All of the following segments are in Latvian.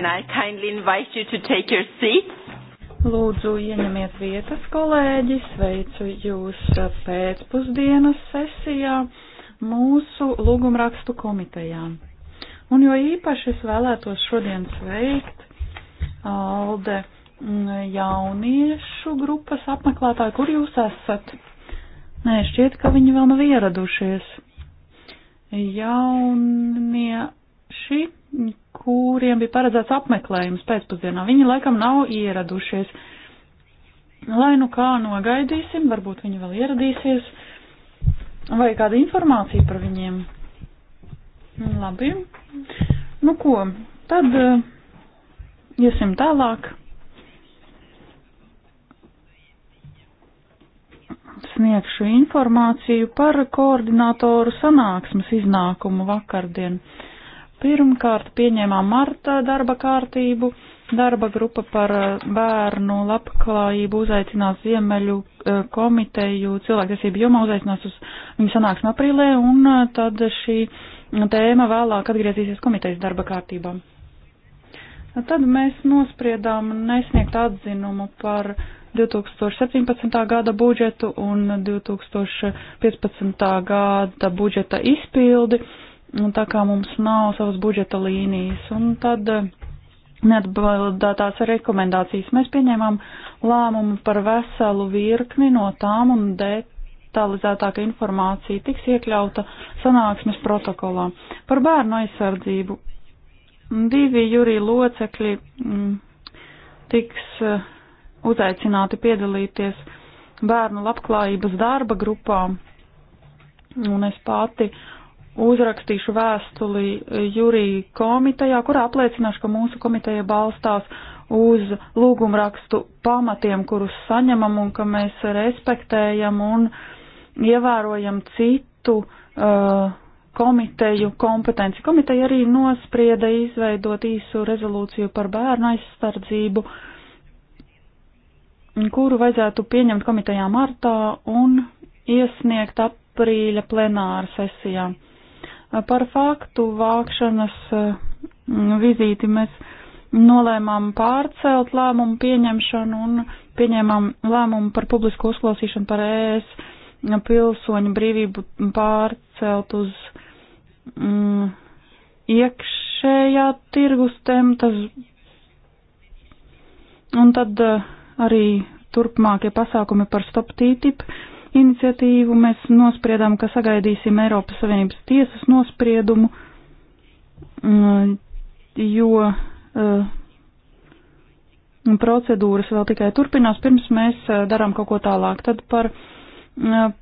Can I kindly invite you to take your seats? Lūdzu, ieņemiet vietas, kolēģi. Sveicu jūs pēcpusdienas sesijā mūsu lūgumrakstu komitejā. Un jo īpaši es vēlētos šodien sveikt uh, Alde mm, jauniešu grupas apmeklētāju. Kur jūs esat? Nē, šķiet, ka viņi vēl nav ieradušies. Jaunieši kuriem bija paredzēts apmeklējums pēcpusdienā. Viņi laikam nav ieradušies. Lai nu kā nogaidīsim, varbūt viņi vēl ieradīsies. Vai kāda informācija par viņiem? Labi. Nu ko, tad uh, iesim tālāk. Sniegšu informāciju par koordinātoru sanāksmes iznākumu vakardien. Uh, Pirmkārt, pieņēmām marta darba kārtību. Darba grupa par eh, bērnu labklājību uzaicinās Ziemeļu eh, komiteju cilvēktiesību jomā, uzaicinās uz viņu sanāksmu aprīlē, un eh, tad šī tēma vēlāk atgriezīsies komitejas darba kārtībā. Tad mēs nospriedām nesniegt atzinumu par 2017. gada budžetu un 2015. gada budžeta izpildi Un nu, tā kā mums nav savas budžeta līnijas, un tad eh, neatbildētās rekomendācijas mēs pieņēmām lēmumu par veselu virkni no tām un detalizētāka informācija tiks iekļauta sanāksmes protokolā. Par bērnu aizsardzību divi jūrija locekļi m, mm, tiks eh, uzaicināti piedalīties bērnu labklājības darba grupā, un es pati uh, uzrakstīšu vēstuli jūrī komitejā, kurā apliecināšu, ka mūsu komiteja balstās uz lūgumrakstu pamatiem, kurus saņemam un ka mēs respektējam un ievērojam citu uh, komiteju kompetenci. Komiteja arī nosprieda izveidot īsu rezolūciju par bērnu aizstardzību, kuru vajadzētu pieņemt komitejā martā un iesniegt aprīļa plenāra sesijā. Par faktu vākšanas mm, vizīti mēs nolēmām pārcelt lēmumu pieņemšanu un pieņēmām lēmumu par publisku uzklausīšanu par ES pilsoņu brīvību pārcelt uz mm, iekšējā tirgus temtas. Un tad eh, arī turpmākie pasākumi par stop tītip. Uh, iniciatīvu, mēs nospriedām, ka sagaidīsim Eiropas Savienības tiesas mm, eh, procedūras vēl tikai turpinās, pirms mēs eh, darām kaut ko tālāk. Tad par mm,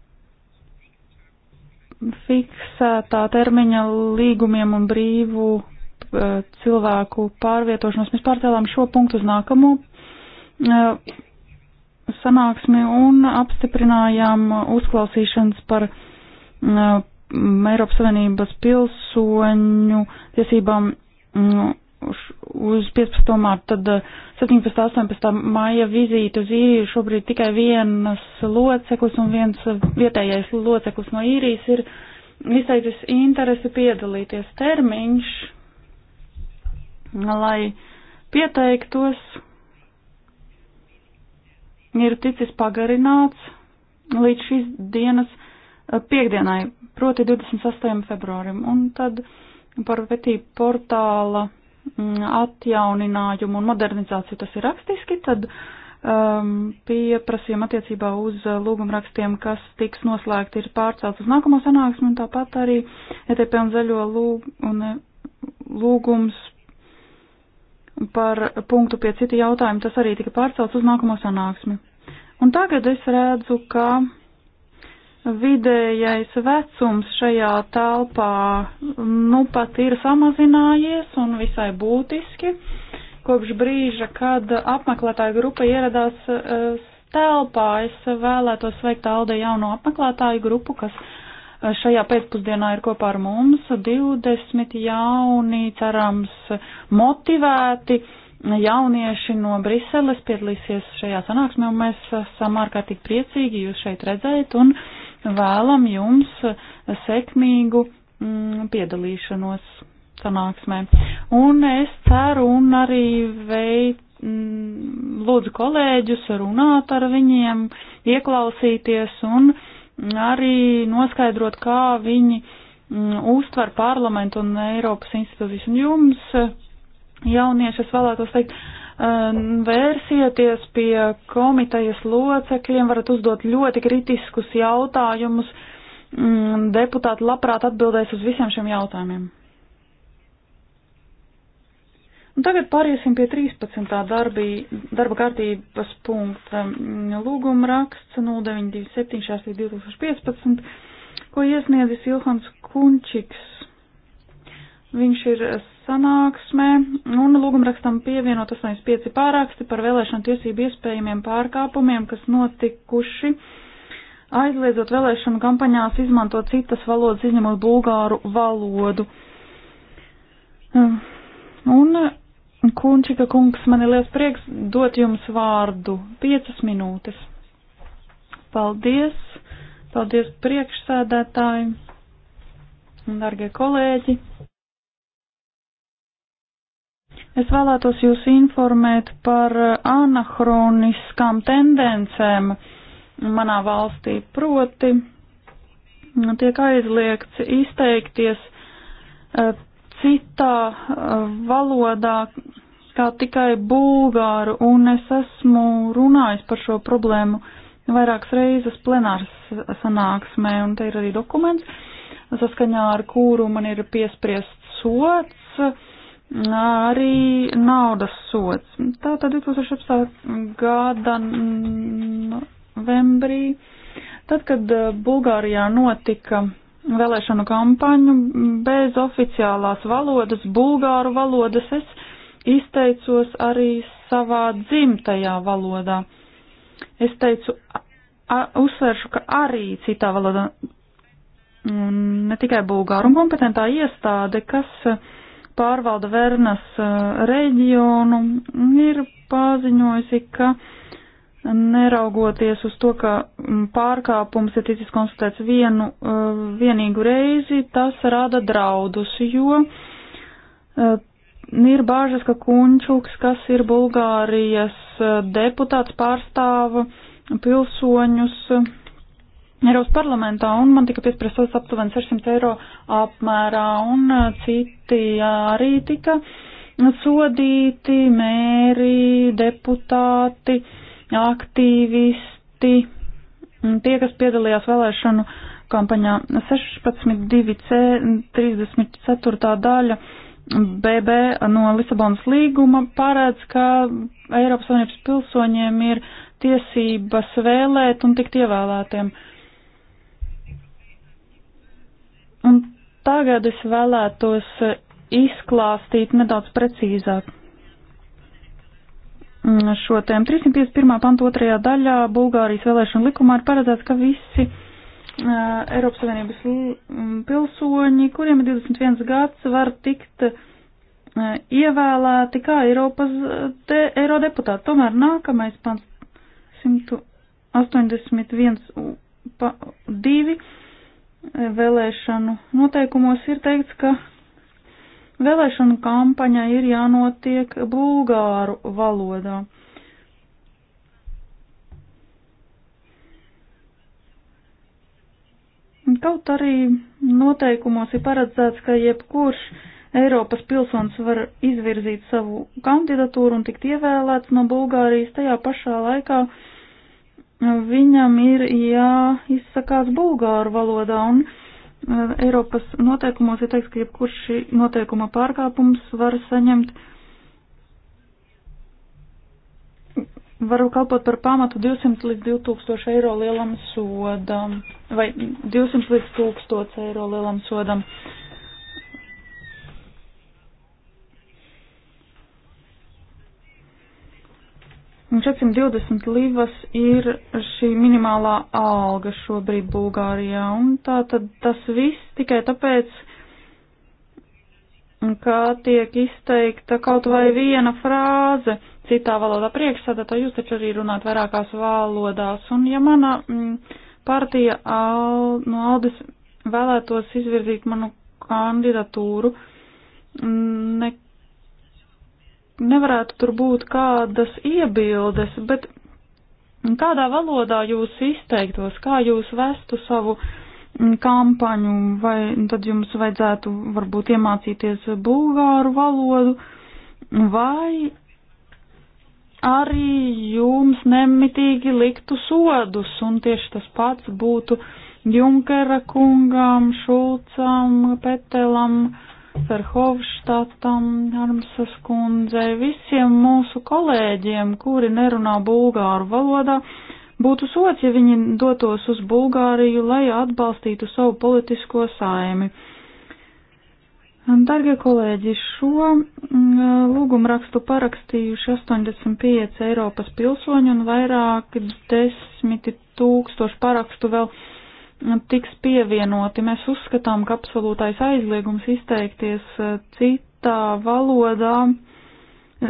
fiksētā termiņa līgumiem un brīvu eh, cilvēku pārvietošanos. Mēs pārcēlām šo punktu uz nākamo sanāksmi un apstiprinājām uzklausīšanas par mm, Eiropas Savienības pilsoņu tiesībām mm, uz 15. mārtu, tad 17. Eh, 18. māja vizīte uz īriju šobrīd tikai vienas loceklis un viens eh, vietējais loceklis no īrijas ir izteicis interesi piedalīties termiņš, lai pieteiktos ir ticis pagarināts līdz šīs dienas eh, piekdienai, proti 28. februārim. Un tad par vetī portāla mm, atjauninājumu un modernizāciju tas ir rakstiski, tad um, ehm, pieprasījumi attiecībā uz lūgumrakstiem, kas tiks noslēgti, ir pārcelts uz nākamo sanāksmi, un tāpat arī ETP un zaļo lūg, un e, lūgums par punktu pie cita jautājuma, tas arī tika pārcelts uz nākamo sanāksmi. Un tagad es redzu, ka vidējais vecums šajā telpā nu pat ir samazinājies un visai būtiski kopš brīža, kad apmeklētāju grupa ieradās eh, telpā. Es vēlētos sveikt Alde jauno apmeklētāju grupu, kas šajā pēcpusdienā ir kopā ar mums 20 jauni, cerams, motivēti jaunieši no Briseles piedalīsies šajā sanāksmē, un mēs esam ārkārtīgi priecīgi jūs šeit redzēt un vēlam jums sekmīgu mm, piedalīšanos sanāksmē. Un es ceru un arī veicu mm, lūdzu kolēģus runāt ar viņiem, ieklausīties un uh, arī noskaidrot, kā viņi mm, uztver parlamentu un Eiropas institūcijas. Un jums, eh, jaunieši, es vēlētos teikt, eh, vērsieties pie komitejas locekļiem, varat uzdot ļoti kritiskus jautājumus. Mm, deputāti labprāt atbildēs uz visiem šiem jautājumiem. Un tagad pāriesim pie 13. Darbī, darba kārtības punkta lūguma raksts 0927.2015, ko iesniedzis Ilhams Kunčiks. Viņš ir sanāksmē un lūguma rakstam pievienot 85 pārāksti par vēlēšanu tiesību iespējamiem pārkāpumiem, kas notikuši aizliedzot vēlēšanu kampaņās izmantot citas valodas, izņemot bulgāru valodu. Un Kunčika kungs, man ir liels prieks dot jums vārdu. Piecas minūtes. Paldies! Paldies priekšsēdētāji un dargie kolēģi! Es vēlētos jūs informēt par anahroniskām tendencēm manā valstī, proti tiek aizliegts izteikties eh, citā eh, valodā kā tikai bulgāru, un es esmu runājis par šo problēmu vairākas reizes plenāras sanāksmē, un te ir arī dokuments, saskaņā ar kuru man ir piespriests sots, arī naudas sots. Tātad 2017. gada novembrī, tad, kad eh, Bulgārijā notika vēlēšanu kampaņu bez oficiālās valodas, bulgāru valodas. Es izteicos arī savā dzimtajā valodā. Es teicu, uzsveršu, ka arī citā valodā, ne tikai bulgāru, un kompetentā iestāde, kas pārvalda Vernas eh, reģionu, ir paziņojusi, ka neraugoties uz to, ka mm, pārkāpums ir ticis konstatēts vienu uh, vienīgu reizi, tas rada draudus, jo uh, ir bāžas, ka Kunčuks, kas ir Bulgārijas uh, deputāts, pārstāva pilsoņus Eiropas parlamentā, un man tika piespriestots aptuveni 600 eiro apmērā, un citi arī tika sodīti, mēri, deputāti. Uh, aktīvisti, mm, tie, kas piedalījās vēlēšanu kampaņā 16.2c 34. daļa BB no Lisabonas līguma paredz, ka Eiropas Savienības pilsoņiem ir tiesības vēlēt un tikt ievēlētiem. Un tagad es vēlētos izklāstīt nedaudz precīzāk Mm, šo tēmu. 351. pantu otrajā daļā Bulgārijas vēlēšana likumā ir paredzēts, ka visi Eiropas Savienības mm, pilsoņi, kuriem ir 21 gads, var tikt ievēlēti kā Eiropas de, eirodeputāti. Tomēr nākamais pants 181 pa, 2 vēlēšanu noteikumos ir teikts, ka Vēlēšana kampaņa ir jānotiek bulgāru valodā. Kaut arī noteikumos ir paredzēts, ka jebkurš Eiropas pilsonis var izvirzīt savu kandidatūru un tikt ievēlēts no Bulgārijas, tajā pašā laikā viņam ir jāizsakās bulgāru valodā, un Eiropas noteikumos ir teiks, ka jebkurš šī noteikuma pārkāpums var saņemt, var kalpot par pamatu 200 līdz 2000 eiro lielam sodam vai 200 līdz 1000 eiro lielam sodam. Uh, 420 līvas ir šī minimālā alga šobrīd Bulgārijā, un tā tad tas viss tikai tāpēc, ka tiek izteikta kaut vai viena frāze citā valodā priekšsādātā, jūs taču arī runāt vairākās valodās, un ja mana mm, partija al, no Aldes vēlētos izvirzīt manu kandidatūru, mm, ne, nevarētu tur būt kādas iebildes, bet kādā valodā jūs izteiktos, kā jūs vestu savu mm, kampaņu, vai tad jums vajadzētu varbūt iemācīties bulgāru valodu, vai arī jums nemitīgi liktu sodus, un tieši tas pats būtu Junkera kungam, Šulcam, Petelam, uh, Ferhovštatam, Armsas kundzei, visiem mūsu kolēģiem, kuri nerunā bulgāru valodā, būtu sots, ja viņi dotos uz Bulgāriju, lai atbalstītu savu politisko saimi. Dargie kolēģi, šo mm, lūgumu rakstu parakstījuši 85 Eiropas pilsoņi un vairāki desmiti tūkstoši parakstu vēl tiks pievienoti. Mēs uzskatām, ka absolūtais aizliegums izteikties e, citā valodā,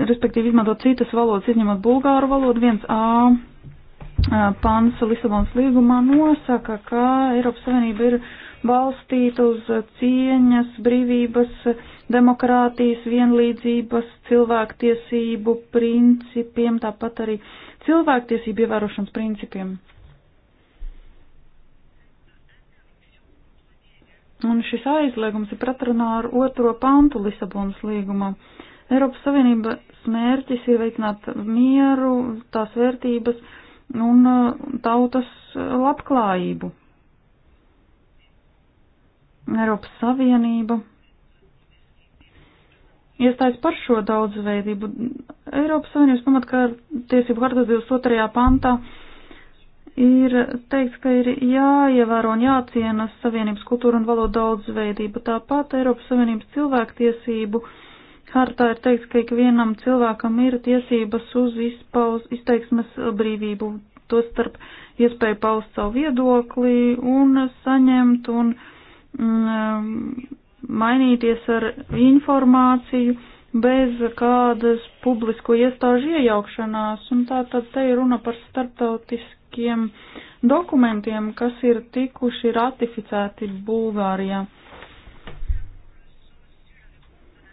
respektīvi izmantot citas valodas, izņemot bulgāru valodu, 1a e, pants Lisabonas līgumā nosaka, ka Eiropas Savienība ir balstīta uz cieņas, brīvības, demokrātijas, vienlīdzības, cilvēktiesību principiem, tāpat arī cilvēktiesību ievērošanas principiem. Un šis aizliegums ir pretrunā ar otro pantu Lisabonas līgumā. Eiropas Savienības mērķis ir veicināt mieru, tās vērtības un uh, tautas labklājību. Eiropas Savienība iestājas par šo daudzveidību. Eiropas Savienības pamatkārtiesību hartas 22. pantā ir teikts, ka ir jāievēro un jāciena Savienības kultūra un valoda daudzveidība. Tāpat Eiropas Savienības cilvēktiesību hartā ir teikts, ka ikvienam cilvēkam ir tiesības uz izpauz, izteiksmes brīvību, to starp iespēju paust savu viedokli un saņemt un mm, mainīties ar informāciju bez kādas publisko iestāžu iejaukšanās, un tā tad te ir runa par starptautisku vairākiem dokumentiem, kas ir tikuši ratificēti Bulgārijā.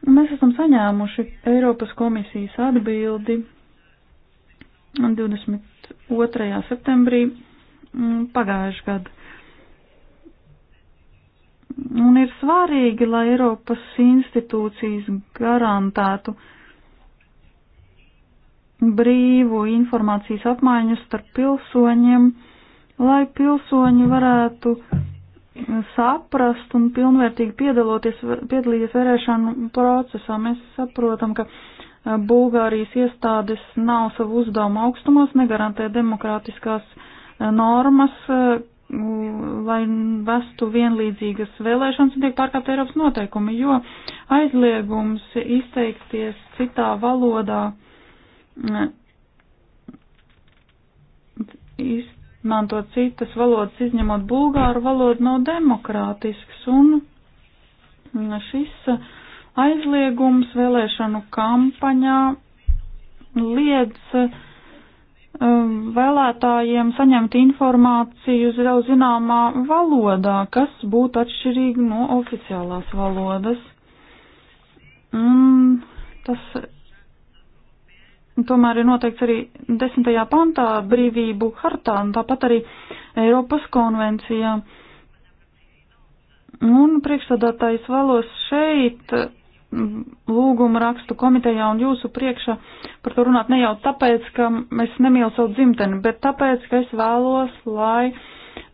Mēs esam saņēmuši Eiropas komisijas atbildi 22. septembrī pagājušajā gadā. Un ir svarīgi, lai Eiropas institūcijas garantētu uh, brīvu informācijas apmaiņu starp pilsoņiem, lai pilsoņi varētu saprast un pilnvērtīgi piedaloties, piedalīties vērēšanu procesā. Mēs saprotam, ka e, Bulgārijas iestādes nav savu uzdevumu augstumos, negarantē demokrātiskās e, normas, e, lai vestu vienlīdzīgas vēlēšanas un tiek pārkāpt Eiropas noteikumi, jo aizliegums izteikties citā valodā uh, izmantot citas valodas, izņemot bulgāru valodu, nav demokrātisks. Un šis uh, aizliegums vēlēšanu kampaņā liedz uh, um, vēlētājiem saņemt informāciju uz jau zināmā valodā, kas būtu atšķirīga no oficiālās valodas. Un mm, tas tomēr ir noteikts arī desmitajā pantā brīvību hartā un tāpat arī Eiropas konvencijā. Un priekšsādātājs vēlos šeit mm, lūgumu rakstu komitejā un jūsu priekšā par to runāt ne jau tāpēc, ka es nemīlu savu dzimteni, bet tāpēc, ka es vēlos, lai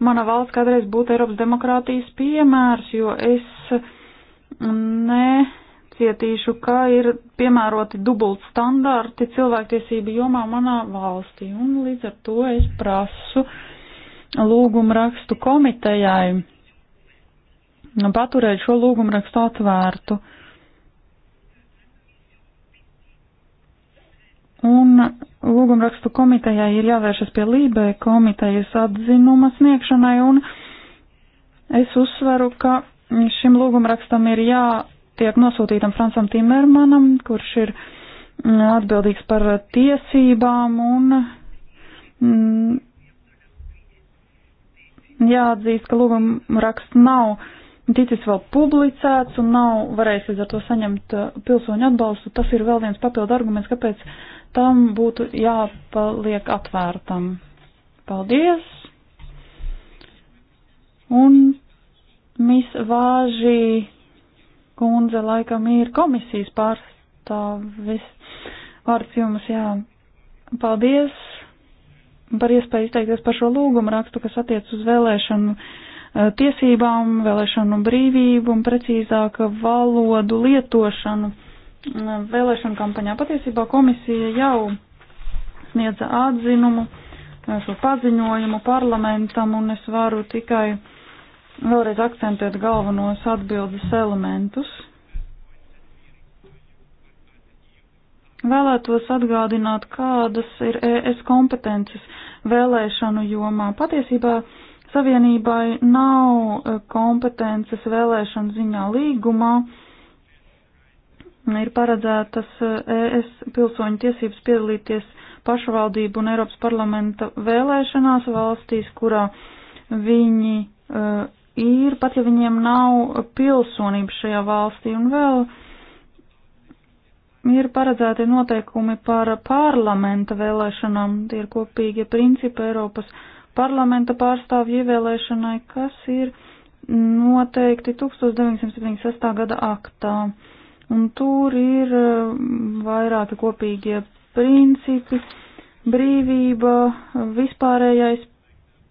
mana valsts kādreiz būtu Eiropas demokrātijas piemērs, jo es ne izcietīšu, ka ir piemēroti dubult standarti cilvēktiesību jomā manā valstī, un līdz ar to es prasu lūgumu rakstu komitejai paturēt šo lūgumu rakstu atvērtu. Un lūgumrakstu komitejai ir jāvēršas pie Lībē komitejas atzinuma sniegšanai, un es uzsveru, ka šim lūgumrakstam ir jā tiek nosūtītam Francam Timermanam, kurš ir mm, atbildīgs par tiesībām un mm, jāatzīst, ka lūguma raksts nav ticis vēl publicēts un nav varējis līdz ar to saņemt uh, pilsoņu atbalstu. Tas ir vēl viens papildu arguments, kāpēc tam būtu jāpaliek atvērtam. Paldies! Un Mis Vāžī kundze laikam ir komisijas pārstāvis. Vārds jums, jā. Paldies par iespēju izteikties par šo lūgumu rakstu, kas attiec uz vēlēšanu eh, tiesībām, vēlēšanu brīvību un precīzāk valodu lietošanu mm, vēlēšanu kampaņā. Patiesībā komisija jau sniedza atzinumu, eh, šo paziņojumu parlamentam un es varu tikai vēlreiz akcentēt galvenos atbildes elementus. Vēlētos atgādināt, kādas ir ES kompetences vēlēšanu jomā. Patiesībā Savienībai nav e, kompetences vēlēšanu ziņā līgumā. Ir paredzētas ES e pilsoņu tiesības piedalīties pašvaldību un Eiropas parlamenta vēlēšanās valstīs, kurā viņi uh, ir, pat ja viņiem nav pilsonības šajā valstī, un vēl ir paredzēti noteikumi par parlamenta vēlēšanām, tie ir kopīgie principi Eiropas parlamenta pārstāvju ievēlēšanai, kas ir noteikti 1976. gada aktā. Un tur ir eh, vairāki kopīgie principi, brīvība, vispārējais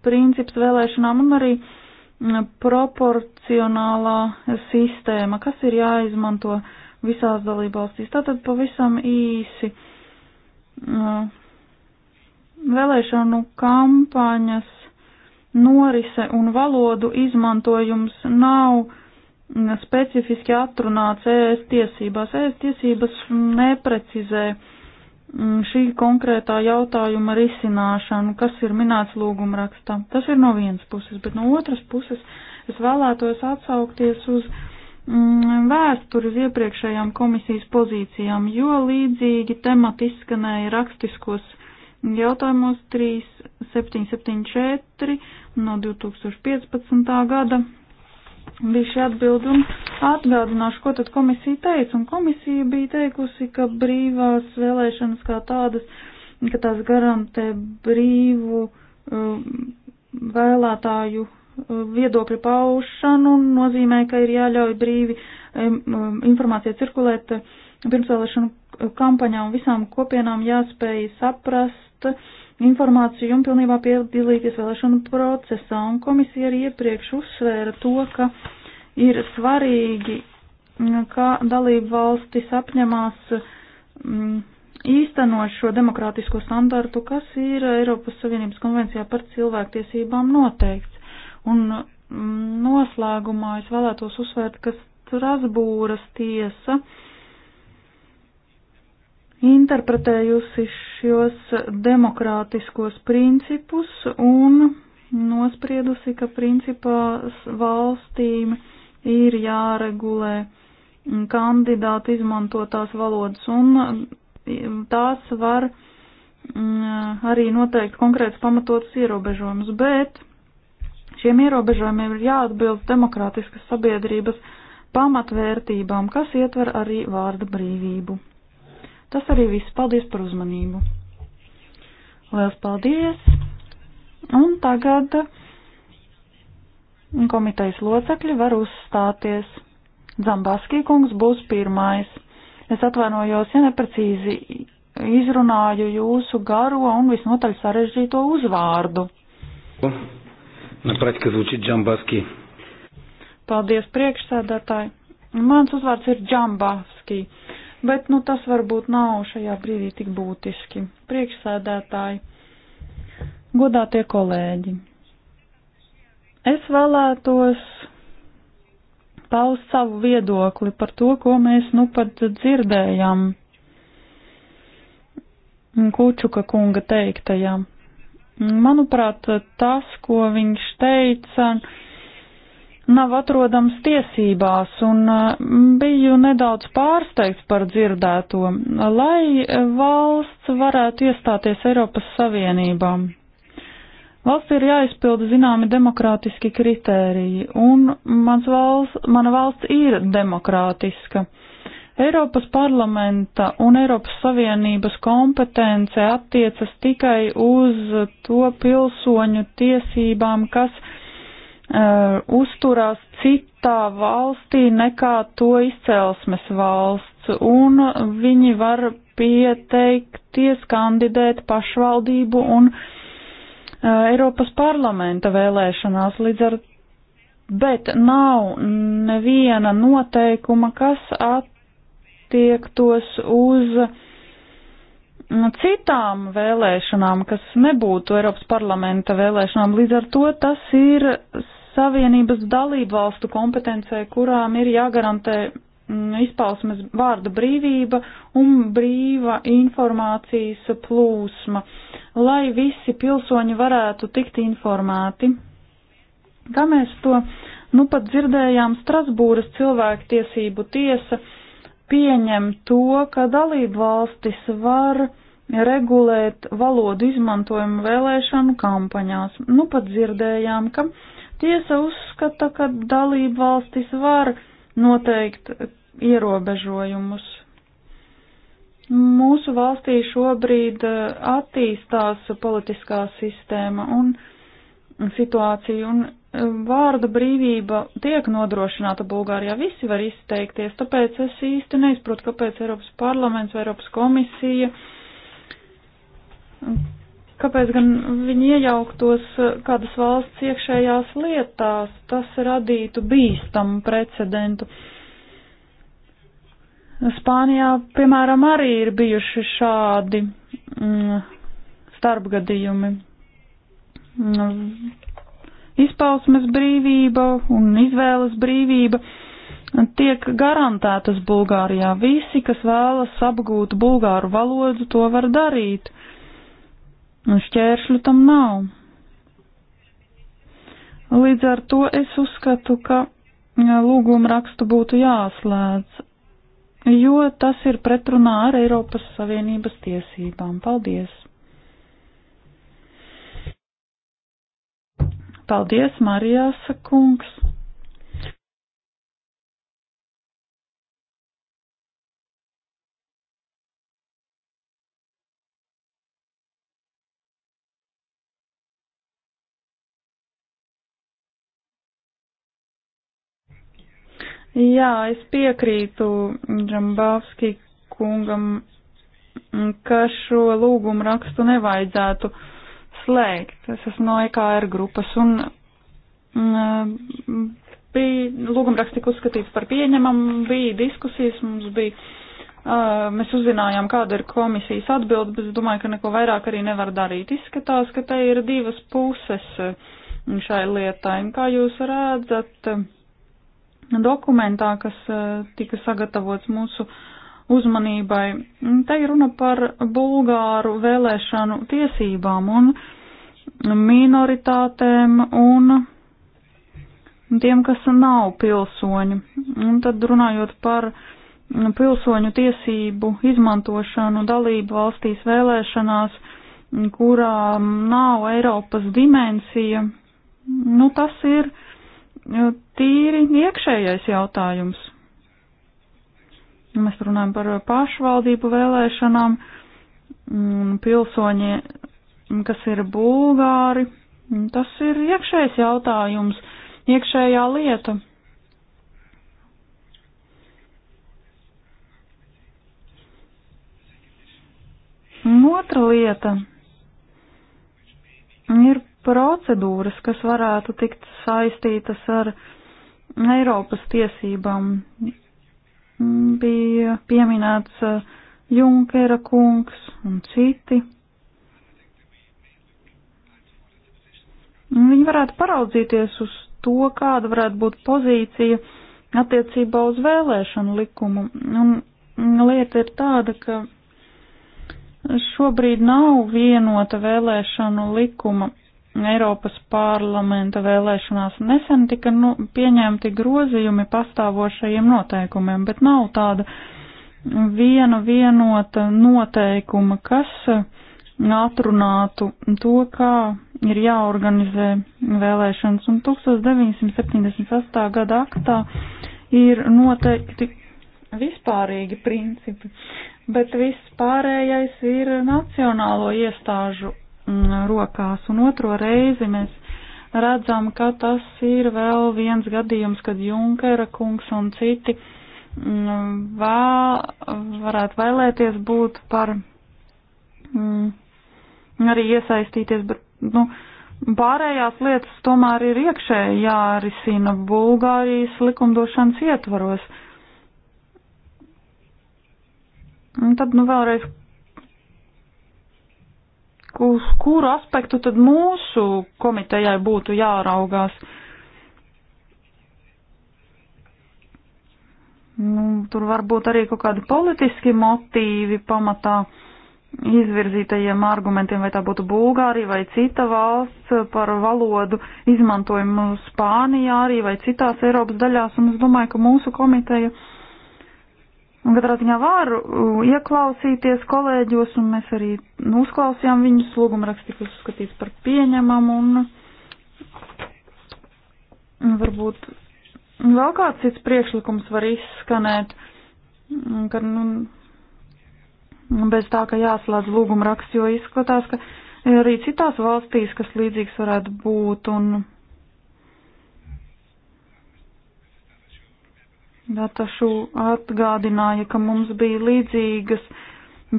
princips vēlēšanām un arī uh, proporcionālā sistēma, kas ir jāizmanto visās dalībvalstīs. Tātad pavisam īsi mm, vēlēšanu kampaņas norise un valodu izmantojums nav specifiski atrunāts ES tiesībās. ES tiesības neprecizē Mm, šī konkrētā jautājuma risināšanu, kas ir minēts lūguma rakstā. Tas ir no vienas puses, bet no otras puses es vēlētos atsaukties uz mm, vēsturi uz iepriekšējām komisijas pozīcijām, jo līdzīgi temati izskanēja rakstiskos jautājumos 3774 no 2015. gada bija šī atbildi un atgādināšu, ko tad komisija teica. Un komisija bija teikusi, ka brīvās vēlēšanas kā tādas, ka tās garantē brīvu um, vēlētāju um, viedokļu paušanu un nozīmē, ka ir jāļauj brīvi um, um informācija cirkulēt um, pirmsvēlēšanu kampaņā un visām kopienām jāspēj saprast, informāciju un pilnībā piedalīties vēlēšanu procesā. Un komisija arī iepriekš uzsvēra to, ka ir svarīgi, ka dalību valstis apņemās mm, īstenot šo demokrātisko standartu, kas ir Eiropas Savienības konvencijā par cilvēktiesībām noteikts. Un mm, noslēgumā es vēlētos uzsvērt, ka Strasbūras tiesa uh, interpretējusi šos demokrātiskos principus un nospriedusi, ka principā valstīm ir jāregulē kandidāti izmantotās valodas un tās var mm, arī noteikt konkrēts pamatots ierobežojums, bet šiem ierobežojumiem ir jāatbilst demokrātiskas sabiedrības pamatvērtībām, kas ietver arī vārda brīvību. Tas arī viss. Paldies par uzmanību. Lielas paldies! Un tagad komitejas locekļi var uzstāties. Zambaskī kungs būs pirmais. Es atvainojos, ja neprecīzi izrunāju jūsu garo un visnotaļ sarežģīto uzvārdu. Naprāt, ka zvuči Džambaski. Paldies priekšsēdētāji. Mans uzvārds ir Džambaski bet nu, tas varbūt nav šajā brīdī tik būtiski. Priekšsēdētāji, godātie kolēģi, es vēlētos paust savu viedokli par to, ko mēs nu pat dzirdējām Kučuka kunga teiktajā. Manuprāt, tas, ko viņš teica, uh, nav atrodams tiesībās, un mm, biju nedaudz pārsteigts par dzirdēto, lai valsts varētu iestāties Eiropas Savienībā. Valsts ir jāizpilda zināmi demokrātiski kritēriji, un valsts, mana valsts ir demokrātiska. Eiropas parlamenta un Eiropas Savienības kompetence attiecas tikai uz to pilsoņu tiesībām, kas Uh, uzturās citā valstī nekā to izcelsmes valsts, un viņi var pieteikties kandidēt pašvaldību un uh, Eiropas parlamenta vēlēšanās līdz ar, bet nav neviena noteikuma, kas attiektos uz mm, citām vēlēšanām, kas nebūtu Eiropas parlamenta vēlēšanām. Līdz ar to tas ir Savienības dalību valstu kompetencē, kurām ir jāgarantē mm, izpausmes vārda brīvība un brīva informācijas plūsma, lai visi pilsoņi varētu tikt informēti. Kā mēs to nu pat dzirdējām, Strasbūras cilvēktiesību tiesa pieņem to, ka dalību valstis var regulēt valodu izmantojumu vēlēšanu kampaņās. Nu pat dzirdējām, ka Tiesa uzskata, ka dalība valstis var noteikt ierobežojumus. Mūsu valstī šobrīd eh, attīstās politiskā sistēma un situācija, un eh, vārda brīvība tiek nodrošināta Bulgārijā. Visi var izteikties, tāpēc es īsti neizprotu, kāpēc Eiropas parlaments vai Eiropas komisija Kāpēc gan viņi iejauktos eh, kādas valsts iekšējās lietās? Tas radītu bīstamu precedentu. Spānijā, piemēram, arī ir bijuši šādi mm, starpgadījumi. Mm, izpausmes brīvība un izvēles brīvība tiek garantētas Bulgārijā. Visi, kas vēlas apgūt bulgāru valodu, to var darīt šķēršļu tam nav. Līdz ar to es uzskatu, ka lūguma rakstu būtu jāslēdz, jo tas ir pretrunā ar Eiropas Savienības tiesībām. Paldies! Paldies, Marijāsa kungs! Jā, es piekrītu Džambavski kungam, ka šo lūgumu rakstu nevajadzētu slēgt. Es esmu no EKR grupas un mm, bija lūgumraksts tika uzskatīts par pieņemamu, bija diskusijas, mums bija, uh, mēs uzzinājām, kāda ir komisijas atbilde, bet es domāju, ka neko vairāk arī nevar darīt. Izskatās, ka te ir divas puses šai lietai. Un kā jūs redzat, uh, dokumentā, kas eh, tika sagatavots mūsu uzmanībai. Te ir runa par bulgāru vēlēšanu tiesībām un minoritātēm un tiem, kas nav pilsoņi. Un tad runājot par pilsoņu tiesību izmantošanu dalību valstīs vēlēšanās, kurām nav Eiropas dimensija, nu tas ir uh, Nu, tīri iekšējais jautājums. Mēs runājam par pašvaldību vēlēšanām, mm, pilsoņi, mm, kas ir bulgāri. Mm, tas ir iekšējais jautājums, iekšējā lieta. Un otra lieta ir procedūras, kas varētu tikt saistītas ar Eiropas tiesībām. Bija pieminēts eh, Junkera kungs un citi. Viņi varētu paraudzīties uz to, kāda varētu būt pozīcija attiecībā uz vēlēšanu likumu. Un lieta ir tāda, ka šobrīd nav vienota vēlēšanu likuma Eiropas parlamenta vēlēšanās nesen tika nu, pieņemti grozījumi pastāvošajiem noteikumiem, bet nav tāda viena vienota noteikuma, kas atrunātu to, kā ir jāorganizē vēlēšanas. Un 1978. gada aktā ir noteikti vispārīgi principi, bet viss pārējais ir nacionālo iestāžu Mm, rokās. Un otro reizi mēs redzam, ka tas ir vēl viens gadījums, kad Junkera kungs un citi mm, vā, varētu vēlēties būt par mm, arī iesaistīties, bet, nu, pārējās lietas tomēr ir iekšēji jārisina Bulgārijas likumdošanas ietvaros. Un tad, nu, vēlreiz kus, kuru aspektu tad mūsu komitejai būtu jāraugās? Nu, tur var būt arī kaut kādi politiski motīvi pamatā izvirzītajiem argumentiem, vai tā būtu Bulgārija vai cita valsts par valodu izmantojumu Spānijā arī vai citās Eiropas daļās, un es domāju, ka mūsu komiteja uh, Un katrā ziņā var uh, ieklausīties kolēģos, un mēs arī nu, uzklausījām viņus, lūguma raksts tika uzskatīts par pieņemamu, un varbūt vēl kāds cits priekšlikums var izskanēt, kad, nu, bez tā, ka jāslēdz lūguma raksts, jo izskatās, ka arī citās valstīs, kas līdzīgs varētu būt, un Gatašu atgādināja, ka mums bija līdzīgas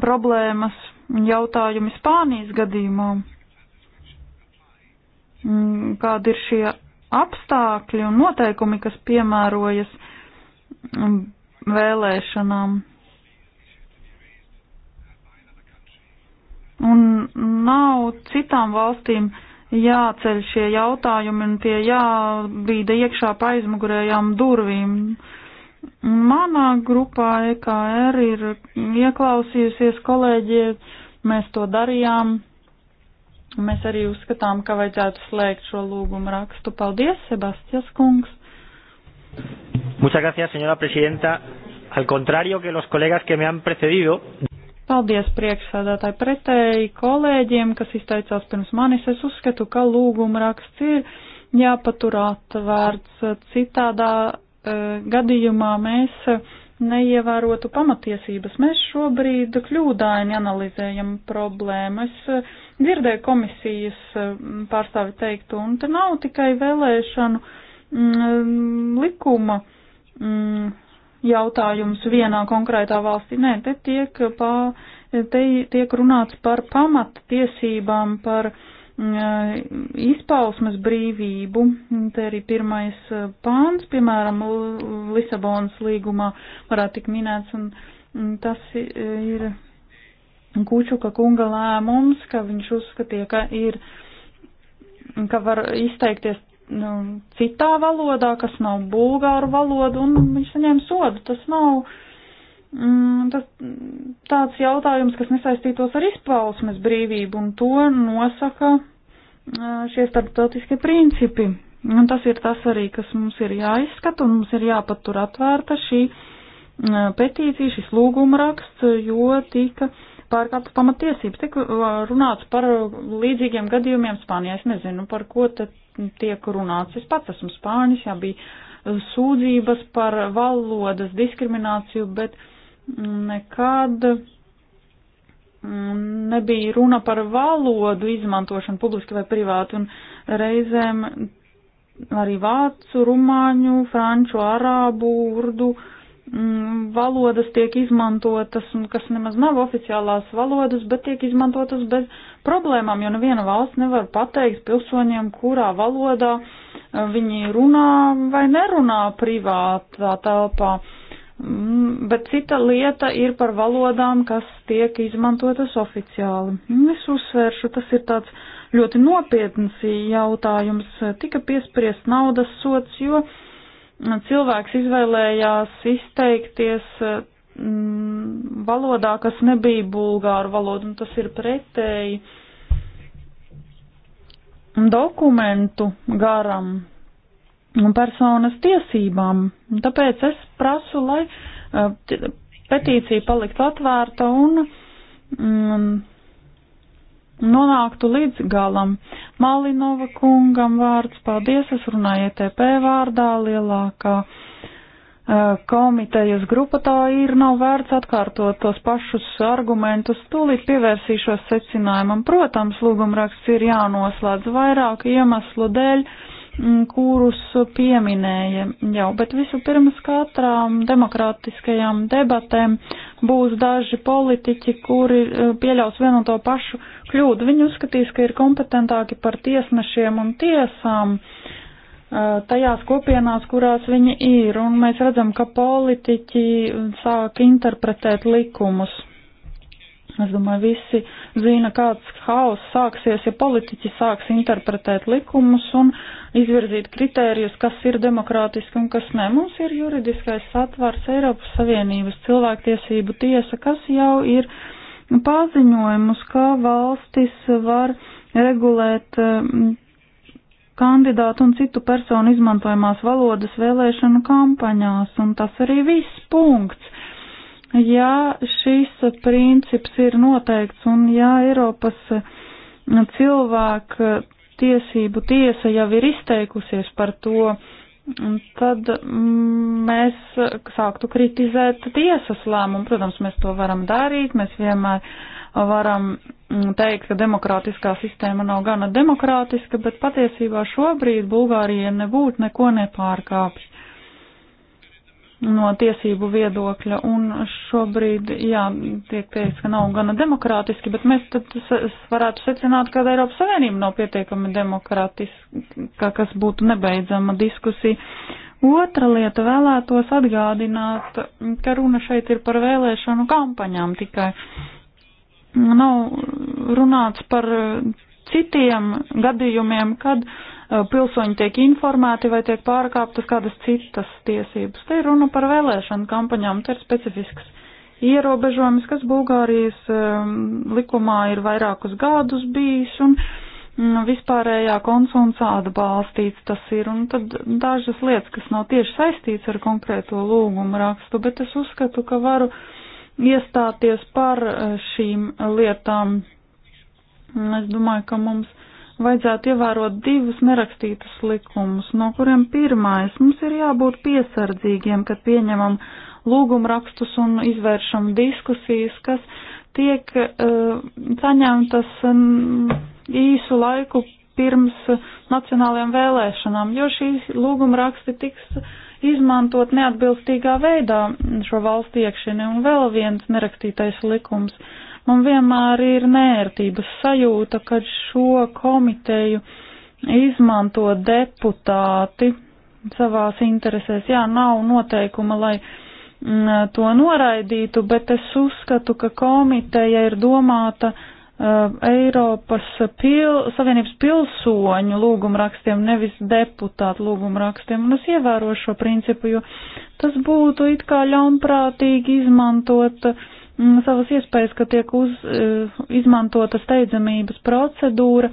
problēmas un jautājumi Spānijas gadījumā. Mm, kādi ir šie apstākļi un noteikumi, kas piemērojas mm, vēlēšanām? Un nav citām valstīm jāceļ šie jautājumi un tie jābīda iekšā pa aizmugurējām durvīm. Uh, Manā grupā EKR ir ieklausījusies kolēģi, mēs to darījām. Mēs arī uzskatām, ka vajadzētu slēgt šo lūgumu rakstu. Paldies, Sebastijas kungs. Muchas gracias, señora presidenta. Al contrario que los colegas que me han precedido. Paldies priekšsādātāji pretēji kolēģiem, kas izteicās pirms manis. Es uzskatu, ka lūguma raksts ir jāpatur atvērts citādā Eh, gadījumā mēs eh, neievērotu pamatiesības. Mēs šobrīd kļūdaini analizējam problēmas. Eh, dzirdēju komisijas pārstāvi teiktu, un te nav tikai vēlēšanu mm, likuma mm, jautājums vienā konkrētā valstī. Nē, te tiek, pā, te tiek runāts par pamattiesībām, par uh, izpausmes brīvību. Te arī pirmais pāns, piemēram, Lisabonas līgumā varētu tik minēts, un tas ir Kučuka kunga lēmums, ka viņš uzskatīja, ka ir, ka var izteikties nu, citā valodā, kas nav bulgāru valoda, un viņš saņēma sodu. Tas nav. Mm, tas tāds jautājums, kas nesaistītos ar izpausmes brīvību, un to nosaka šie starptautiskie principi. Un tas ir tas arī, kas mums ir jāizskata un mums ir jāpatur atvērta šī petīcija, šis lūguma raksts, jo tika pārkāptas pamatiesības. Tik runāts par līdzīgiem gadījumiem Spānijā. Es nezinu, par ko te tiek runāts. Es pats esmu Spānis, jā, bija sūdzības par valodas diskrimināciju, bet nekad. Uh, Mm, nebija runa par valodu izmantošanu publiski vai privāti, un reizēm arī vācu, rumāņu, franču, arābu, urdu mm, valodas tiek izmantotas, un kas nemaz nav oficiālās valodas, bet tiek izmantotas bez problēmām, jo neviena valsts nevar pateikt pilsoņiem, kurā valodā eh, viņi runā vai nerunā privātā telpā. Tā Mm, bet cita lieta ir par valodām, kas tiek izmantotas oficiāli. Mm, es uzsvēršu, tas ir tāds ļoti nopietns jautājums. Tika piespriest naudas sots, jo cilvēks izvēlējās izteikties mm, valodā, kas nebija bulgāru valoda, un tas ir pretēji dokumentu garam, personas tiesībām. Tāpēc es prasu, lai eh, petīcija paliktu atvērta un, un mm, nonāktu līdz galam. Malinova kungam vārds, paldies, es runāju ETP vārdā, lielākā eh, komitejas grupa tā ir, nav vērts atkārtot tos pašus argumentus, tūlīt pievērsīšos secinājumam. Protams, lūgumraksts ir jānoslēdz vairāku iemeslu dēļ. Uh, Mm, kurus pieminēja jau, bet visu pirms katrām demokrātiskajām debatēm būs daži politiķi, kuri eh, pieļaus vienu un to pašu kļūdu. Viņi uzskatīs, ka ir kompetentāki par tiesnešiem un tiesām eh, tajās kopienās, kurās viņi ir, un mēs redzam, ka politiķi sāk interpretēt likumus Es domāju, visi zina, kāds haoss sāksies, ja politiķi sāks interpretēt likumus un izvirzīt kritērijus, kas ir demokrātiski un kas ne. Mums ir juridiskais satvars Eiropas Savienības cilvēktiesību tiesa, kas jau ir paziņojumus, kā valstis var regulēt mm, kandidātu un citu personu izmantojamās valodas vēlēšanu kampaņās, un tas arī viss punkts Ja šis princips ir noteikts un ja Eiropas cilvēku tiesību tiesa jau ir izteikusies par to, tad mēs sāktu kritizēt tiesas lēmumu. Protams, mēs to varam darīt, mēs vienmēr varam teikt, ka demokrātiskā sistēma nav gana demokrātiska, bet patiesībā šobrīd Bulgārija nebūtu neko nepārkāpj no tiesību viedokļa, un šobrīd, jā, tiek teikt, ka nav gana demokrātiski, bet mēs tad varētu secināt, ka Eiropas Savienība nav pietiekami demokrātiska, kas būtu nebeidzama diskusija. Otra lieta vēlētos atgādināt, ka runa šeit ir par vēlēšanu kampaņām tikai. Nav runāts par citiem gadījumiem, kad uh, Eh, pilsoņi tiek informēti vai tiek pārkāptas kādas citas tiesības. Te ir runa par vēlēšanu kampaņām, te ir specifisks ierobežojums, kas Bulgārijas ehm, likumā ir vairākus gadus bijis un mm, vispārējā konsultācija atbalstīts tas ir, un tad dažas lietas, kas nav tieši saistīts ar konkrēto lūgumu rakstu, bet es uzskatu, ka varu iestāties par eh, šīm lietām. Es domāju, ka mums vajadzētu ievērot divus nerakstītus likumus, no kuriem pirmais mums ir jābūt piesardzīgiem, kad pieņemam lūgumrakstus un izvēršam diskusijas, kas tiek uh, saņemtas um, īsu laiku pirms nacionālajām vēlēšanām, jo šīs lūgumraksti tiks izmantot neatbilstīgā veidā šo valstu iekšienē un vēl viens nerakstītais likums. Uh, Man vienmēr ir nērtības sajūta, kad šo komiteju izmanto deputāti savās interesēs. Jā, nav noteikuma, lai m, mm, to noraidītu, bet es uzskatu, ka komiteja ir domāta uh, Eiropas pil Savienības pilsoņu lūgumrakstiem, nevis deputātu lūgumrakstiem, un es ievērošu šo principu, jo tas būtu it kā ļaunprātīgi izmantot uh, Mm, savas iespējas, ka tiek uz, eh, izmantota steidzamības procedūra,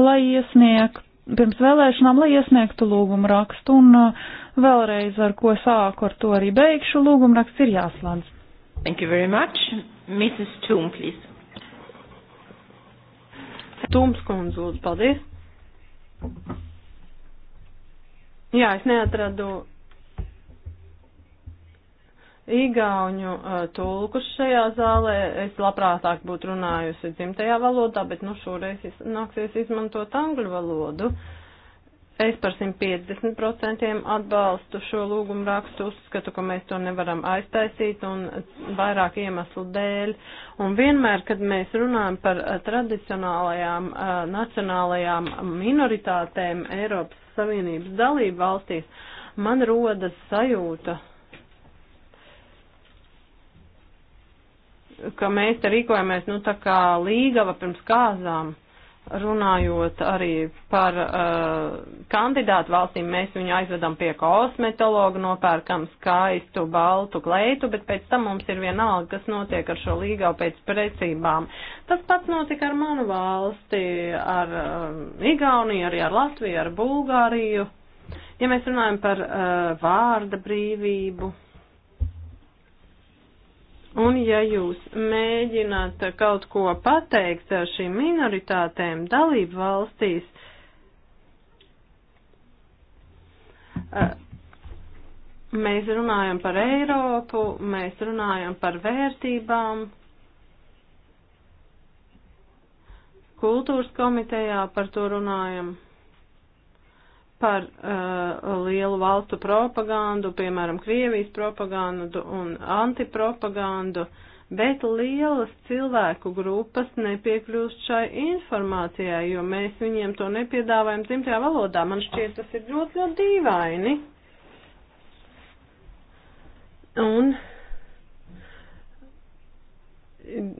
lai iesniegtu, pirms vēlēšanām, lai iesniegtu lūgumu rakstu, un eh, vēlreiz ar ko sāku, ar to arī beigšu, lūgumu raksts ir jāslēdz. Thank you very much. Mrs. Tūm, please. Tūms kundze, lūdzu, paldies. Jā, es neatradu Igauņu uh, tulkus šajā zālē es labprātāk būtu runājusi dzimtajā valodā, bet nu šoreiz nāksies izmantot angļu valodu. Es par 150% atbalstu šo lūgumu rakstu, uzskatu, ka mēs to nevaram aiztaisīt un vairāk iemeslu dēļ. Un vienmēr, kad mēs runājam par uh, tradicionālajām uh, nacionālajām minoritātēm Eiropas Savienības dalību valstīs, man rodas sajūta, ka mēs te rīkojamies, nu, tā kā līgava pirms kāzām runājot arī par uh, kandidātu valstīm, mēs viņu aizvedam pie kosmetologa, nopērkam skaistu baltu kleitu, bet pēc tam mums ir vienalga, kas notiek ar šo līgavu pēc precībām. Tas pats notika ar manu valsti, ar uh, Igauniju, arī ar Latviju, ar Bulgāriju. Ja mēs runājam par uh, vārda brīvību Un ja jūs mēģināt kaut ko pateikt šīm minoritātēm dalību valstīs, eh, mēs runājam par Eiropu, mēs runājam par vērtībām. Kultūras komitejā par to runājam par uh, lielu valstu propagandu, piemēram, Krievijas propagandu un antipropagandu, bet lielas cilvēku grupas nepiekļūst šai informācijai, jo mēs viņiem to nepiedāvājam dzimtajā valodā. Man šķiet, tas ir ļoti, ļoti dīvaini. Un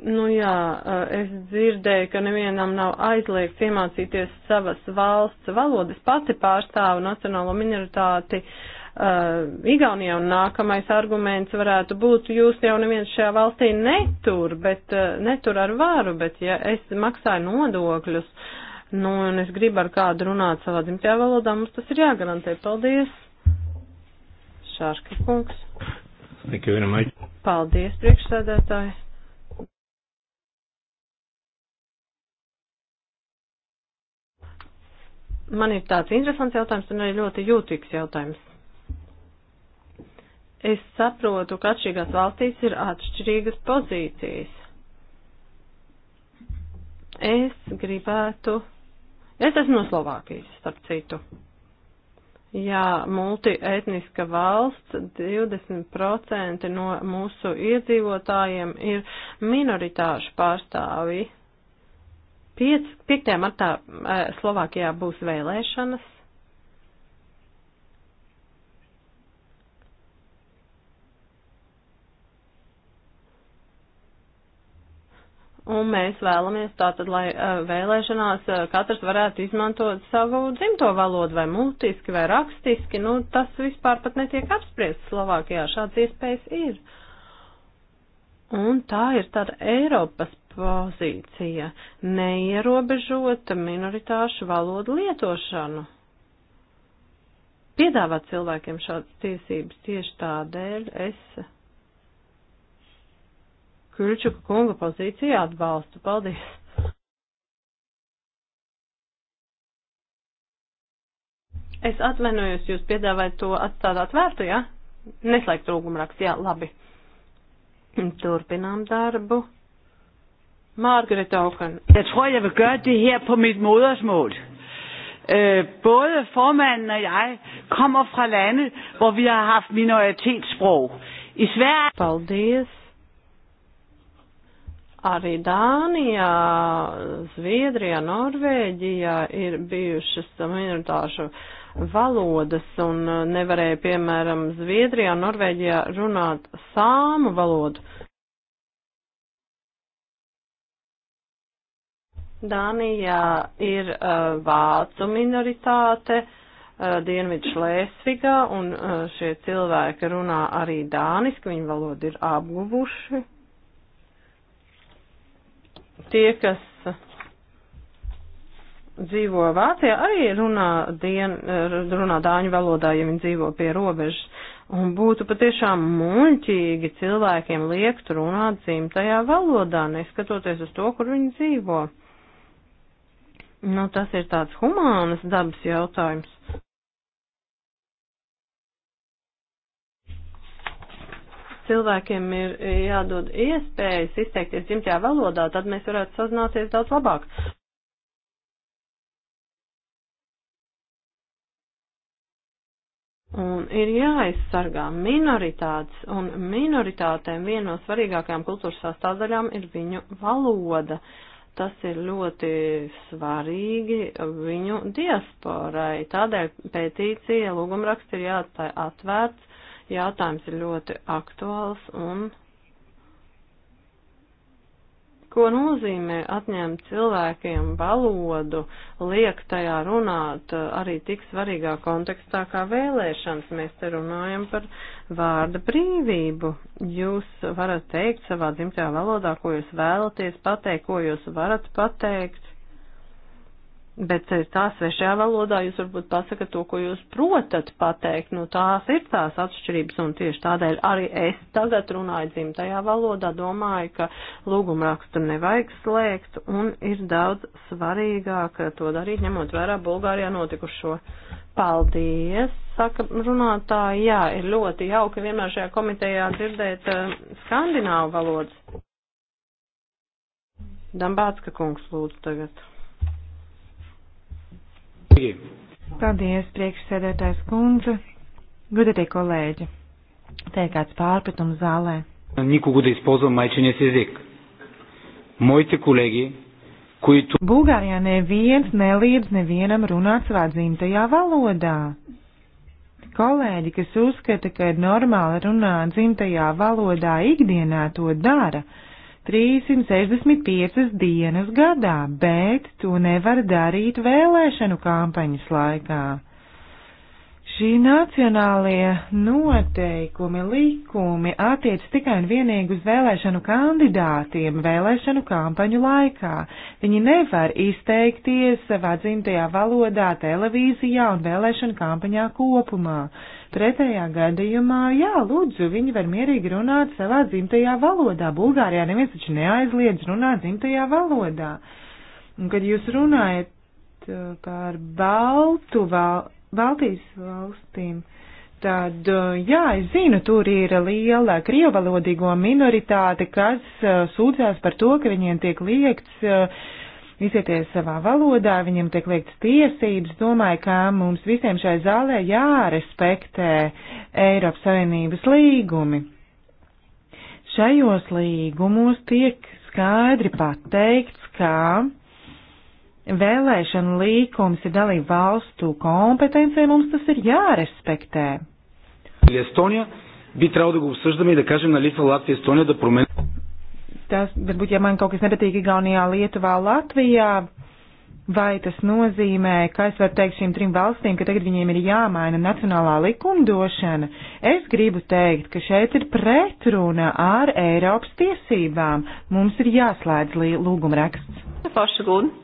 Nu jā, eh, es dzirdēju, ka nevienam nav aizliegts iemācīties savas valsts valodas. Pati pārstāvu nacionālo minoritāti uh, Igaunijā un nākamais arguments varētu būt, jūs jau neviens šajā valstī netur, bet uh, netur ar varu, bet ja es maksāju nodokļus, nu un es gribu ar kādu runāt savā dzimtajā valodā, mums tas ir jāgarantē. Paldies! Šārka kungs. Paldies, priekšsēdētāji! Man ir tāds interesants jautājums un arī ļoti jūtīgs jautājums. Es saprotu, ka atšķirīgās valstīs ir atšķirīgas pozīcijas. Es gribētu. Es esmu no Slovākijas, starp citu. Jā, multietniska valsts, 20% no mūsu iedzīvotājiem ir minoritāšu pārstāvji. 5, 5. martā eh, Slovākijā būs vēlēšanas. Un mēs vēlamies tātad, lai eh, vēlēšanās eh, katrs varētu izmantot savu dzimto valodu vai multiski vai rakstiski. Nu, tas vispār pat netiek apspriests Slovākijā. Šāds iespējas ir. Un tā ir tāda Eiropas pozīcija - neierobežota minoritāšu valodu lietošanu. Piedāvāt cilvēkiem šādas tiesības tieši tādēļ es Kulčuka kunga pozīciju atbalstu. Paldies! Es atvainojos, jūs piedāvājat to atstāt atvērtu, jā? Ja? Neslēgt rūgumrakstu, jā, labi. Turpinām darbu. Margaret Auken. Jeg tror, jeg vil gøre det her på mit modersmål. Øh, både formanden og jeg kommer fra lande, hvor vi har haft minoritetssprog. I Sverige... Paldies. Arī Dānijā, Zviedrijā, Norvēģijā ir bijušas minoritāšu valodas un uh, nevarēja, piemēram, Zviedrijā, Norvēģijā runāt sāmu valodu. Dānijā ir uh, vācu minoritāte uh, Dienvidu Šlēsvigā, un uh, šie cilvēki runā arī dāniski, viņu valodu ir apguvuši. Tie, kas dzīvo Vācijā, arī runā, dien, runā dāņu valodā, ja viņi dzīvo pie robežas. Un būtu patiešām muļķīgi cilvēkiem liekt runāt dzimtajā valodā, neskatoties uz to, kur viņi dzīvo. Uh, Nu, tas ir tāds humānas dabas jautājums. cilvēkiem ir jādod iespējas izteikties dzimtajā valodā, tad mēs varētu sazināties daudz labāk. Un ir jāaizsargā minoritātes, un minoritātēm viena no svarīgākajām kultūras sastāvdaļām ir viņu valoda. Uh, tas ir ļoti svarīgi viņu diasporai. Tādēļ pētīcija lūgumraksts ir jāatstāja atvērts, jautājums ir ļoti aktuāls un Ko nozīmē atņemt cilvēkiem valodu, liek tajā runāt eh, arī tik svarīgā kontekstā kā vēlēšanas? Mēs te runājam par vārda brīvību. Jūs varat teikt savā dzimtajā valodā, ko jūs vēlaties pateikt, ko jūs varat pateikt Bet tā svešajā valodā jūs varbūt pasakat to, ko jūs protat pateikt. Nu, tās ir tās atšķirības, un tieši tādēļ arī es tagad runāju dzimtajā valodā, domāju, ka lūgumrakstu nevajag slēgt, un ir daudz svarīgāk to darīt, ņemot vērā Bulgārijā notikušo. Paldies, saka runātāji, jā, ir ļoti jauki vienmēr šajā komitejā dzirdēt uh, skandināvu valodas. Dambātska kungs lūdzu tagad. Paldies, priekšsēdētājs kundze. Gudatie kolēģi, te ir kāds pārpratums zālē. Никого да използвам майчиния си език. Моите колеги, които... Bulgārijā neviens nelīdz nevienam runāt savā dzimtajā valodā. Kolēģi, kas uzskata, ka ir normāli runāt dzimtajā valodā, ikdienā to dara. Uh, 365 dienas gadā, bet to nevar darīt vēlēšanu kampaņas laikā. Šī nacionālie noteikumi, likumi attiec tikai un vienīgi uz vēlēšanu kandidātiem vēlēšanu kampaņu laikā. Viņi nevar izteikties savā dzimtajā valodā, televīzijā un vēlēšanu kampaņā kopumā. Pretējā gadījumā, jā, lūdzu, viņi var mierīgi runāt savā dzimtajā valodā. Bulgārijā neviens taču neaizliedz runāt dzimtajā valodā. Un kad jūs runājat kā uh, ar baltu valodu, Baltijas valstīm, tad, uh, jā, es zinu, tur ir liela krievalodīgo minoritāte, kas uh, sūdzās par to, ka viņiem tiek liekts uh, izieties savā valodā, viņiem tiek liekts tiesības. Domāju, ka mums visiem šai zālē jārespektē Eiropas Savienības līgumi. Šajos līgumos tiek skaidri pateikts, ka Vēlēšana līkums ir dalību valstu kompetencija, mums tas ir jārespektē. Estonia, би трябвало да го обсъждаме и да кажем на Литва, Латвия, Естония да променят. Tas, varbūt, ja man kaut kas nepatīk Igaunijā, Lietuvā, Latvijā, vai tas nozīmē, ka es varu teikt šīm trim valstīm, ka tagad viņiem ir jāmaina nacionālā likumdošana? Es gribu teikt, ka šeit ir pretruna ar Eiropas tiesībām. Mums ir jāslēdz lūgumraksts. Paša gudra.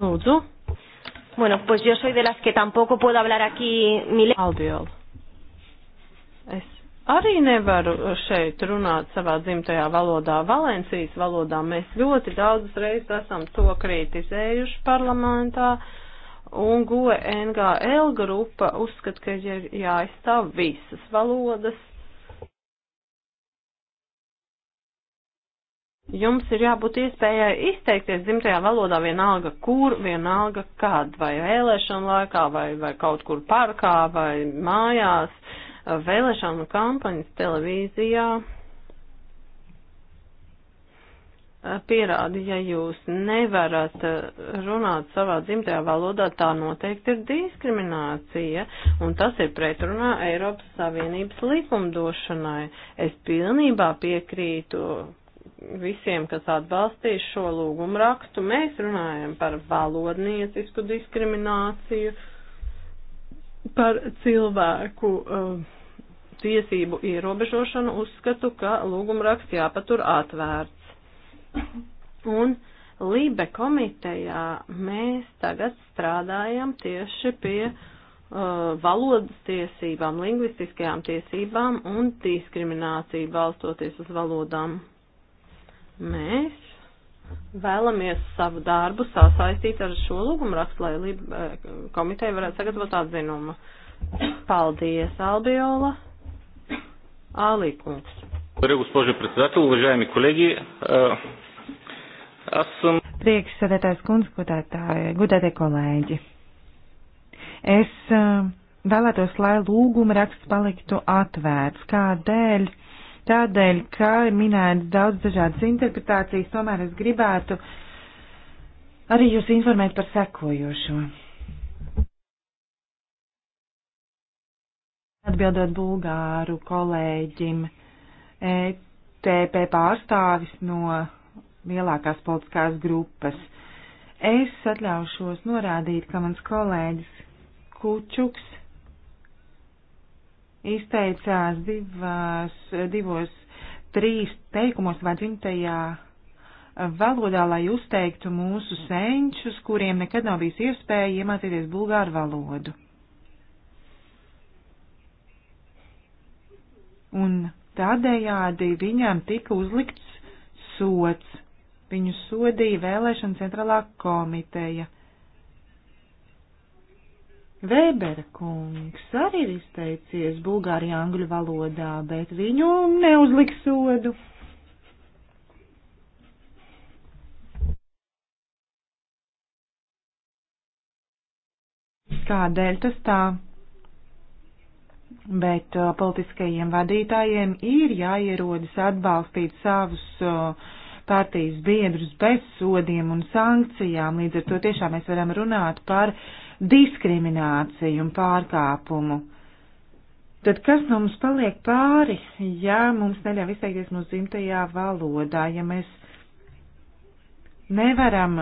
Lūdzu. Bueno, pues yo soy de las que tampoco puedo hablar aquí mi Albiol. Es arī nevaru šeit runāt savā dzimtajā valodā. Valencijas valodā mēs ļoti daudzas reizes esam to kritizējuši parlamentā, un GOE NGL grupa uzskata, ka ir jāizstāv visas valodas, Jums ir jābūt iespējai izteikties dzimtajā valodā vienalga kur, vienalga kad, vai vēlēšana laikā, vai, vai kaut kur parkā, vai mājās, vēlēšanu kampaņas televīzijā. Pierādi, ja jūs nevarat runāt savā dzimtajā valodā, tā noteikti ir diskriminācija, un tas ir pretrunā Eiropas Savienības likumdošanai. Es pilnībā piekrītu visiem, kas atbalstīs šo lūgumu rakstu. Mēs runājam par valodniecisku diskrimināciju, par cilvēku uh, tiesību ierobežošanu. Uzskatu, ka lūgumu raksts jāpatur atvērts. Un Lībe komitejā mēs tagad strādājam tieši pie uh, valodas tiesībām, lingvistiskajām tiesībām un diskrimināciju balstoties uz valodām. Mēs vēlamies savu darbu sasaistīt ar šo lūgumu rakstu, lai eh, komiteja varētu sagatavot atzinumu. Paldies, Albiola. Али Кункс. Благодаря, госпожо председател. Уважаеми колеги, аз съм... Priekšsēdētājs kundze, gudētie kolēģi. Es vēlētos, lai lūguma raksts paliktu atvērts. Kādēļ? Tādēļ, ka ir minētas daudz dažādas interpretācijas, tomēr es gribētu arī jūs informēt par sekojošo. Atbildot bulgāru kolēģim, e TP pārstāvis no lielākās politiskās grupas, es atļaušos norādīt, ka mans kolēģis Kučuks izteicās divās, divos, trīs teikumos vai dzimtajā valodā, lai uzteiktu mūsu senčus, kuriem nekad nav bijis iespēja iemācīties bulgāru valodu. Un tādējādi viņām tika uzlikts sots. Viņu sodīja vēlēšana centrālā komiteja. Vēbera kungs arī ir izteicies bulgāri angļu valodā, bet viņu neuzliks sodu. Kādēļ tas tā? Bet uh, politiskajiem vadītājiem ir jāierodas atbalstīt savus uh, partijas biedrus bez sodiem un sankcijām. Līdz ar to tiešām mēs varam runāt par uh, diskrimināciju un pārkāpumu. Tad kas no mums paliek pāri, ja mums neļauj izteikties mūsu dzimtajā valodā, ja mēs nevaram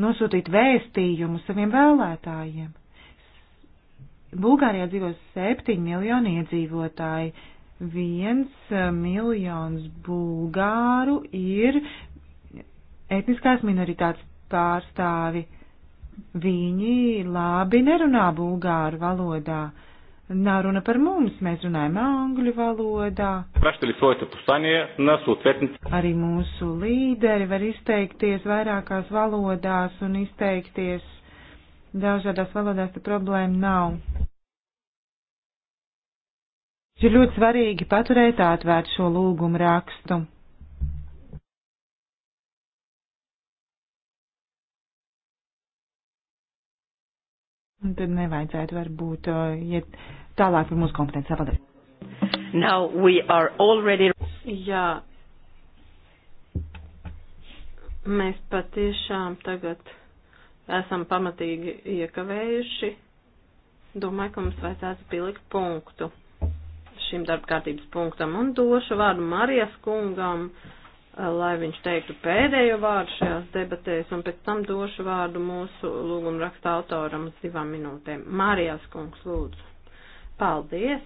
nosūtīt vēstījumu saviem vēlētājiem? Bulgārijā dzīvo 7 miljoni iedzīvotāji. Viens eh, miljons bulgāru ir etniskās minoritātes pārstāvi. Uh, Viņi labi nerunā bulgāru valodā. Nav runa par mums, mēs runājam angļu valodā. Arī mūsu līderi var izteikties vairākās valodās un izteikties dažādās valodās, tad problēma nav. Ir ļoti svarīgi paturēt atvērt šo lūgumu rakstu. Un tad nevajadzētu varbūt uh, iet ja tālāk par mūsu kompetenci savādāk. Now we are already. Jā. Mēs patiešām tagad esam pamatīgi iekavējuši. Domāju, ka mums vajadzētu pielikt punktu šim darbkārtības punktam un došu vārdu Marijas kungam. Uh, Eh, lai viņš teiktu pēdējo vārdu šajās debatēs, un pēc tam došu vārdu mūsu lūguma raksta autoram uz divām minūtēm. Mārijās kungs, lūdzu. Paldies!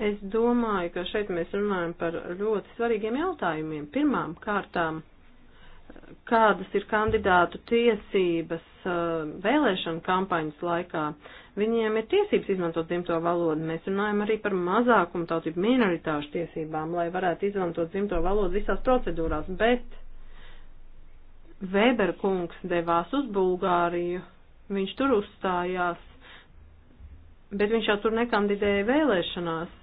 Es domāju, ka šeit mēs runājam par ļoti svarīgiem jautājumiem. Pirmām kārtām, kādas ir kandidātu tiesības eh, vēlēšana kampaņas laikā? Viņiem ir tiesības izmantot dzimto valodu. Mēs runājam arī par mazākumu tautību minoritāšu tiesībām, lai varētu izmantot dzimto valodu visās procedūrās, bet Weber kungs devās uz Bulgāriju. Viņš tur uzstājās, bet viņš jau tur nekandidēja vēlēšanās.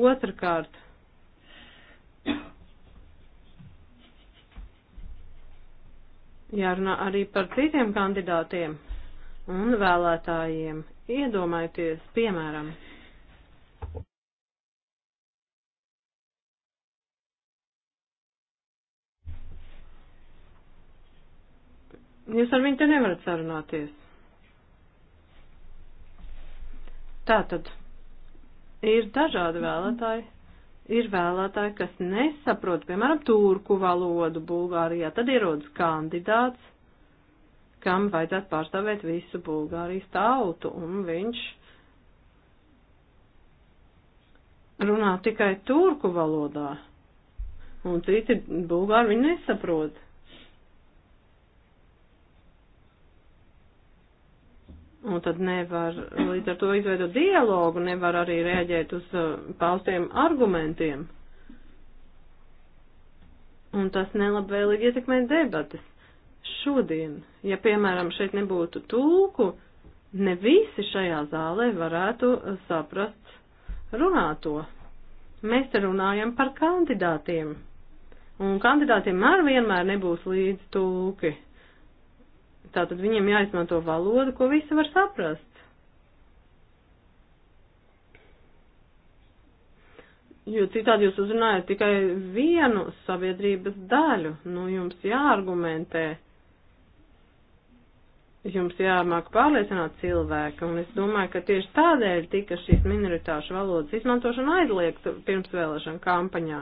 Otrakārt. Jārunā arī par citiem kandidātiem un vēlētājiem. Iedomājieties, piemēram, Jūs ar viņu te nevarat sarunāties. Tātad, ir dažādi vēlētāji. Ir vēlētāji, kas nesaprot, piemēram, turku valodu Bulgārijā. Tad ierodas kandidāts, kam vajadzētu pārstāvēt visu Bulgārijas tautu, un viņš runā tikai turku valodā, un citi Bulgāri viņu nesaprot. Un tad nevar līdz ar to izveidot dialogu, nevar arī rēģēt uz uh, paustiem argumentiem. Un tas nelabvēlīgi ietekmē debatas. Šodien, ja piemēram šeit nebūtu tulku, ne visi šajā zālē varētu uh, saprast runāto. Mēs te runājam par kandidātiem, un kandidātiem ar vienmēr nebūs līdz tulki. Tātad viņiem jāizmanto valoda, ko visi var saprast. Jo citādi jūs uzrunājat tikai vienu sabiedrības daļu, nu jums jāargumentē jums jāmāk pārliecināt cilvēku, un es domāju, ka tieši tādēļ tika šīs minoritāšu valodas izmantošana aizliegta pirmsvēlēšana kampaņā,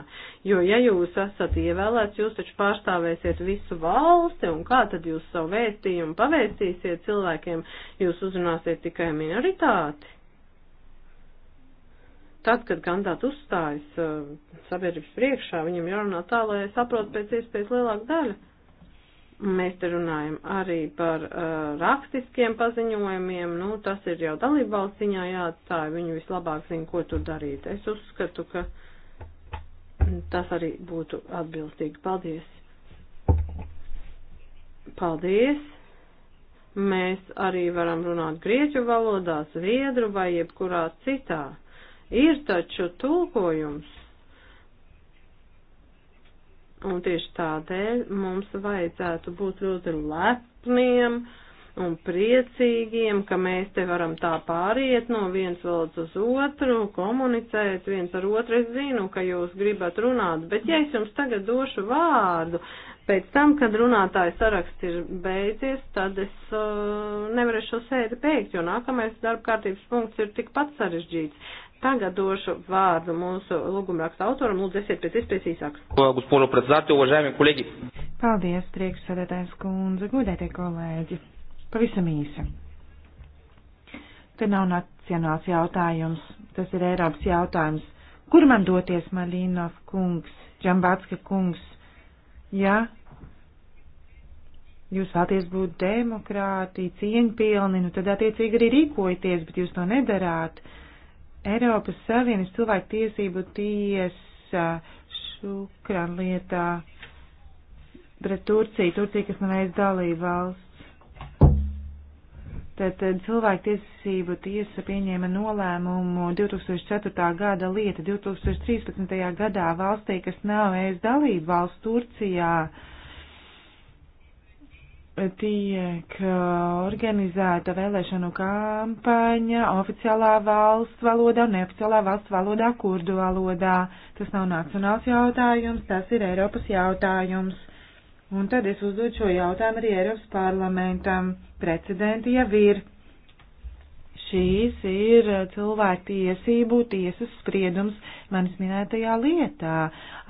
jo ja jūs esat ievēlēts, jūs taču pārstāvēsiet visu valsti, un kā tad jūs savu vēstījumu pavēstīsiet cilvēkiem, jūs uzrunāsiet tikai minoritāti? Tad, kad kandidāts uzstājas uh, sabiedrības priekšā, viņam jārunā tā, lai saprot pēc iespējas lielāku daļu. Mēs te runājam arī par uh, rakstiskiem paziņojumiem, nu tas ir jau dalībvalsts ziņā jāatstāja, viņi vislabāk zina, ko tur darīt. Es uzskatu, ka tas arī būtu atbilstīgi. Paldies! Paldies! Mēs arī varam runāt grieķu valodā, zviedru vai jebkurā citā. Ir taču tulkojums. Un tieši tādēļ mums vajadzētu būt ļoti lepniem un priecīgiem, ka mēs te varam tā pāriet no viens valodas uz otru, komunicēt viens ar otru. Es zinu, ka jūs gribat runāt, bet ja es jums tagad došu vārdu, pēc tam, kad runātāja saraksts ir beidzies, tad es uh, nevarēšu šo sēdi beigt, jo nākamais darba kārtības punkts ir tikpat sarežģīts. Tagad došu vārdu mūsu lūgumraksta autoram. Lūdzu, esiet pēc iespējas īsāks. Paldies, priekšsēdētājs kundze, gudētie kolēģi. Pavisam īsi. Te nav nacionāls jautājums, tas ir Eiropas jautājums. Kur man doties, Malinov kungs, Džambatska kungs? Ja jūs vēlaties būt demokrāti, cieņpilni, nu tad attiecīgi arī rīkojieties, bet jūs to nedarāt. Uh, Eiropas Savienības cilvēku tiesību tiesa šukran lietā pret Turciju, Turcija, kas nav veids dalība valsts. Tātad cilvēktiesību tiesa pieņēma nolēmumu 2004. gada lieta 2013. gadā valstī, kas nav veids dalība valsts Turcijā. Uh, tiek uh, organizēta vēlēšanu kampaņa oficiālā valsts valodā un neoficiālā valsts valodā kurdu valodā. Tas nav nacionāls jautājums, tas ir Eiropas jautājums. Un tad es uzdodu šo jautājumu arī Eiropas parlamentam. Precedenti jau ir šīs ir eh, cilvēktiesību tiesas spriedums manis minētajā lietā.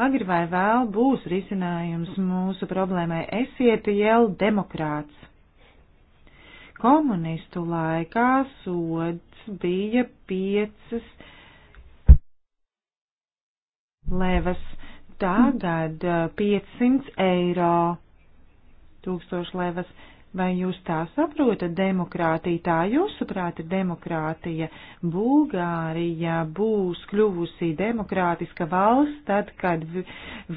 Agri vai vēl būs risinājums mūsu problēmai. Esiet jau demokrāts. Komunistu laikā sods bija piecas levas, tagad 500 eh, eiro, tūkstoši levas Vai jūs tā saprotat demokrātiju? Tā jūsuprāt ir demokrātija. Bulgārija būs kļuvusi demokrātiska valsts tad, kad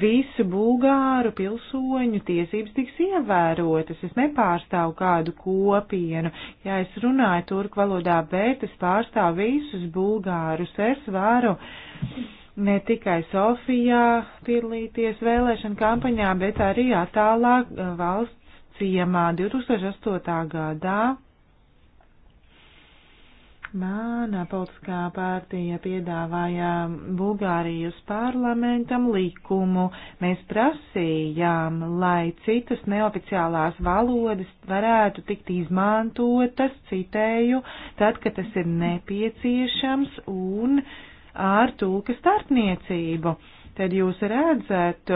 visu bulgāru pilsoņu tiesības tiks ievērotas. Es nepārstāvu kādu kopienu. Ja es runāju turku valodā, bet es pārstāvu visus bulgārus. Es varu ne tikai Sofijā piedalīties vēlēšana kampaņā, bet arī attālāk uh, valsts ciemā 2008. gadā. Māna politiskā pārtīja piedāvāja Bulgārijas parlamentam likumu. Mēs prasījām, lai citas neoficiālās valodas varētu tikt izmantotas, citēju, tad, kad tas ir nepieciešams un ar tulka starpniecību. Uh, tad jūs redzat,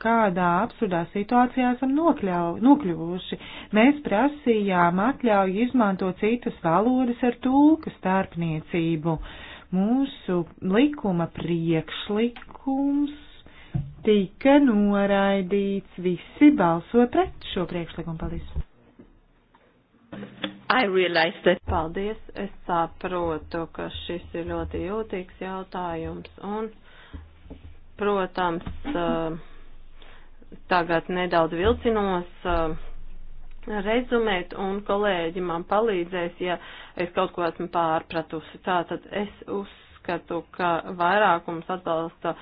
kādā absurdā situācijā esam nokļau, nokļuvuši. Mēs prasījām atļauju izmantot citas valodas ar tulka starpniecību. Mūsu likuma priekšlikums tika noraidīts. Visi balso pret šo priekšlikumu. Paldies! I realized that. Paldies, es saprotu, ka šis ir ļoti jūtīgs jautājums un Protams, eh, tagad nedaudz vilcinos eh, rezumēt, un kolēģi man palīdzēs, ja es kaut ko esmu pārpratusi. Tātad es uzskatu, ka vairākums atbalsta eh,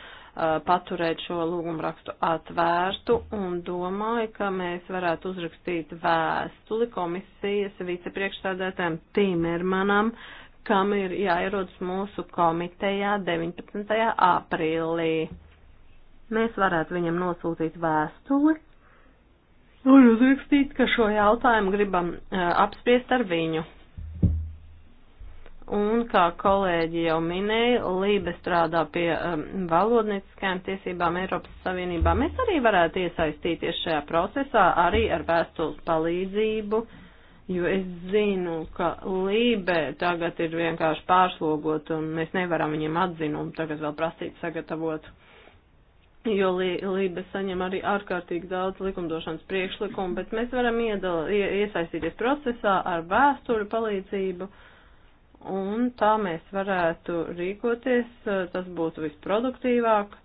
paturēt šo lūgumu rakstu atvērtu un domāju, ka mēs varētu uzrakstīt vēstuli komisijas vicepriekšstādētājiem Timermanam, kam ir jāierodas mūsu komitejā 19. aprīlī mēs varētu viņam nosūtīt vēstuli nu, un uzrakstīt, ka šo jautājumu gribam uh, apspriest ar viņu. Un, kā kolēģi jau minēja, Lībe strādā pie um, valodnieciskajām tiesībām Eiropas Savienībā. Mēs arī varētu iesaistīties šajā procesā, arī ar vēstules palīdzību, jo es zinu, ka Lībe tagad ir vienkārši pārslogot un mēs nevaram viņiem atzinumu tagad vēl prasīt sagatavot jo Lība saņem arī ārkārtīgi daudz likumdošanas priekšlikumu, bet mēs varam iedala, iesaistīties procesā ar vēstuļu palīdzību, un tā mēs varētu rīkoties, eh, tas būtu visproduktīvāk.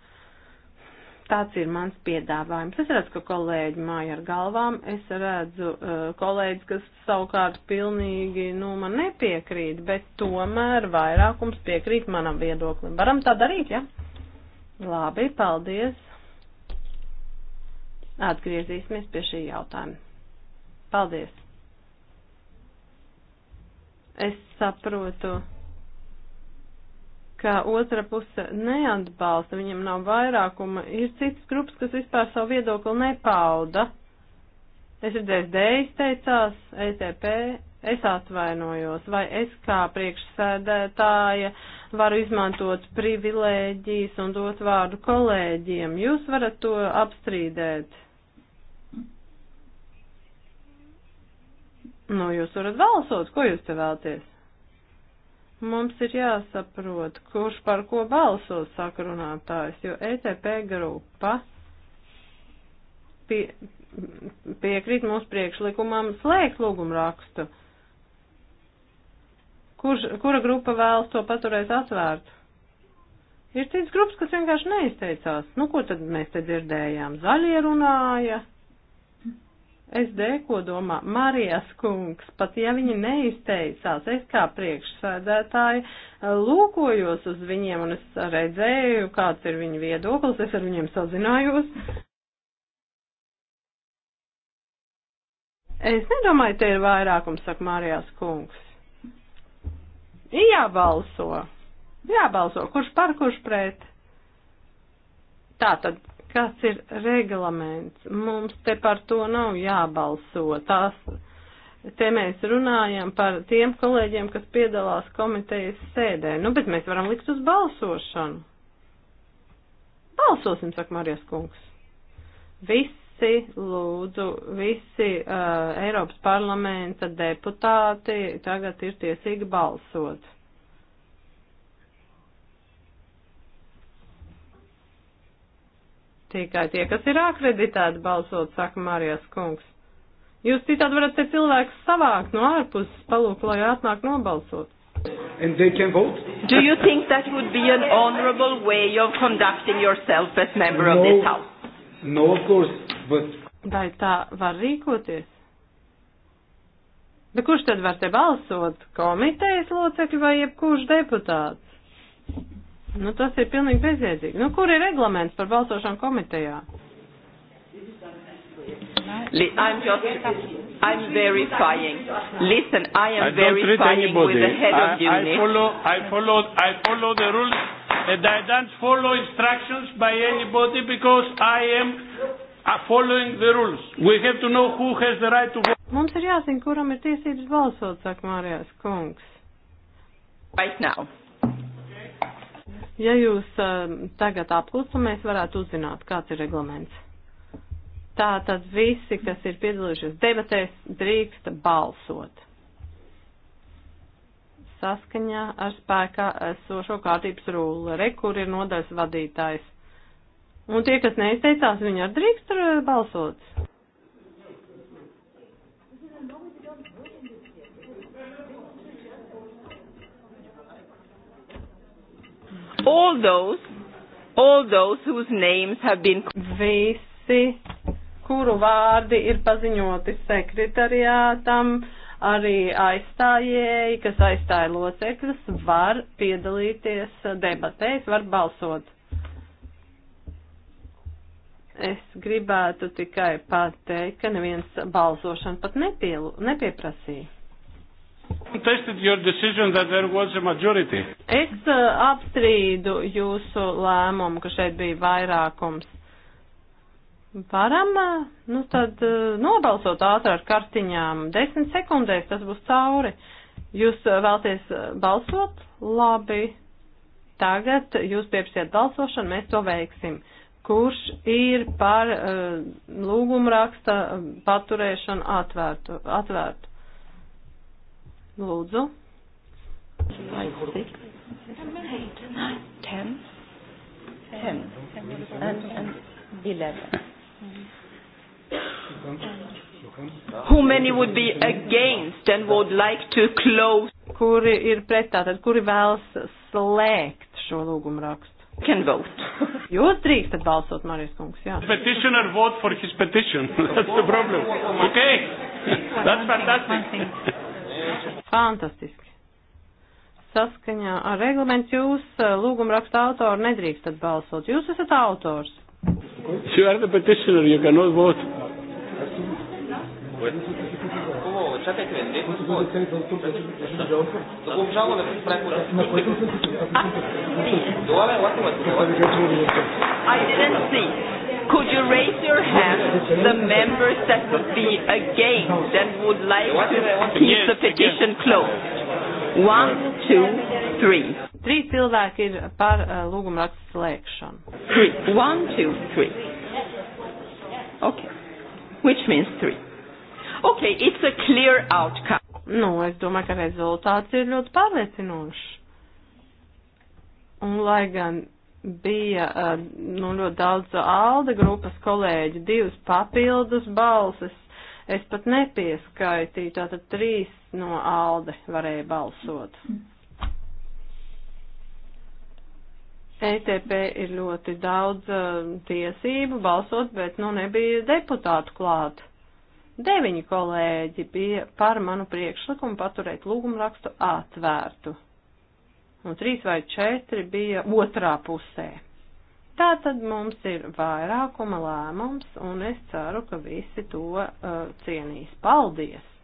Tāds ir mans piedāvājums. Es redzu, ka kolēģi māja ar galvām, es redzu uh, kolēģis, kas savukārt pilnīgi, nu, man nepiekrīt, bet tomēr vairākums piekrīt manam viedoklim. Varam tā darīt, ja? Labi, paldies. Atgriezīsimies pie šī jautājuma. Paldies. Es saprotu, ka otra puse neatbalsta, viņam nav vairākuma. Ir citas grupas, kas vispār savu viedokli nepauda. Es redzēju, D izteicās, ETP, es atvainojos, vai es kā priekšsēdētāja. Uh, varu izmantot privilēģijas un dot vārdu kolēģiem. Jūs varat to apstrīdēt. Nu, jūs varat balsot, ko jūs te vēlties? Mums ir jāsaprot, kurš par ko balsos, saka runātājs, jo ETP grupa pie, piekrīt mūsu priekšlikumam slēgt lūgumu rakstu. Uh, kurš, kura grupa vēlas to paturēt atvērtu. Ir cits grupas, kas vienkārši neizteicās. Nu, ko tad mēs te dzirdējām? Zaļie runāja. SD, ko domā Marijas kungs, pat ja viņi neizteicās, es kā priekšsēdētāji eh, lūkojos uz viņiem un es redzēju, kāds ir viņu viedoklis, es ar viņiem sazinājos. Es nedomāju, te ir vairākums, saka Marijas kungs. Ir jābalso. Jābalso, kurš par, kurš pret. Tātad, kas ir reglaments? Mums te par to nav jābalso. Tās, te mēs runājam par tiem kolēģiem, kas piedalās komitejas sēdē. Nu, bet mēs varam likt uz balsošanu. Balsosim, saka Marijas kungs. Viss visi, lūdzu, visi uh, Eiropas parlamenta deputāti tagad ir tiesīgi balsot. Tikai tie, kas ir akreditēti balsot, saka Marijas kungs. Jūs citādi varat te cilvēkus savākt no ārpuses, palūk, lai atnāk nobalsot. And they can vote. Do you think that would be an honorable way of conducting yourself as member no. of this house? Nokurs, bet. Vai tā var rīkoties? Bet kurš tad var te balsot? Komitejas locekļi vai jebkurš deputāts? Nu, tas ir pilnīgi bezjēdzīgi. Nu, kur ir reglaments par balsošanu komitejā? Li I'm just, I'm verifying. Listen, I am I verifying with the head I, of unit. I follow, I follow, I follow the rules and I don't follow instructions by anybody because I am uh, following the rules. We have to know who has the right to vote. Mums ir jāzina, kuram ir tiesības balsot, saka Mārijas kungs. Right now. Ja jūs um, tagad apklustu, mēs varētu uzzināt, kāds ir reglaments. Tātad visi, kas ir piedalījušies debatēs, drīkst balsot saskaņā ar spēkā esošo kārtības rulleri, kur ir nodaļas vadītājs. Un tie, kas neizteicās, viņi ar drīkst eh, balsot. all those, all those whose names have been visi, kuru vārdi ir paziņoti sekretariātam, arī aizstājēji, kas aizstāja locekļus, var piedalīties debatēs, var balsot. Es gribētu tikai pateikt, ka neviens balsošanu pat nepielu, nepieprasīja. Es uh, apstrīdu jūsu lēmumu, ka šeit bija vairākums. Varam, nu tad nobalsot ātrāk kartiņām, desmit sekundēs tas būs cauri. Jūs vēlties balsot? Labi. Tagad jūs pieprasiet balsošanu, mēs to veiksim. Kurš ir par uh, lūgumraksta paturēšanu atvērtu? atvērtu? Lūdzu. 5, 6, 7, 8, 9, 10, 10, 10. 10. 10. 10. 11. Who many would be against and would like to close? Kuri ir pretā, tad kuri vēlas slēgt šo lūgumu rakstu? Can vote. Jūs drīkstat balsot, Marijas kungs, jā. Petitioner vote for his petition. That's the problem. Okay. That's fantastic. Fantastiski. Saskaņā ar reglamentu jūs eh, lūguma raksta autoru nedrīkstat balsot. Jūs esat autors. If you are the petitioner, you cannot vote. Czekajcie, nie To obžalba da preko... I didn't see. Could you raise your hand, the members that would be against and would like to keep the petition closed? One, two, three. Trīs cilvēki ir par uh, eh, lūgumrakstu slēgšanu. Three. One, two, three. Okay. Which means three. Okay, it's a clear outcome. Nu, es domāju, ka rezultāts ir ļoti pārliecinošs. Un lai gan bija uh, nu, ļoti daudz ALDE grupas kolēģi, divas papildus balses, es pat nepieskaitīju, tātad trīs no ALDE varēja balsot. Mm. ETP ir ļoti daudz uh, tiesību balsot, bet nu nebija deputātu klāt. Deviņi kolēģi bija par manu priekšlikumu paturēt lūgumrakstu atvērtu. Un trīs vai četri bija otrā pusē. Tā tad mums ir vairākuma lēmums, un es ceru, ka visi to uh, cienīs. Paldies!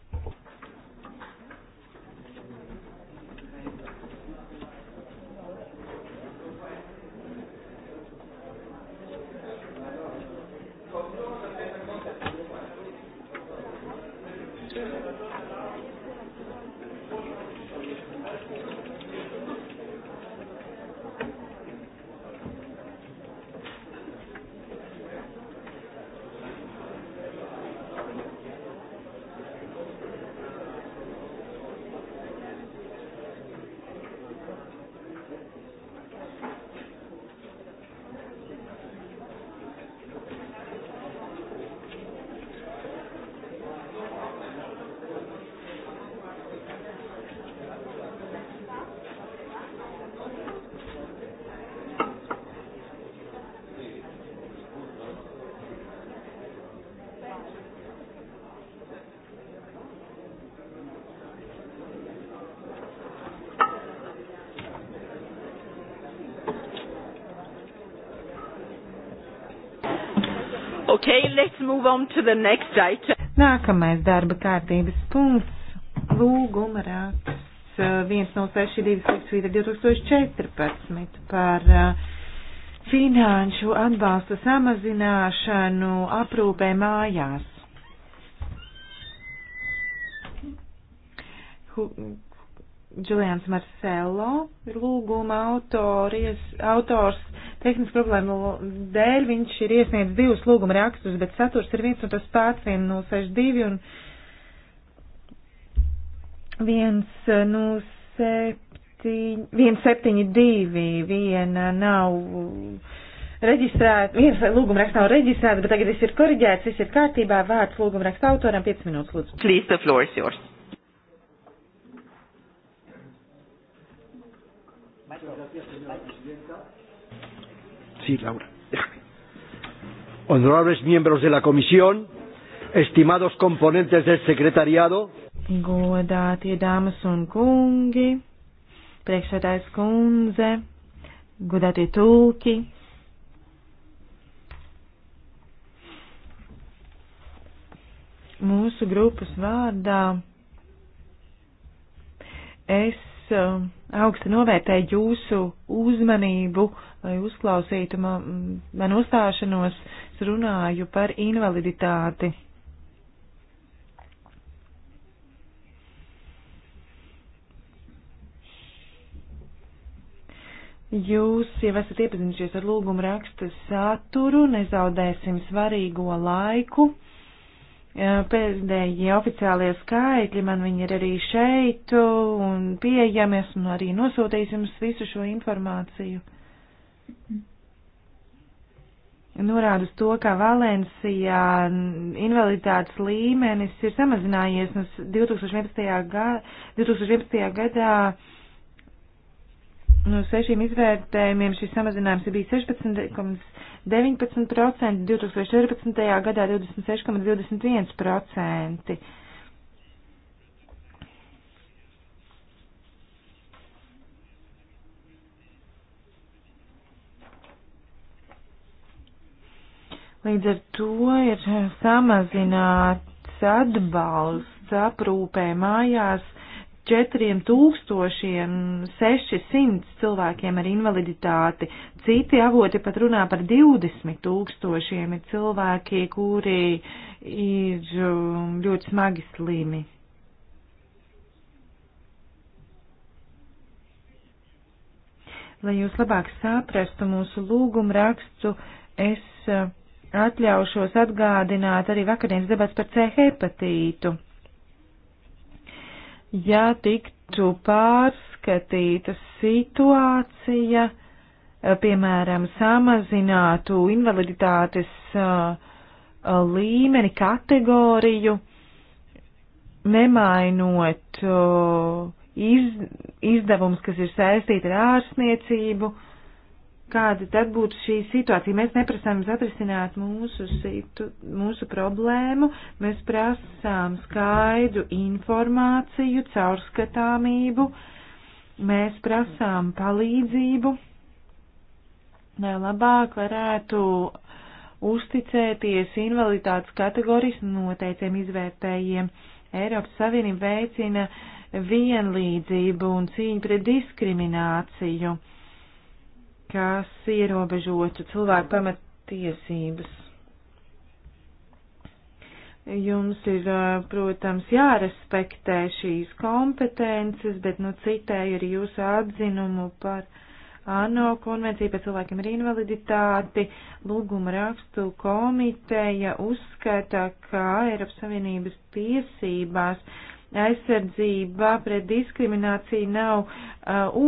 Okay, let's move on to the next item. Nākamais darba kārtības punkts - lūguma raksts 106.2014 uh, par uh, finanšu atbalsta samazināšanu aprūpē mājās. Džulians Marcello ir lūguma autories, autors tehnisku problēmu dēļ viņš ir iesniedzis divus lūguma rakstus, bet saturs ir viens un tas pats, 1062 un 172. Nu, Viena nav reģistrēta, viens lūguma raksts nav reģistrēts, bet tagad viss ir koriģēts, viss ir kārtībā, vārds lūguma raksta autoram 5 minūtes lūdzu. Please, the floor is yours. Sí, Laura, déjame. Honorables miembros de la Comisión, estimados componentes del secretariado. Godātie dāmas un kungi, priekšsēdājas kundze, godātie tulki. Mūsu grupas vārdā es Uh, augstu novērtēju jūsu uzmanību, lai uzklausītu man, man uzstāšanos, es runāju par invaliditāti. Jūs jau esat iepazinušies ar lūgumu rakstu saturu, nezaudēsim svarīgo laiku pēdējie oficiālie skaitļi, man viņi ir arī šeit un pieejami, esmu arī nosūtījis jums visu šo informāciju. Norāda uz to, ka Valencijā invaliditātes līmenis ir samazinājies no 2011. gadā, 2011. gadā no sešiem izvērtējumiem šis samazinājums bija 16,19%, 2014. gadā 26,21%. Līdz ar to ir samazināts atbalsts aprūpē mājās 4600 cilvēkiem ar invaliditāti. Citi avoti pat runā par 20 tūkstošiem ir cilvēki, kuri ir um, ļoti smagi slimi. Lai jūs labāk saprastu mūsu lūgumu rakstu, es uh, atļaušos atgādināt arī vakardienas debats par C hepatītu ja tiktu pārskatīta situācija, eh, piemēram, samazinātu invaliditātes eh, līmeni, kategoriju, nemainot eh, iz, izdevums, kas ir saistīti ar ārsniecību, uh, kāda tad būtu šī situācija. Mēs neprasām jums atrisināt mūsu, situ, mūsu problēmu, mēs prasām skaidru informāciju, caurskatāmību, mēs prasām palīdzību, lai labāk varētu uzticēties invaliditātes kategorijas noteiciem izvērtējiem. Eiropas Savienība veicina vienlīdzību un cīņu pret diskrimināciju kas ierobežotu cilvēku pamatiesības. Jums ir, protams, jārespektē šīs kompetences, bet, nu, citēju arī jūsu atzinumu par ANO konvenciju par cilvēkiem ar invaliditāti. Lūguma rakstu komiteja uzskata, ka Eiropas Savienības tiesībās aizsardzība pret diskrimināciju nav uh,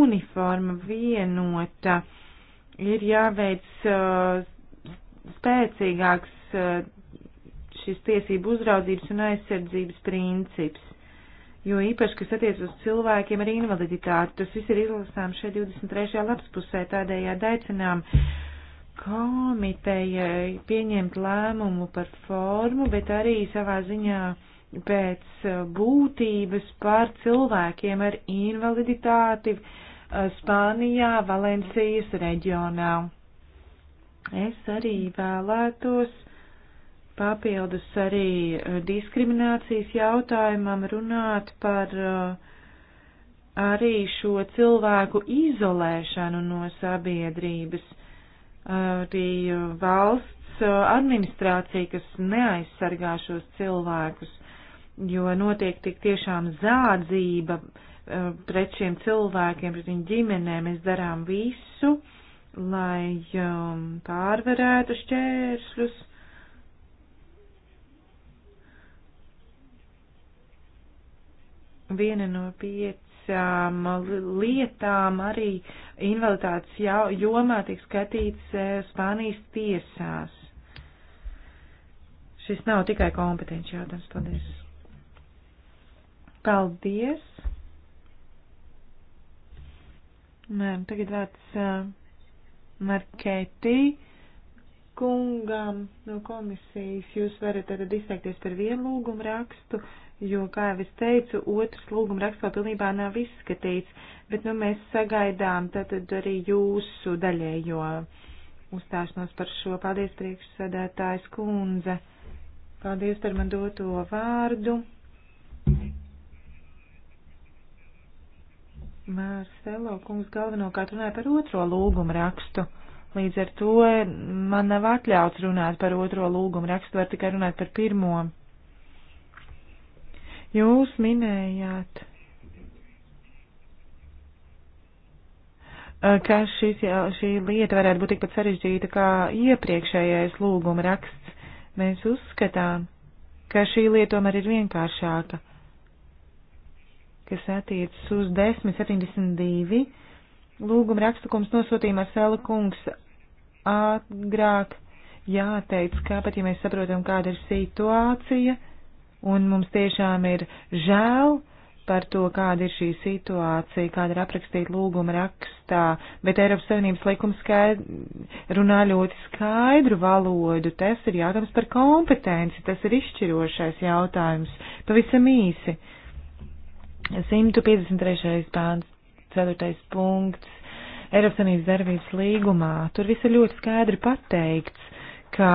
uniforma vienota. Uh, ir jāveic uh, spēcīgāks uh, šis tiesību uzraudzības un aizsardzības princips, jo īpaši, kas attiec uz cilvēkiem ar invaliditāti, tas viss ir izlasām šeit 23. lapspusē, tādējādi aicinām komitejai pieņemt lēmumu par formu, bet arī savā ziņā pēc uh, būtības par cilvēkiem ar invaliditāti, uh, Eh, Spānijā, Valencijas reģionā. Es arī vēlētos papildus arī eh, diskriminācijas jautājumam runāt par eh, arī šo cilvēku izolēšanu no sabiedrības. Arī valsts administrācija, kas neaizsargā šos cilvēkus, jo notiek tik tiešām zādzība, uh, Eh, pret šiem cilvēkiem, pret viņu ģimenēm. Mēs darām visu, lai um, pārvarētu šķēršļus. Viena no piecām lietām arī invaliditātes jomā tiek skatīts eh, Spānijas tiesās. Šis nav tikai kompetenci jautājums. Paldies! Paldies! Tagad vārds Markētī kungam no komisijas. Jūs varat tad izteikties par vienu lūgumu rakstu, jo, kā jau es teicu, otrs lūguma raksts vēl pilnībā nav izskatīts, bet nu, mēs sagaidām tātad arī jūsu daļējo uzstāšanos par šo. Paldies, priekšsēdētājs kundze. Paldies par man doto vārdu. Mārcelo kungs galvenokārt runāja par otro lūgumu rakstu. Līdz ar to man nav atļauts runāt par otro lūgumu rakstu, var tikai runāt par pirmo. Jūs minējāt, ka šis, šī lieta varētu būt tikpat sarežģīta kā iepriekšējais lūguma raksts. Mēs uzskatām, ka šī lieta tomēr ir vienkāršāka kas attiecas uz 1072. Lūguma rakstukums nosūtījumā Sela kungs agrāk jāteic, ka pat ja mēs saprotam, kāda ir situācija, un mums tiešām ir žēl par to, kāda ir šī situācija, kāda ir aprakstīta lūguma rakstā, bet Eiropas Savienības likums skaidr, runā ļoti skaidru valodu, tas ir jautājums par kompetenci, tas ir izšķirošais jautājums, pavisam īsi. Uh, 153. pāns, 4. punkts Eiropas Savienības darbības līgumā. Tur viss ir ļoti skaidri pateikts, ka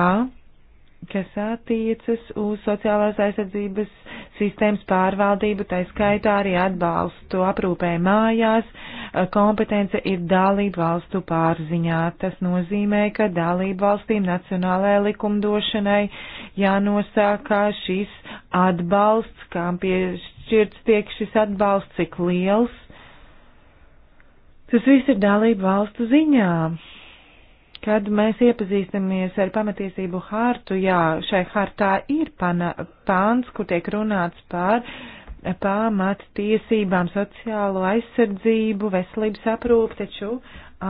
kas attiecas uz sociālās aizsardzības sistēmas pārvaldību, tā skaitā arī atbalstu aprūpē mājās, kompetence ir dalību valstu pārziņā. Tas nozīmē, ka dalību valstīm nacionālajai likumdošanai jānosaka šis atbalsts, kam piešķirts tiek šis atbalsts, cik liels. Tas viss ir dalību valstu ziņā. Kad mēs iepazīstamies ar pamatiesību hārtu, jā, šai hārtā ir pana, pāns, kur tiek runāts par pāmat tiesībām, sociālo aizsardzību, veselības aprūpu, taču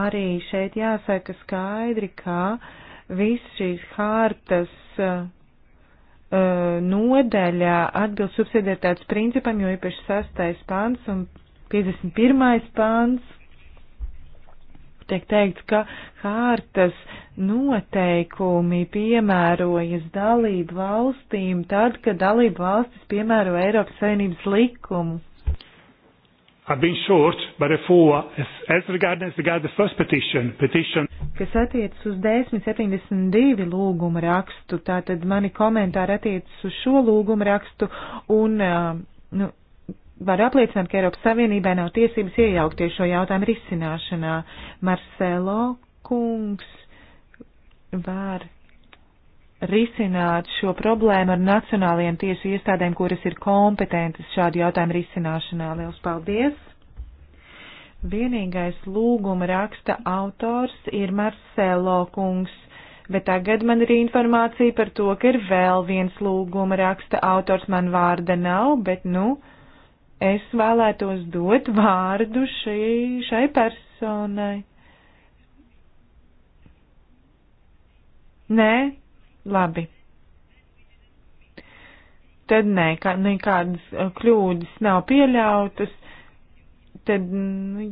arī šeit jāsaka skaidri, ka viss šīs hārtas uh, eh, eh, nodaļa atbilst subsidiaritātes principam, jo īpaši sastais pāns un 51. pāns tiek teikts, ka hārtas noteikumi piemērojas dalību valstīm tad, kad dalību valstis piemēro Eiropas Savienības likumu. I've been short, but before, as, as regard as regard the first petition, petition. Kas attiecas uz 1072 lūguma rakstu, tātad mani komentāri attiecas uz šo lūguma rakstu un, uh, nu, Varu apliecināt, ka Eiropas Savienībai nav tiesības iejaukties šo jautājumu risināšanā. Marcelo kungs var risināt šo problēmu ar nacionālajiem tiesu iestādēm, kuras ir kompetentas šādu jautājumu risināšanā. Liels paldies! Vienīgais lūguma raksta autors ir Marcelo kungs, bet tagad man ir informācija par to, ka ir vēl viens lūguma raksta autors, man vārda nav, bet nu es vēlētos dot vārdu šī, šai personai. Nē, labi. Tad nē, kā, nekādas eh, kļūdas nav pieļautas. Tad nu,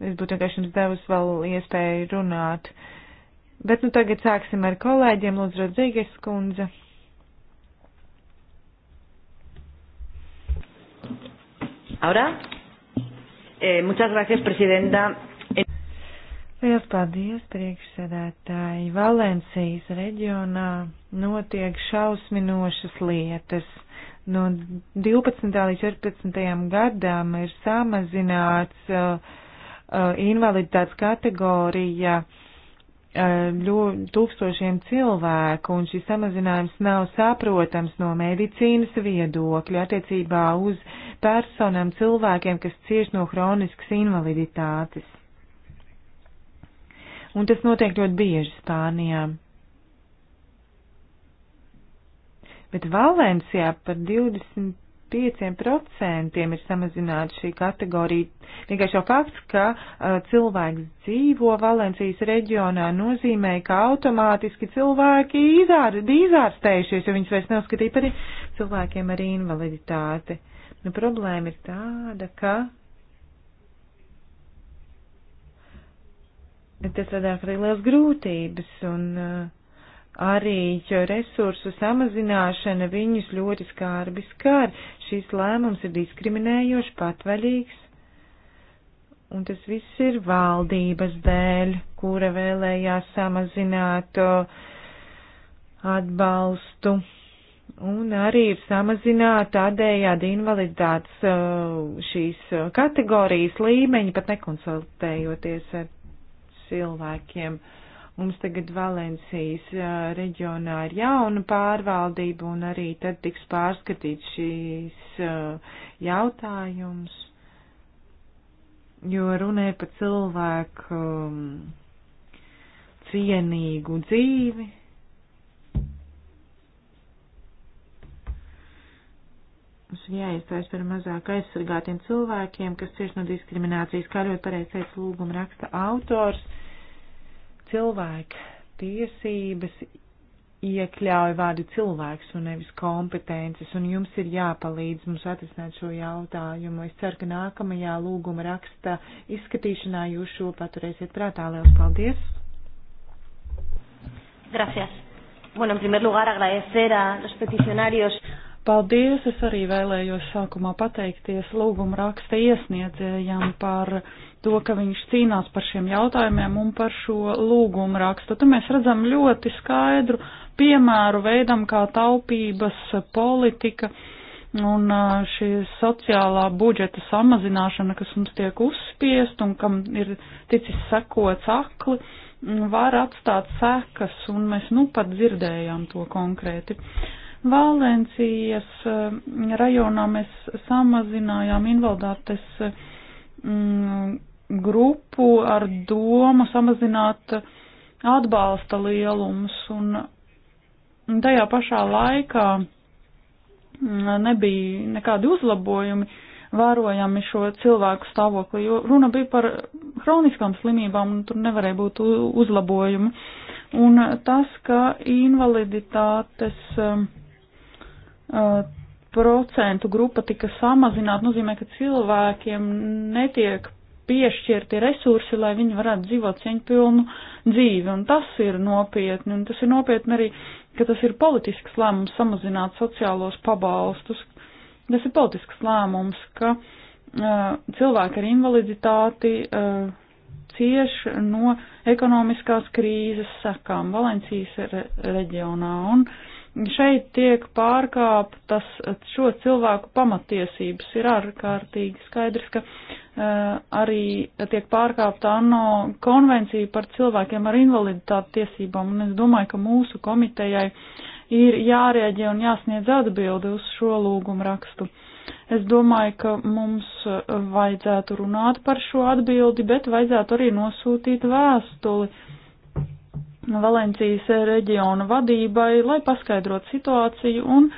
es būtu vienkārši jums devis vēl iespēju runāt. Bet nu tagad sāksim ar kolēģiem. Lūdzu, Rodzīgas kundze. Ahora, eh, muchas gracias, Presidenta. Liels paldies, priekšsēdētāji. Valencijas reģionā notiek šausminošas lietas. No 12. līdz 14. gadam ir samazināts uh, uh, invaliditātes kategorija uh, tūkstošiem cilvēku, un šis samazinājums nav saprotams no medicīnas viedokļa attiecībā uz personām, cilvēkiem, kas cieš no hroniskas invaliditātes. Un tas notiek ļoti bieži Spānijā. Bet Valencijā par 20 5% ir samazināta šī kategorija. Vienkārši jau fakts, ka uh, cilvēks dzīvo Valencijas reģionā, nozīmē, ka automātiski cilvēki izār, izārstējušies, jo viņus vairs neuzskatīja par cilvēkiem ar invaliditāti. Nu, problēma ir tāda, ka. Tas radās arī liels grūtības un uh, arī resursu samazināšana viņus ļoti skārbi skar šis lēmums ir diskriminējošs, patvaļīgs, un tas viss ir valdības dēļ, kura vēlējās samazināt atbalstu un arī samazināt tādējādi invaliditātes šīs kategorijas līmeņi, pat nekonsultējoties ar cilvēkiem. Uh, Mums tagad Valencijas reģionā ir jauna pārvaldība un arī tad tiks pārskatīts šīs jautājums, jo runē par cilvēku cienīgu dzīvi. Mums ir jāiestājas par mazāk aizsargātiem cilvēkiem, kas cieši no diskriminācijas, kā ļoti pareizi teica lūguma raksta autors cilvēku tiesības iekļauj vārdu cilvēks un nevis kompetences, un jums ir jāpalīdz mums atrisināt šo jautājumu. Es ceru, ka nākamajā lūguma raksta izskatīšanā jūs šo paturēsiet prātā. Lielas paldies! Gracias. Bueno, en primer lugar, agradecer a los peticionarios. Paldies! Es arī vēlējos sākumā pateikties lūguma raksta iesniedzējām par to, ka viņš cīnās par šiem jautājumiem un par šo lūgumu rakstu. Tad mēs redzam ļoti skaidru piemēru veidam, kā taupības politika un šī sociālā budžeta samazināšana, kas mums tiek uzspiest un kam ir ticis sekots akli, var atstāt sekas, un mēs nu pat dzirdējām to konkrēti. Valencijas rajonā mēs samazinājām invaliditātes grupu ar domu samazināt atbalsta lielums un tajā pašā laikā mm, nebija nekādi uzlabojumi vērojami šo cilvēku stāvokli, jo runa bija par hroniskām slimībām un tur nevarēja būt uzlabojumi. Un tas, ka invaliditātes uh, procentu grupa tika samazināta, nozīmē, ka cilvēkiem netiek piešķirti resursi, lai viņi varētu dzīvot cieņpilnu dzīvi. Un tas ir nopietni, un tas ir nopietni arī, ka tas ir politisks lēmums samazināt sociālos pabalstus. Tas ir politisks lēmums, ka uh, cilvēki ar invaliditāti uh, cieš no ekonomiskās krīzes sakām Valencijas re reģionā. Un, uh, šeit tiek pārkāptas šo cilvēku pamatiesības. Ir ārkārtīgi skaidrs, ka Eh, arī tiek pārkāpta ANO konvencija par cilvēkiem ar invaliditāti tiesībām, un es domāju, ka mūsu komitejai ir jārēģē un jāsniedz atbildi uz šo lūgumu rakstu. Es domāju, ka mums vajadzētu runāt par šo atbildi, bet vajadzētu arī nosūtīt vēstuli Valencijas reģiona vadībai, lai paskaidrotu situāciju un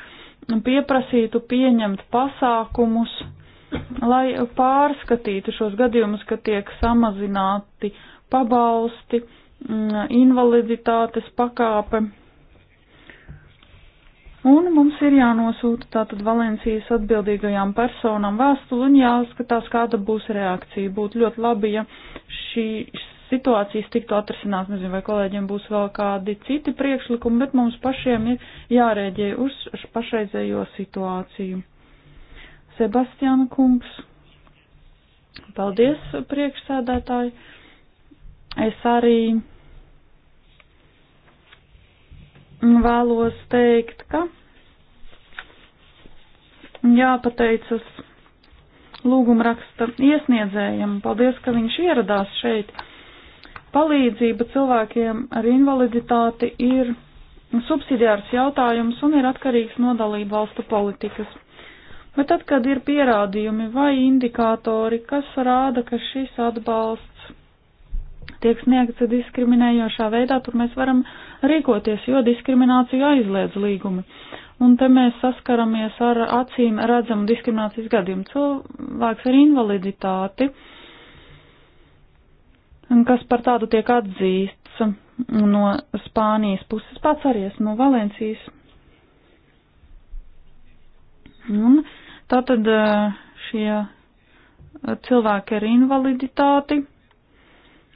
pieprasītu pieņemt pasākumus lai pārskatītu šos gadījumus, ka tiek samazināti pabalsti, mm, invaliditātes pakāpe. Un mums ir jānosūta tātad Valencijas atbildīgajām personām vēstuli un jāskatās, kāda būs reakcija. Būtu ļoti labi, ja šī situācijas tiktu atrasināts. Nezinu, vai kolēģiem būs vēl kādi citi priekšlikumi, bet mums pašiem ir jārēģē uz pašreizējo situāciju. Sebastiāna kungs. Paldies, priekšsēdētāji. Es arī vēlos teikt, ka jāpateicas lūgumraksta iesniedzējiem. Paldies, ka viņš ieradās šeit. Palīdzība cilvēkiem ar invaliditāti ir subsidiārs jautājums un ir atkarīgs no dalību valstu politikas. Bet tad, kad ir pierādījumi vai indikātori, kas rāda, ka šis atbalsts tiek sniegts diskriminējošā veidā, tur mēs varam rīkoties, jo diskrimināciju aizliedz līgumi. Un te mēs saskaramies ar acīm redzamu diskriminācijas gadījumu. Cilvēks ar invaliditāti, kas par tādu tiek atzīsts no Spānijas puses, pats arī esmu no Valencijas. Un Tātad šie cilvēki ar invaliditāti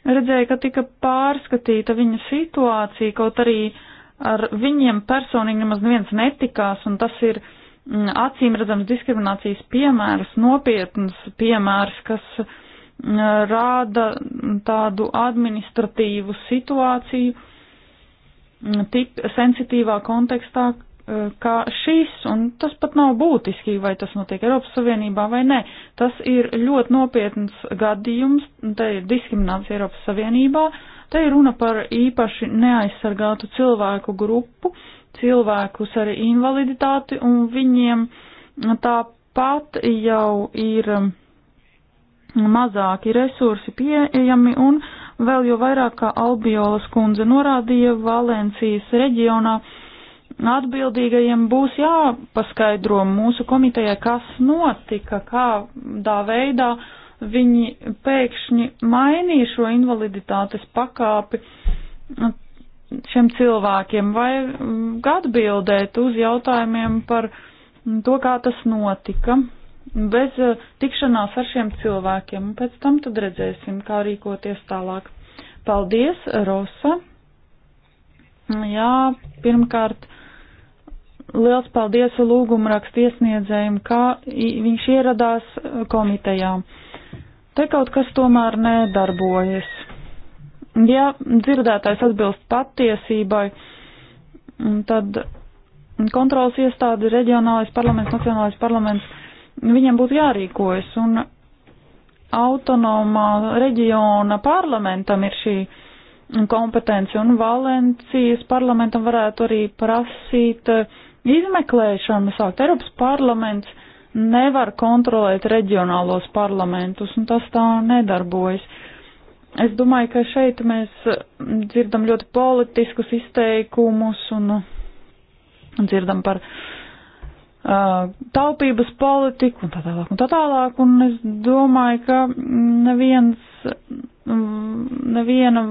redzēja, ka tika pārskatīta viņa situācija, kaut arī ar viņiem personīgi nemaz neviens netikās, un tas ir mm, acīm redzams diskriminācijas piemērs, nopietns piemērs, kas mm, rāda tādu administratīvu situāciju mm, tip sensitīvā kontekstā, Eh, kā šis, un tas pat nav būtiski, vai tas notiek Eiropas Savienībā vai nē. Tas ir ļoti nopietns gadījums, te ir diskriminācija Eiropas Savienībā, te ir runa par īpaši neaizsargātu cilvēku grupu, cilvēkus ar invaliditāti, un viņiem tāpat jau ir eh, mazāki resursi pieejami, un vēl jau vairāk, kā Albiolas kundze norādīja, Valencijas reģionā, uh, atbildīgajiem būs jāpaskaidro mūsu komitejai, kas notika, kādā veidā viņi pēkšņi mainīja šo invaliditātes pakāpi šiem cilvēkiem, vai mm, atbildēt uz jautājumiem par to, kā tas notika, bez eh, tikšanās ar šiem cilvēkiem, un pēc tam tad redzēsim, kā rīkoties tālāk. Paldies, Rosa! Jā, pirmkārt Liels paldies lūguma rakstu iesniedzējiem, kā viņš ieradās e, komitejā. Te kaut kas tomēr nedarbojas. Ja dzirdētājs atbilst patiesībai, tad kontrolas iestādi, reģionālais parlaments, nacionālais parlaments, viņiem būtu jārīkojas, un autonomā reģiona parlamentam ir šī kompetence, un Valencijas parlamentam varētu arī prasīt uh, izmeklēšanu sākt. Eiropas parlaments nevar kontrolēt reģionālos parlamentus, un tas tā nedarbojas. Es domāju, ka šeit mēs eh, dzirdam ļoti politiskus izteikumus un dzirdam par uh, taupības politiku un tā tālāk un tā tālāk, un es domāju, ka neviens neviena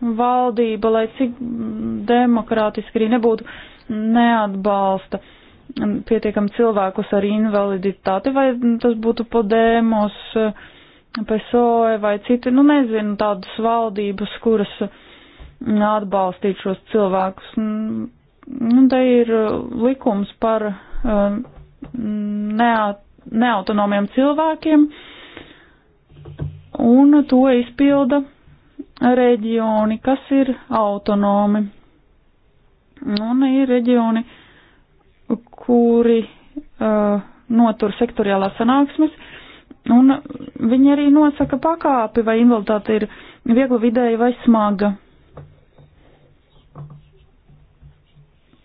valdība, lai cik demokrātiski arī nebūtu, neatbalsta pietiekam cilvēkus ar invaliditāti, vai tas būtu Podemos, PSOE vai citi, nu nezinu, tādas valdības, kuras atbalstītu šos cilvēkus. Nu, te ir likums par um, eh, neat, neautonomiem cilvēkiem, uh, un to izpilda reģioni, kas ir autonomi. Un ir reģioni, kuri uh, notur sektoriālās sanāksmes, un viņi arī nosaka pakāpi, vai invaliditāte ir viegla, vidēja vai smaga.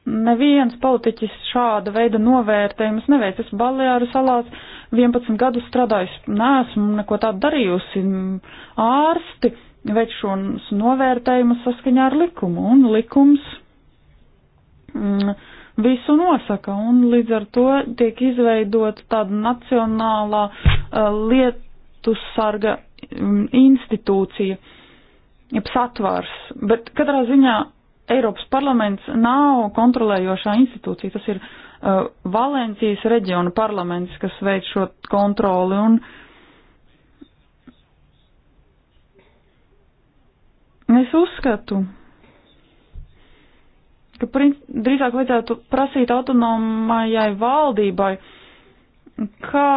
Neviens politiķis šāda veida novērtējumus neveic. Es Baleāru salās uh, 11 gadus strādājusi, neesmu neko tādu darījusi. Ārsti veic šo novērtējumu saskaņā ar likumu, un likums mm, visu nosaka, un līdz ar to tiek izveidota tāda nacionālā uh, lietu sarga um, institūcija, jeb satvars. Bet katrā ziņā Eiropas parlaments nav kontrolējošā institūcija, tas ir uh, Eh, Valencijas reģiona parlaments, kas veic šo kontroli un es uzskatu, ka drīzāk vajadzētu prasīt autonomajai valdībai, kā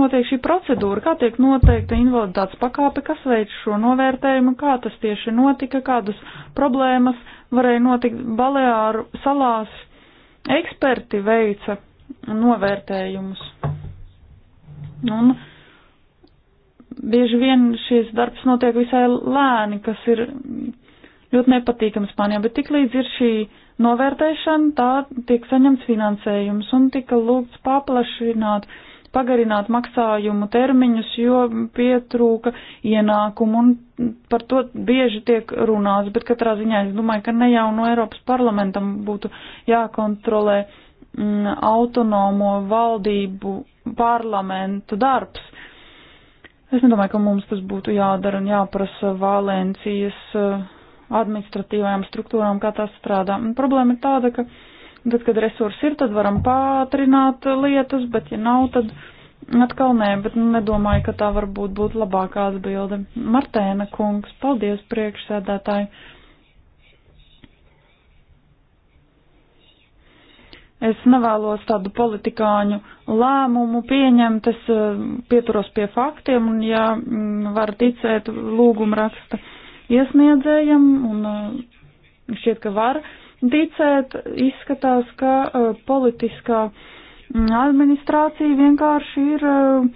notiek šī procedūra, kā tiek noteikta invaliditātes pakāpe, kas veic šo novērtējumu, kā tas tieši notika, kādas problēmas varēja notikt Baleāru salās Eksperti veica novērtējumus. Un bieži vien šis darbs notiek visai lēni, kas ir ļoti nepatīkami Spānijā, bet tik līdz ir šī novērtēšana, tā tiek saņemts finansējums un tika lūgts paplašināt uh, pagarināt maksājumu termiņus, jo pietrūka ienākumu un par to bieži tiek runāts, bet katrā ziņā es domāju, ka ne jau no Eiropas parlamentam būtu jākontrolē mm, autonomo valdību parlamentu darbs. Es nedomāju, ka mums tas būtu jādara un jāprasa Valencijas eh, administratīvajām struktūrām, kā tās strādā. Un problēma ir tāda, ka Bet, kad resursi ir, tad varam pātrināt lietas, bet, ja nav, tad atkal nē, bet nedomāju, ka tā varbūt būtu labākā atbilde. Martēna kungs, paldies priekšsēdētāji. Es nevēlos tādu politikāņu lēmumu pieņemt, es eh, pieturos pie faktiem un, ja mm, var ticēt, lūguma raksta iesniedzējam un eh, šķiet, ka var ticēt, izskatās, ka uh, politiskā mm, administrācija vienkārši ir uh,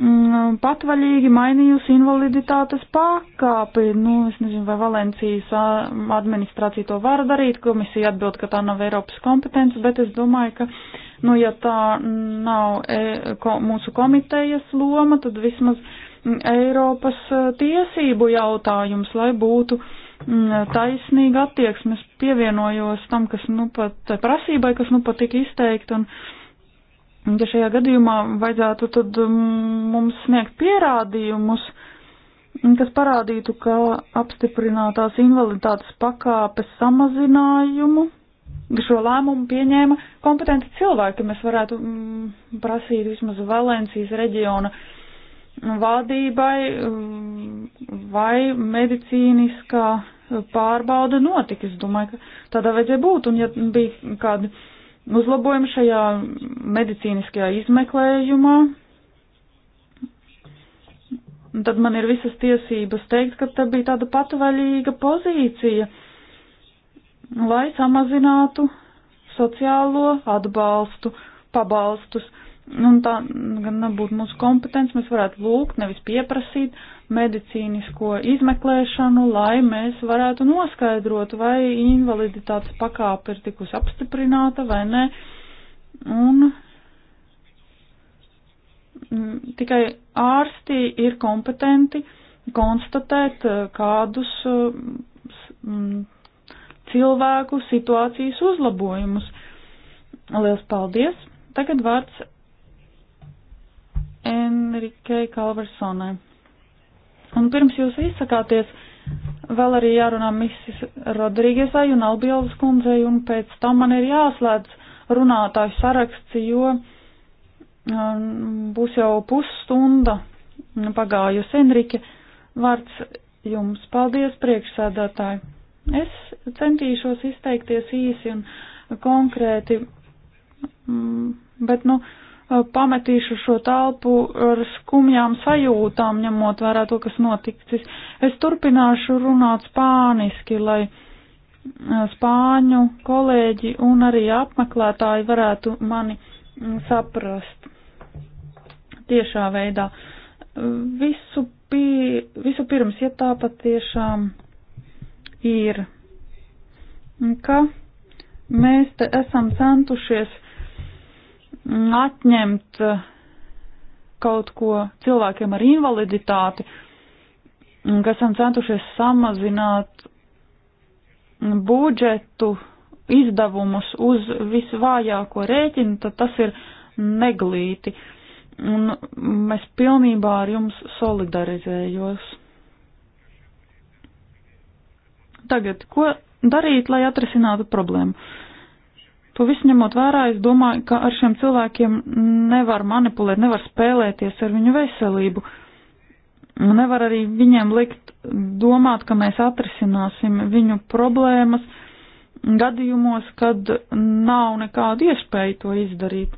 mm, patvaļīgi mainījusi invaliditātes pakāpi. Nu, es nezinu, vai Valencijas uh, administrācija to var darīt, komisija atbild, ka tā nav Eiropas kompetence, bet es domāju, ka, nu, ja tā nav e ko mūsu komitejas loma, tad vismaz mm, Eiropas uh, tiesību jautājums, lai būtu uh, Mm, taisnīga attieksme. Es pievienojos tam, kas nu pat prasībai, kas nu pat tika izteikta, un ja šajā gadījumā vajadzētu tad mm, mums sniegt pierādījumus, kas parādītu, ka apstiprinātās invaliditātes pakāpes samazinājumu šo lēmumu pieņēma kompetenti cilvēki. Mēs varētu mm, prasīt vismaz Valencijas reģiona uh, valdībai vai medicīniskā pārbauda notika. Es domāju, ka tādā vajadzēja būt, un ja bija kādi uzlabojumi šajā medicīniskajā izmeklējumā, tad man ir visas tiesības teikt, ka te bija tāda patvaļīga pozīcija, lai samazinātu sociālo atbalstu, pabalstus. Uh, Un nu, tā gan nebūtu mūsu kompetence, mēs varētu lūgt, nevis pieprasīt medicīnisko izmeklēšanu, lai mēs varētu noskaidrot, vai invaliditātes pakāpe ir tikus apstiprināta vai nē. Un mm, tikai ārsti ir kompetenti konstatēt eh, kādus eh, mm, cilvēku situācijas uzlabojumus. Lielas paldies! Tagad vārds Enrikei Kalversonai. Un pirms jūs izsakāties, vēl arī jārunā Misis Rodrīgesai un Albielas kundzei, un pēc tam man ir jāslēdz runātāju saraksts, jo um, būs jau pusstunda pagājusi. Enrike, vārds jums. Paldies, priekšsēdētāji. Es centīšos izteikties īsi un konkrēti, mm, bet, nu, Eh, pametīšu šo telpu ar skumjām sajūtām, ņemot vērā to, kas noticis. Es turpināšu runāt spāniski, lai eh, spāņu kolēģi un arī apmeklētāji varētu mani mm, saprast tiešā veidā. Eh, visu, pie, visu pirms, ja tā patiešām ir, ka mēs te esam centušies atņemt eh, kaut ko cilvēkiem ar invaliditāti, kas esam centušies samazināt budžetu izdevumus uz visvājāko rēķinu, tad tas ir neglīti. Un mēs pilnībā ar jums solidarizējos. Tagad, ko darīt, lai atrisinātu problēmu? To visu ņemot vērā, es domāju, ka ar šiem cilvēkiem nevar manipulēt, nevar spēlēties ar viņu veselību. Nevar arī viņiem likt domāt, ka mēs atrisināsim viņu problēmas gadījumos, kad nav nekāda iespēja to izdarīt.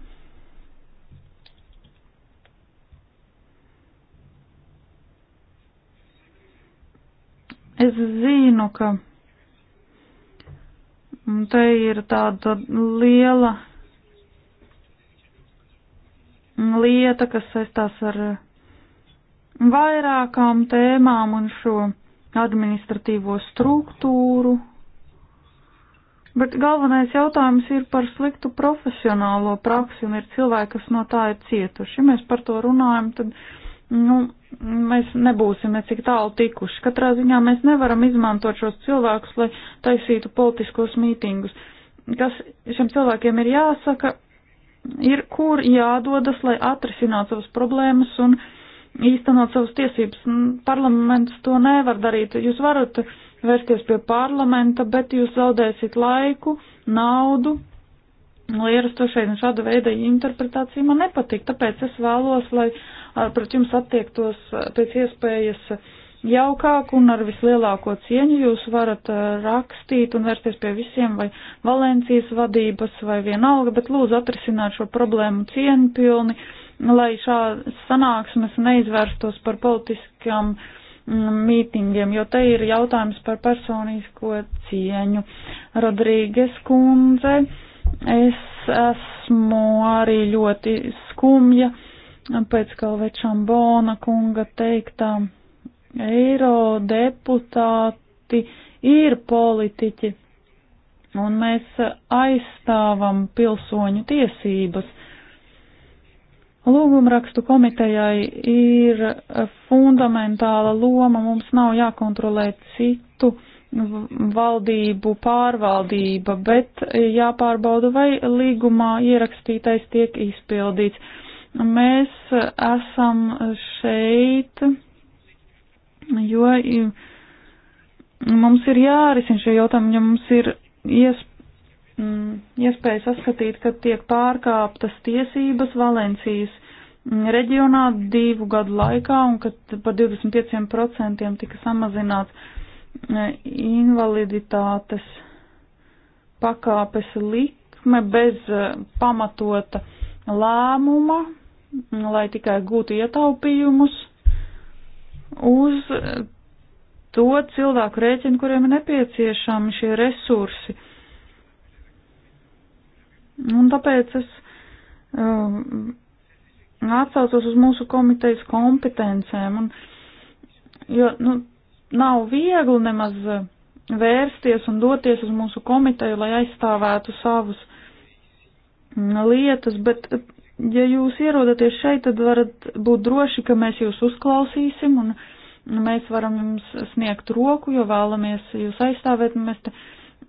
Es zinu, ka Un te ir tāda liela lieta, kas saistās ar vairākām tēmām un šo administratīvo struktūru. Bet galvenais jautājums ir par sliktu profesionālo praksi un ir cilvēki, kas no tā ir cietuši. Ja mēs par to runājam, tad nu, mēs nebūsim necik tālu tikuši. Katrā ziņā mēs nevaram izmantot šos cilvēkus, lai taisītu politiskos mītingus. Kas šiem cilvēkiem ir jāsaka, ir kur jādodas, lai atrisinātu savas problēmas un īstenot savas tiesības. Nu, parlaments to nevar darīt. Jūs varat vērsties pie parlamenta, bet jūs zaudēsiet laiku, naudu. Lieras nu, to šeit un šāda veida interpretācija man nepatīk, tāpēc es vēlos, lai uh, pret jums attiektos pēc iespējas jaukāk un ar vislielāko cieņu. Jūs varat rakstīt un vērsties pie visiem vai Valencijas vadības vai vienalga, bet lūdzu atrisināt šo problēmu cieņpilni, lai šādas sanāksmes neizvērstos par politiskām mm, mītingiem, jo te ir jautājums par personisko cieņu. Rodrīgas kundze, es esmu arī ļoti skumja pēc Kalvečam Bona kunga teiktā, eiro deputāti ir politiķi, un mēs aizstāvam pilsoņu tiesības. Lūgumrakstu komitejai ir fundamentāla loma, mums nav jākontrolē citu valdību pārvaldība, bet jāpārbauda, vai līgumā ierakstītais tiek izpildīts. Mēs esam šeit, jo mums ir jārisina šie jautājumi, ja mums ir iespēja mm, iespēja saskatīt, ka tiek pārkāptas tiesības Valencijas reģionā divu gadu laikā un ka par 25% tika samazināts mm, invaliditātes pakāpes likme bez mm, pamatota lēmuma lai tikai gūtu ietaupījumus uz to cilvēku rēķinu, kuriem ir nepieciešami šie resursi. Un tāpēc es um, atsaucos uz mūsu komitejas kompetencēm, un, jo nu, nav viegli nemaz vērsties un doties uz mūsu komiteju, lai aizstāvētu savus lietas, bet Ja jūs ierodaties šeit, tad varat būt droši, ka mēs jūs uzklausīsim un mēs varam jums sniegt roku, jo vēlamies jūs aizstāvēt. Mēs te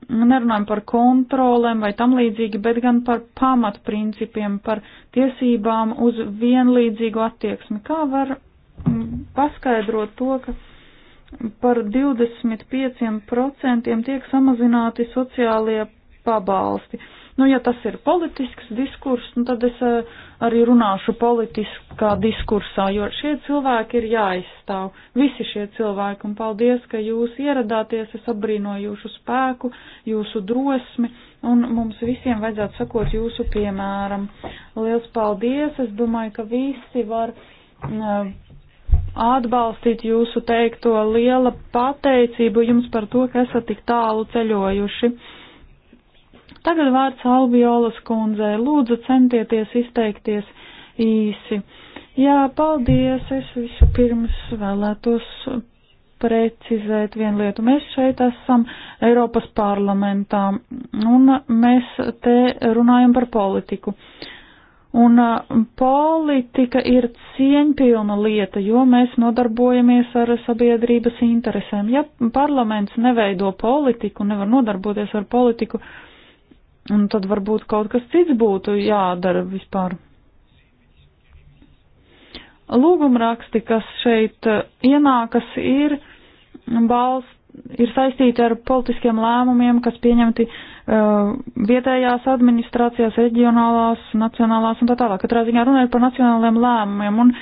nerunājam par kontrolēm vai tam līdzīgi, bet gan par pamatprincipiem, par tiesībām uz vienlīdzīgu attieksmi. Kā var mm, paskaidrot to, ka par 25% tiek samazināti sociālie pabalsti. Nu, ja tas ir politisks diskurs, nu, tad es eh, arī runāšu politiskā diskursā, jo šie cilvēki ir jāizstāv. Visi šie cilvēki, un paldies, ka jūs ieradāties, es apbrīnoju jūsu spēku, jūsu drosmi, un mums visiem vajadzētu sakot jūsu piemēram. Liels paldies, es domāju, ka visi var. Uh, atbalstīt jūsu teikto liela pateicību jums par to, ka esat tik tālu ceļojuši. Uh, Tagad vārds Albiolas kundzei. Lūdzu, centieties izteikties īsi. Jā, paldies. Es visu pirms vēlētos precizēt vienu lietu. Mēs šeit esam Eiropas parlamentā un mēs te runājam par politiku. Un politika ir cieņpilna lieta, jo mēs nodarbojamies ar sabiedrības interesēm. Ja parlaments neveido politiku, nevar nodarboties ar politiku, uh, Un tad varbūt kaut kas cits būtu jādara vispār. Lūgumraksti, kas šeit uh, ienākas, ir balsts, ir saistīti ar politiskiem lēmumiem, kas pieņemti uh, vietējās administrācijās, reģionālās, nacionālās un tā tālāk. Katrā ziņā runa ir par nacionāliem lēmumiem un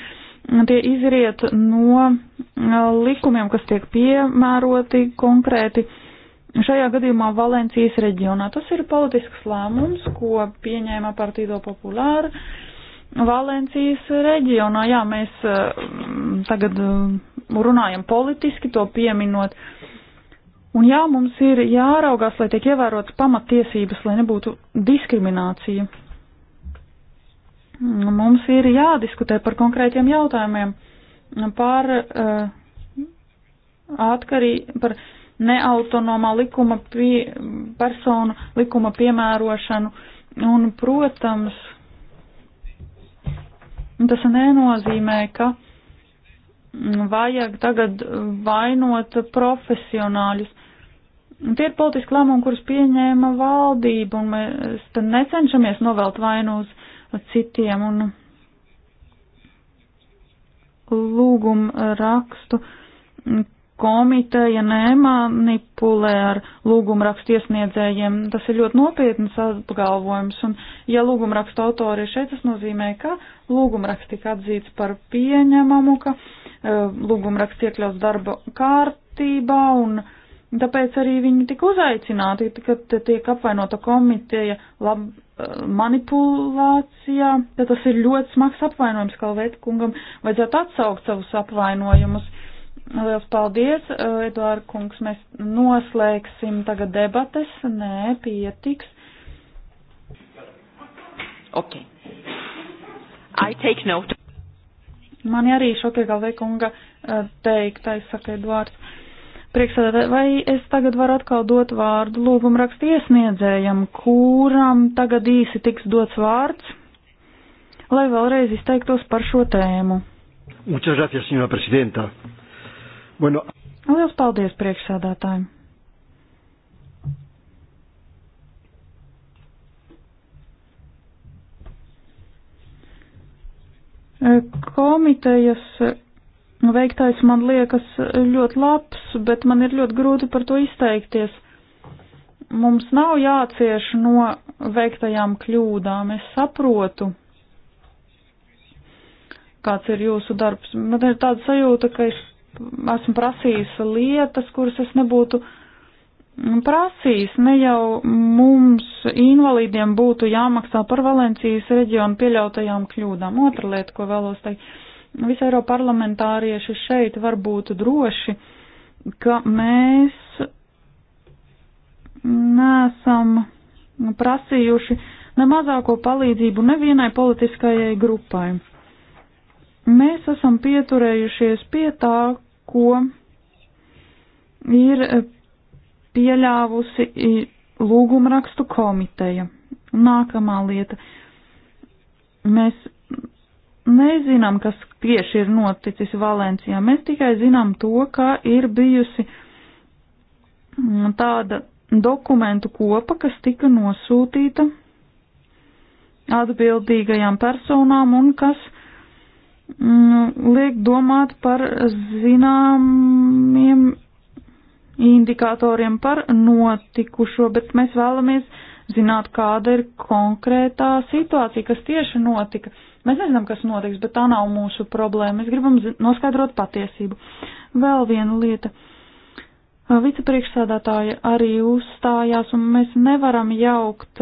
tie izriet no uh, likumiem, kas tiek piemēroti konkrēti uh, Šajā gadījumā Valencijas reģionā tas ir politisks lēmums, ko pieņēma Partido Populāra. Valencijas reģionā, jā, mēs eh, tagad eh, runājam politiski, to pieminot. Un jā, mums ir jāraugās, lai tiek ievērotas pamatiesības, lai nebūtu diskriminācija. Mums ir jādiskutē par konkrētiem jautājumiem, par uh, eh, atkarību, par uh, neautonomā likuma pie, personu likuma piemērošanu. Un, protams, tas nenozīmē, ka vajag tagad vainot profesionāļus. Tie ir politiski lēmumi, kurus pieņēma valdība, un mēs tad necenšamies novelt vainu uz citiem un lūgumu rakstu komiteja nemanipulē ar lūgumrakstu iesniedzējiem. Tas ir ļoti nopietnas apgalvojums, un ja lūgumrakstu autori ir šeit, tas nozīmē, ka lūgumraksts tika atzīts par pieņemamu, ka uh, lūgumraksts iekļauts darba kārtībā, un tāpēc arī viņi tika uzaicināti, kad tiek apvainota komiteja lab, e, manipulācijā, tad tas ir ļoti smags apvainojums, kā Vētkungam vajadzētu atsaukt savus apvainojumus. Uh, Liels paldies, uh, Eduāra kungs, mēs noslēgsim tagad debates. Nē, pietiks. Ok. I take note. Man arī šokē galvēkunga uh, teiktais, saka Eduārds. Priekšsēdētāji, vai es tagad varu atkal dot vārdu lūgumu rakstu iesniedzējam, kuram tagad īsi tiks dots vārds, lai vēlreiz izteiktos par šo tēmu? Muchas gracias, señora presidenta. Bueno. Liels paldies priekšsādātājiem! Komitejas veiktais man liekas ļoti labs, bet man ir ļoti grūti par to izteikties. Mums nav jācieš no veiktajām kļūdām, es saprotu, kāds ir jūsu darbs. Man ir tāda sajūta, ka es esmu prasījis lietas, kuras es nebūtu mm, prasījis. Ne jau mums invalīdiem būtu jāmaksā par Valencijas reģionu pieļautajām kļūdām. Otra lieta, ko vēlos teikt, visi eiroparlamentārieši šeit var būt droši, ka mēs nesam prasījuši ne mazāko palīdzību nevienai politiskajai grupai Mēs esam pieturējušies pie tā, ko ir pieļāvusi lūgumrakstu komiteja. Nākamā lieta. Mēs nezinām, kas tieši ir noticis Valencijā. Mēs tikai zinām to, ka ir bijusi tāda dokumentu kopa, kas tika nosūtīta atbildīgajām personām un kas Nu, liek domāt par zināmiem indikatoriem par notikušo, bet mēs vēlamies zināt, kāda ir konkrētā situācija, kas tieši notika. Mēs nezinām, kas notiks, bet tā nav mūsu problēma. Mēs gribam noskaidrot patiesību. Vēl viena lieta. Vicepriekšsādātāja arī uzstājās, un mēs nevaram jaukt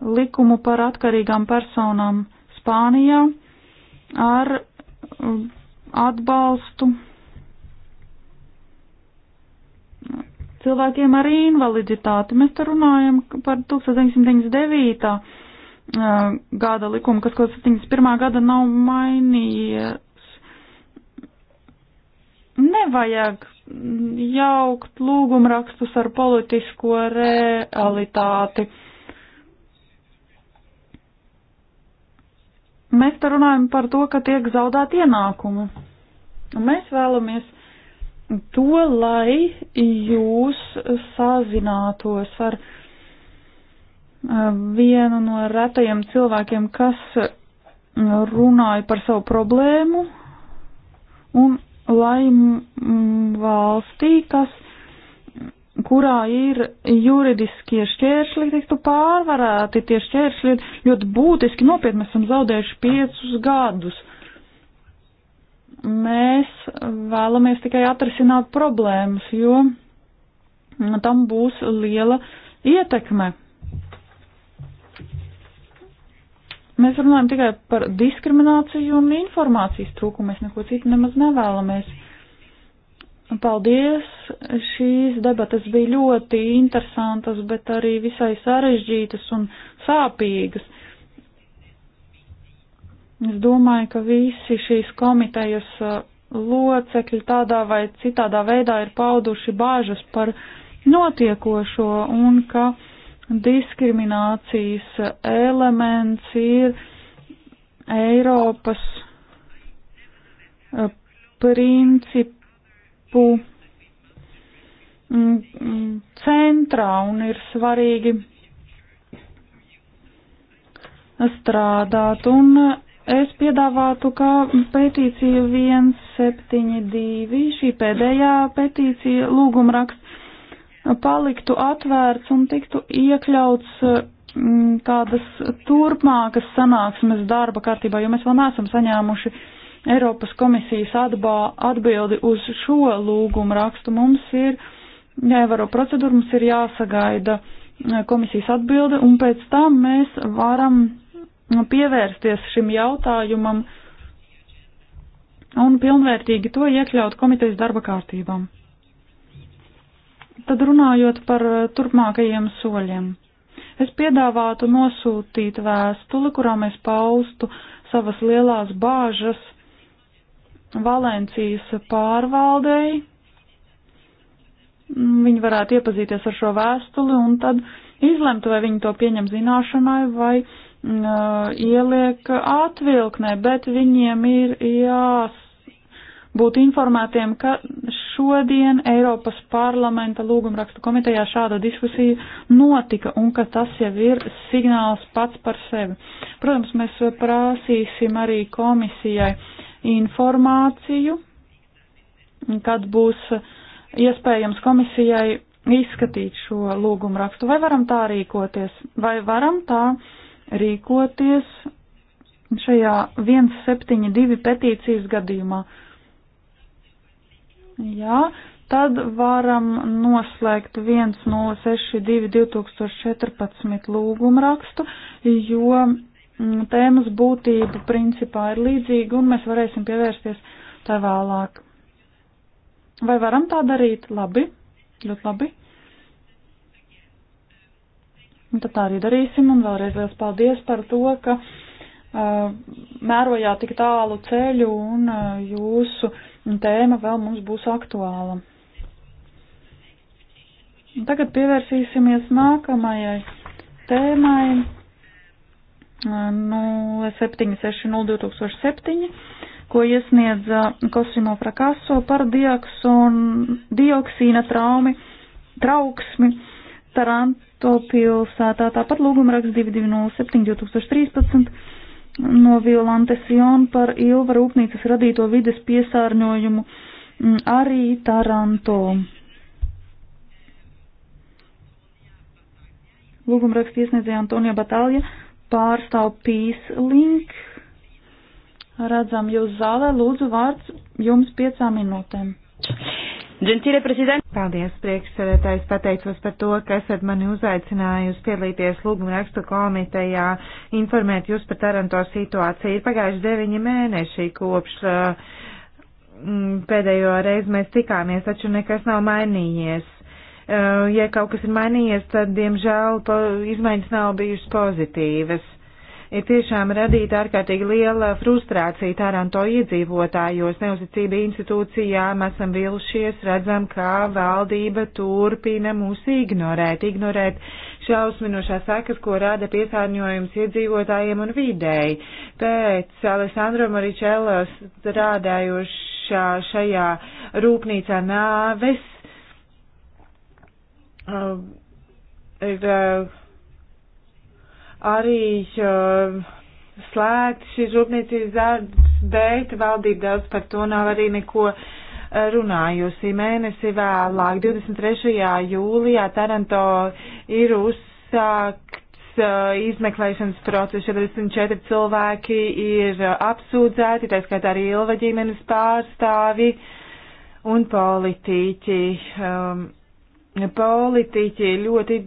likumu par atkarīgām personām Spānijā ar um, atbalstu cilvēkiem ar invaliditāti. Mēs te runājam par 1999. Um, gada likumu, kas kaut 71. gada nav mainījies. Nevajag jaukt lūgumrakstus ar politisko realitāti. Uh, mēs te runājam par to, ka tiek zaudēt ienākumu. Un mēs vēlamies to, lai jūs sazinātos ar eh, vienu no retajiem cilvēkiem, kas mm, runāja par savu problēmu, un lai mm, valstī, kas kurā ir juridiskie šķēršļi, tiktu pārvarēti. Tie šķēršļi ir ļoti būtiski nopietni. Mēs esam zaudējuši piecus gadus. Mēs vēlamies tikai atrisināt problēmas, jo tam būs liela ietekme. Mēs runājam tikai par diskrimināciju un informācijas trūkumu. Mēs neko citu nemaz nevēlamies. Paldies! Šīs debatas bija ļoti interesantas, bet arī visai sarežģītas un sāpīgas. Es domāju, ka visi šīs komitejas uh, locekļi tādā vai citādā veidā ir pauduši bāžas par notiekošo un ka diskriminācijas elements ir Eiropas uh, princips grupu mm, mm, centrā un ir svarīgi strādāt. Un es piedāvātu, ka petīcija 172, šī pēdējā petīcija lūgumraksts, paliktu atvērts un tiktu iekļauts mm, kādas turpmākas sanāksmes darba kārtībā, jo mēs vēl neesam saņēmuši uh, Eiropas komisijas atbā, atbildi uz šo lūgumu rakstu mums ir jāievaro procedūru, mums ir jāsagaida eh, komisijas atbilde, un pēc tam mēs varam pievērsties šim jautājumam un pilnvērtīgi to iekļaut komitejas darba kārtībām. Tad runājot par eh, turpmākajiem soļiem. Es piedāvātu nosūtīt vēstuli, kurā mēs paustu savas lielās bāžas Valencijas pārvaldei. Viņi varētu iepazīties ar šo vēstuli un tad izlemt, vai viņi to pieņem zināšanai vai uh, ieliek atvilknē, bet viņiem ir jās būt informētiem, ka šodien Eiropas parlamenta lūgumrakstu komitejā šāda diskusija notika un ka tas jau ir signāls pats par sevi. Protams, mēs prasīsim arī komisijai uh, informāciju, kad būs iespējams komisijai izskatīt šo lūgumu rakstu. Vai varam tā rīkoties? Vai varam tā rīkoties šajā 172 petīcijas gadījumā? Jā, tad varam noslēgt 106.2.2014 lūgumu rakstu, jo Mm, tēmas būtība principā ir līdzīga, un mēs varēsim pievērsties tā vēlāk. Vai varam tā darīt? Labi, ļoti labi. Un tad tā arī darīsim, un vēlreiz liels paldies par to, ka uh, mērojāt tik tālu ceļu, un uh, jūsu tēma vēl mums būs aktuāla. Un tagad pievērsīsimies nākamajai tēmai 076-2007, ko iesniedza Kosimo Frakaso par diokson, dioksīna traumi, trauksmi Taranto pilsētā. Tāpat lūgumraksts 2207-2013 no Violante Siona par Ilva rūpnīcas radīto vides piesārņojumu mm, arī Taranto. Lūgumraksts iesniedzēja Antonija Batālja pārstāv Peace Link. Redzam jūs zālē, lūdzu vārds jums piecām minūtēm. Džentīre prezident. Paldies, priekšsēdētājs, pateicos par to, ka esat mani uzaicinājusi piedalīties lūguma rakstu komitejā, informēt jūs par Taranto situāciju. Ir pagājuši deviņi mēneši kopš uh, pēdējo reizi mēs tikāmies, taču nekas nav mainījies. Eh, ja kaut kas ir mainījies, tad, diemžēl, izmaiņas nav bijušas pozitīvas. Ir tiešām radīta ārkārtīgi liela frustrācija Taranto iedzīvotājos, neuzticība institūcijām, esam vilšies, redzam, kā valdība turpina mūs ignorēt, ignorēt šausminošās sekas, ko rada piesārņojums iedzīvotājiem un vidēji. Pēc Alessandro Moricello strādājošā šajā rūpnīcā nāves uh, ir uh, arī uh, slēgts šis rūpniecības darbs, bet valdība daudz par to nav arī neko uh, runājusi. Mēnesi vēlāk, 23. jūlijā, Taranto ir uzsākts uh, izmeklēšanas process. 44 cilvēki ir uh, apsūdzēti, tā skaitā arī Ilva ģimenes pārstāvi un politiķi. Um, politiķi ļoti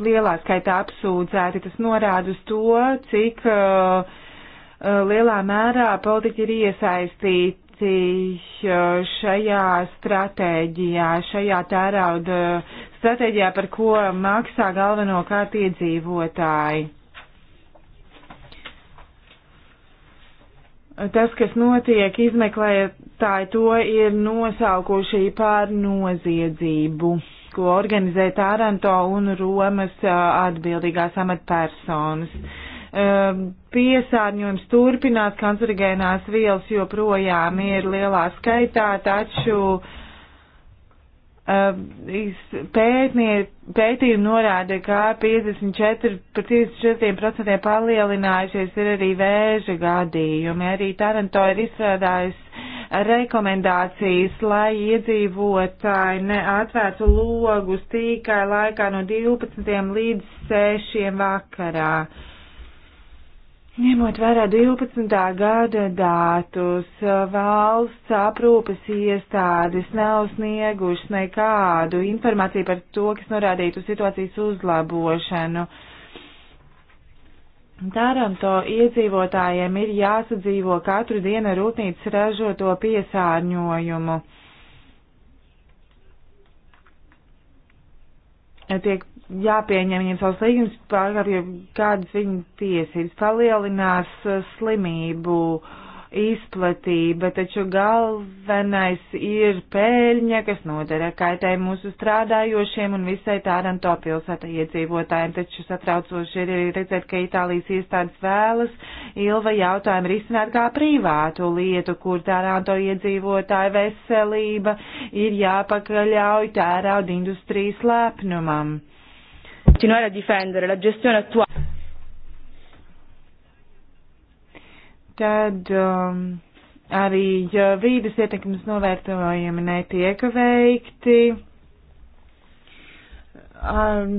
lielā skaitā apsūdzēti. Tas norāda uz to, cik uh, uh lielā mērā politiķi ir iesaistīti uh, šajā stratēģijā, šajā tērauda stratēģijā, par ko maksā galvenokārt iedzīvotāji. Tas, kas notiek, izmeklētāji to ir nosaukuši par noziedzību ko organizē Tāranto un Romas atbildīgās amatpersonas. Piesārņojums turpinās, kancerigēnās vielas joprojām ir lielā skaitā, taču uh, pētnie, pētījumi norāda, ka 54 par 54% palielinājušies ir arī vēža gadījumi. Arī Taranto ir izstrādājis rekomendācijas, lai iedzīvotāji neatvērtu logus tikai laikā no 12 līdz 6 vakarā. Uh, Ņemot vērā 12. gada datus, valsts aprūpes iestādes nav sniegušas nekādu informāciju par to, kas norādītu situācijas uzlabošanu. Taranto iedzīvotājiem ir jāsadzīvo katru dienu ar rūpnīcas ražoto piesārņojumu. Tiek jāpieņem viņiem savs līgums, pārkāpja kādas viņu tiesības, palielinās uh, slimību izplatība, taču galvenais ir pēļņa, kas nodara kaitē mūsu strādājošiem un visai Tāranto pilsēta iedzīvotājiem, taču satraucoši ir arī redzēt, ka Itālijas iestādes vēlas Ilva jautājumu risināt kā privātu lietu, kur Tāranto iedzīvotāja veselība ir jāpakaļauj tērauda industrijas lēpnumam continuare a difendere la gestione attuale. Tad um, arī ja vīdes ietekmes novērtējumi netiek veikti, um,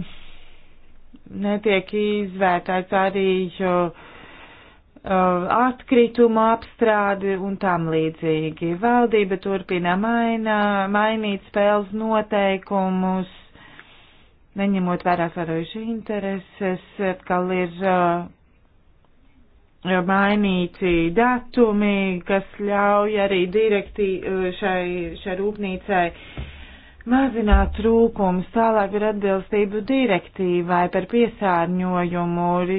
netiek izvērtēts arī uh, atkritumu apstrādi un tam līdzīgi. Valdība turpina mainā, mainīt spēles noteikumus neņemot vērā svarojuši intereses, atkal ir uh, mainīti datumi, kas ļauj arī direktī uh, šai, šai rūpnīcai mazināt trūkums. Tālāk ir atbilstību direktīvai par piesārņojumu. Ir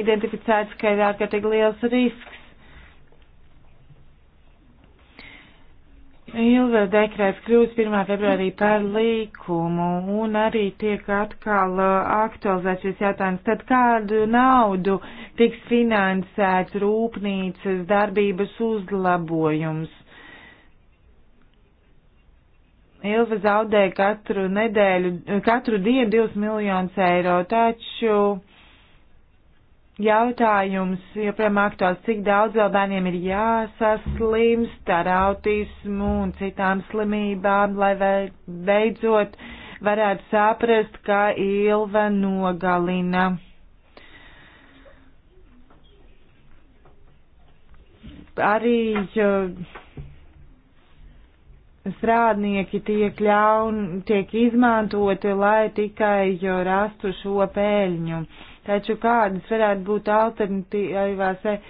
identificēts, ka ir ārkārtīgi liels risks Ilga dekrēts kļūst 1. februārī par līkumu un arī tiek atkal uh, aktualizēts šis jautājums. Tad kādu naudu tiks finansēts rūpnīcas darbības uzlabojums? Ilva zaudēja katru nedēļu, katru dienu 2 miljonus eiro, taču jautājums joprojām aktuāls, cik daudz vēl bērniem ir jāsaslimst ar autismu un citām slimībām, lai beidzot varētu saprast, ka ilva nogalina. Arī strādnieki tiek, ļaun, tiek izmantoti, lai tikai rastu šo pēļņu. Uh, Taču kādas varētu būt alternatīvās eh,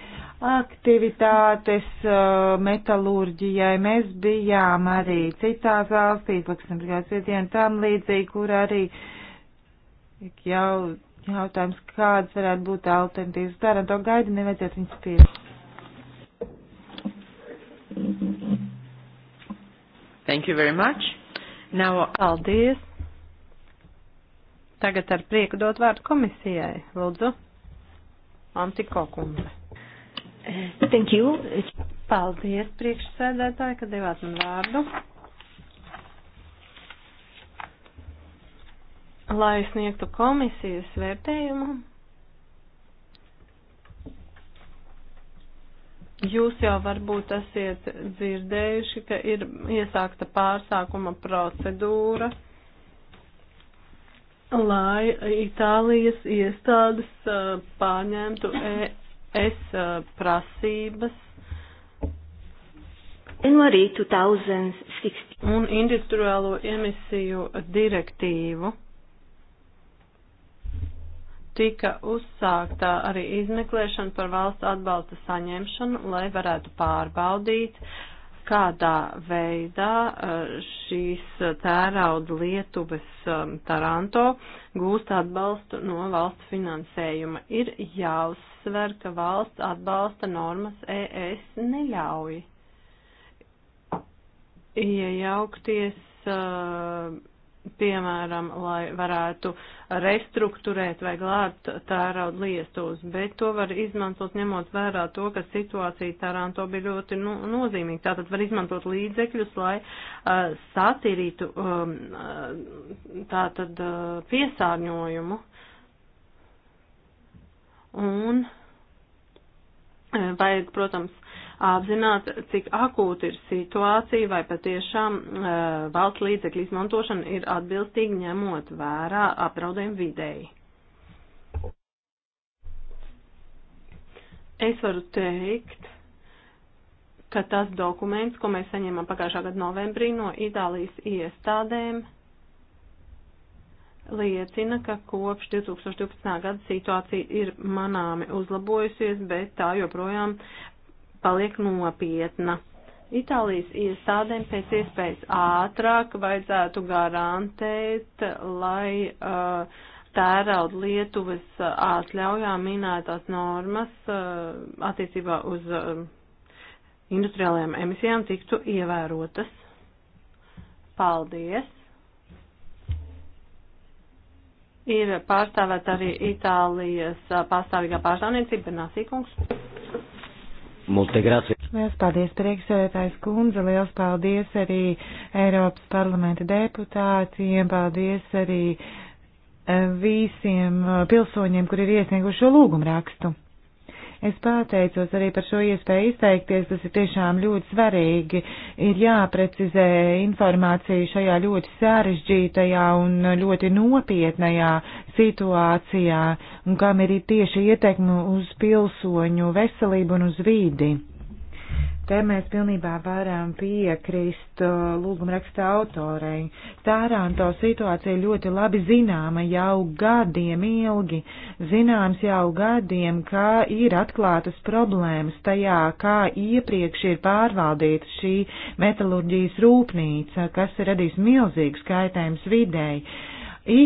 aktivitātes eh, metalurģijai? Mēs bijām arī citās valstīs, Luksemburgās vietien tam līdzīgi, kur arī jau jautājums, kādas varētu būt alternatīvas. Daram to gaidu, nevajadzētu viņus pieņemt. Thank you very much. Now, paldies. Tagad ar prieku dot vārdu komisijai. Lūdzu, Antiko kundze. Thank you. Paldies, priekšsēdētāji, ka devāt man vārdu. Lai sniegtu komisijas vērtējumu, jūs jau varbūt esat dzirdējuši, ka ir iesākta pārsākuma procedūra lai Itālijas iestādes uh, pārņemtu e- ES uh, prasības. Janvārī 2016. Un industriālo emisiju direktīvu tika uzsāktā arī izmeklēšana par valsts atbalsta saņemšanu, lai varētu pārbaudīt, uh, kādā veidā eh, šīs tērauda Lietuvas eh, Taranto gūst atbalstu no valsts finansējuma. Ir jāuzsver, ka valsts atbalsta normas ES neļauj iejaukties eh, piemēram, lai varētu restruktūrēt vai glābt tērauda liestos, bet to var izmantot ņemot vērā to, ka situācija tērānto bija ļoti nu, nozīmīga. Tātad var izmantot līdzekļus, lai uh, satīrītu um, tātad uh, piesārņojumu. Un uh, vajag, protams, apzināt, cik akūta ir situācija, vai patiešām uh, valsts līdzekļu izmantošana ir atbilstīgi ņemot vērā apdraudējumu vidēji. Es varu teikt, ka tas dokuments, ko mēs saņēmām pagājušā gada novembrī no Itālijas iestādēm, liecina, ka kopš 2012. gada situācija ir manāmi uzlabojusies, bet tā joprojām paliek nopietna. Itālijas iestādēm pēc iespējas ātrāk vajadzētu garantēt, lai uh, tērauda Lietuvas uh, atļaujā minētās normas uh, attiecībā uz uh, industriālajām emisijām tiktu ievērotas. Paldies! Ir pārstāvēt arī Itālijas uh, pastāvīgā pārstāvniecība Nasīkungs. Liels paldies, priekšsēdētājs kundze, liels paldies arī Eiropas parlamenta deputātiem, paldies arī eh, visiem eh, pilsoņiem, kur ir iesniegušo lūgumu rakstu. Es pateicos arī par šo iespēju izteikties, tas ir tiešām ļoti svarīgi. Ir jāprecizē informācija šajā ļoti sarežģītajā un ļoti nopietnajā situācijā, un kam ir tieši ietekme uz pilsoņu veselību un uz vīdi. Te mēs pilnībā varam piekrist uh, lūguma raksta autorei. Tāranto situācija ļoti labi zināma jau gadiem ilgi. Zināms jau gadiem, ka ir atklātas problēmas tajā, kā iepriekš ir pārvaldīta šī metalurģijas rūpnīca, kas ir radījis milzīgs kaitējums videi.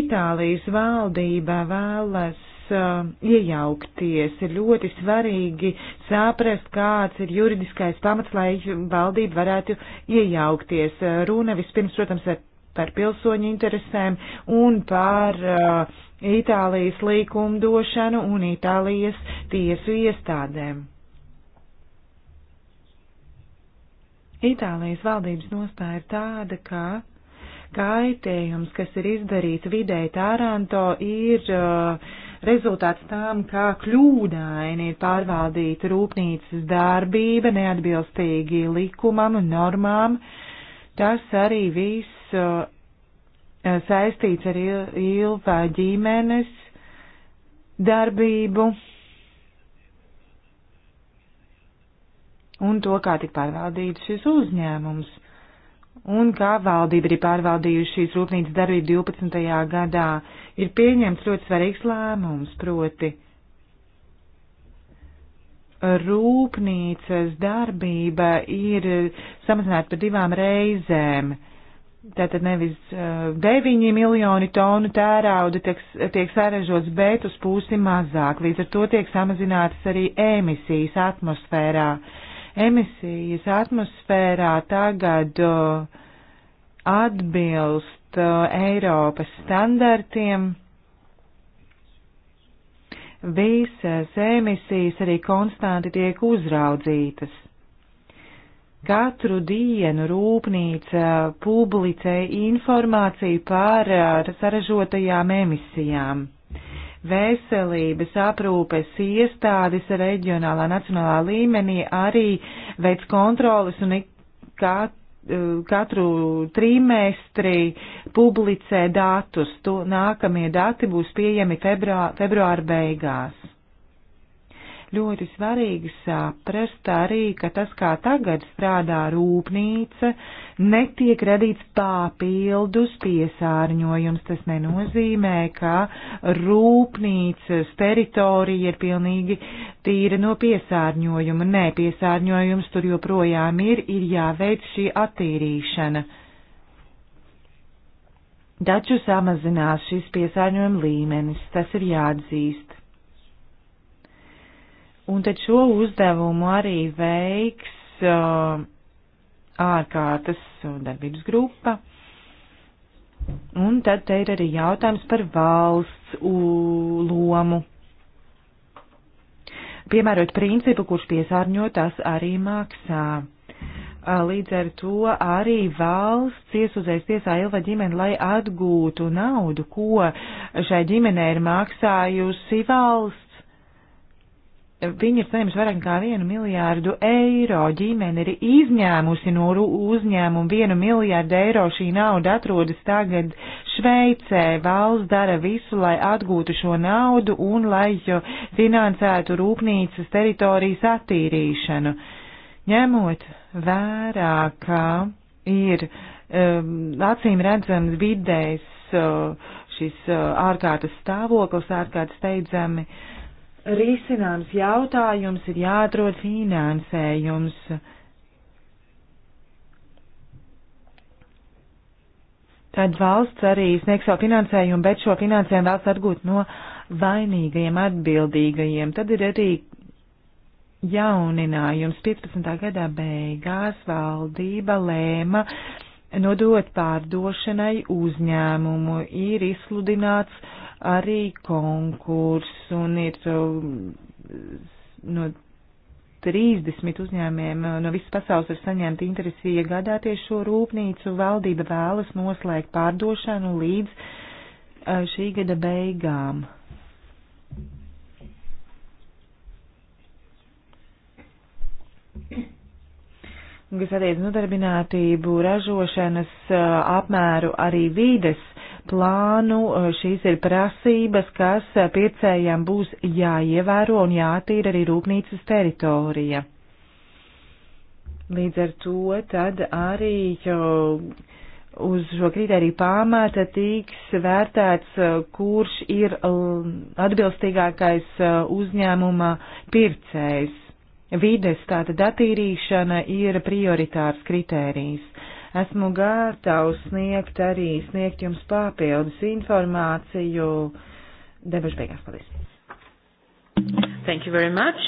Itālijas valdība vēlas uh, iejaukties. Ir ļoti svarīgi saprast, kāds ir juridiskais pamats, lai valdība varētu iejaukties. Uh, runa vispirms, protams, ir par pilsoņu interesēm un par uh, Itālijas līkumdošanu un Itālijas tiesu iestādēm. Itālijas valdības nostāja ir tāda, ka kaitējums, kas ir izdarīts vidēji Tāranto, ir uh, rezultāts tām, kā kļūdaini ir pārvaldīta rūpnīcas darbība neatbilstīgi likumam un normām. Tas arī viss uh, saistīts ar Ilvā ģimenes darbību un to, kā tik pārvaldīts šis uzņēmums un kā valdība ir pārvaldījusi šīs rūpnīcas darbību 12. gadā, ir pieņemts ļoti svarīgs lēmums, proti rūpnīcas darbība ir samazināta par divām reizēm. Tātad nevis uh, eh, 9 miljoni tonu tērauda tiek, tiek sarežots, bet uz pusi mazāk. Līdz ar to tiek samazinātas arī emisijas atmosfērā. Uh, emisijas atmosfērā tagad uh, atbilst uh, Eiropas standartiem. Visas emisijas arī konstanti tiek uzraudzītas. Katru dienu rūpnīca publicē informāciju par uh, saražotajām emisijām veselības aprūpes iestādes reģionālā, nacionālā līmenī arī veids kontrolas un ikāt e, katru trimestri publicē datus. Tu, nākamie dati būs pieejami februā, februāra beigās. Ļoti svarīgi saprast arī, ka tas, kā tagad strādā rūpnīca, netiek radīts papildus piesārņojums. Tas nenozīmē, ka rūpnīcas teritorija ir pilnīgi tīra no piesārņojuma. Nē, piesārņojums tur joprojām ir, ir jāveic šī attīrīšana. Taču samazinās šis piesārņojuma līmenis, tas ir jāatzīst. Un tad šo uzdevumu arī veiks uh, ārkārtas darbības grupa. Un tad te ir arī jautājums par valsts lomu. Piemērot principu, kurš piesārņo, tas arī maksā. Līdz ar to arī valsts iesūdzēs tiesā Ilva ģimeni, lai atgūtu naudu, ko šai ģimenei ir maksājusi valsts Viņi ir saņēmuši vairāk nekā 1 miljārdu eiro. Ģimene ir izņēmusi no uzņēmuma 1 miljārdu eiro. Šī nauda atrodas tagad Šveicē. Valsts dara visu, lai atgūtu šo naudu un lai finansētu rūpnīcas teritorijas attīrīšanu. Ņemot vērā, ka ir um, acīm redzams vidējs uh, šis uh, ārkārtas stāvoklis, ārkārtas steidzami. Uh, risināms jautājums ir jāatrod finansējums. Tad valsts arī sniegs savu finansējumu, bet šo finansējumu vēlas atgūt no vainīgajiem, atbildīgajiem. Tad ir arī jauninājums. 15. gadā beigās valdība lēma nodot pārdošanai uzņēmumu. Ir izsludināts arī konkurss un ir um, no 30 uzņēmiem uh, no visas pasaules ir saņemta interesi iegādāties šo rūpnīcu. Valdība vēlas noslēgt pārdošanu līdz uh, šī gada beigām. Kas attiec nodarbinātību, ražošanas uh, apmēru, arī vīdes plānu. E, šīs ir prasības, kas pircējiem būs jāievēro un jātīra arī rūpnīcas teritorija. Līdz ar to tad arī uz šo kriteriju pamata tiks vērtēts, e, kurš ir e, atbilstīgākais uzņēmuma pircējs. Vides tātad attīrīšana ir prioritārs kritērijs. Esmu gatavs sniegt arī sniegt jums papildus informāciju. Debašu beigās, paldies. Thank you very much.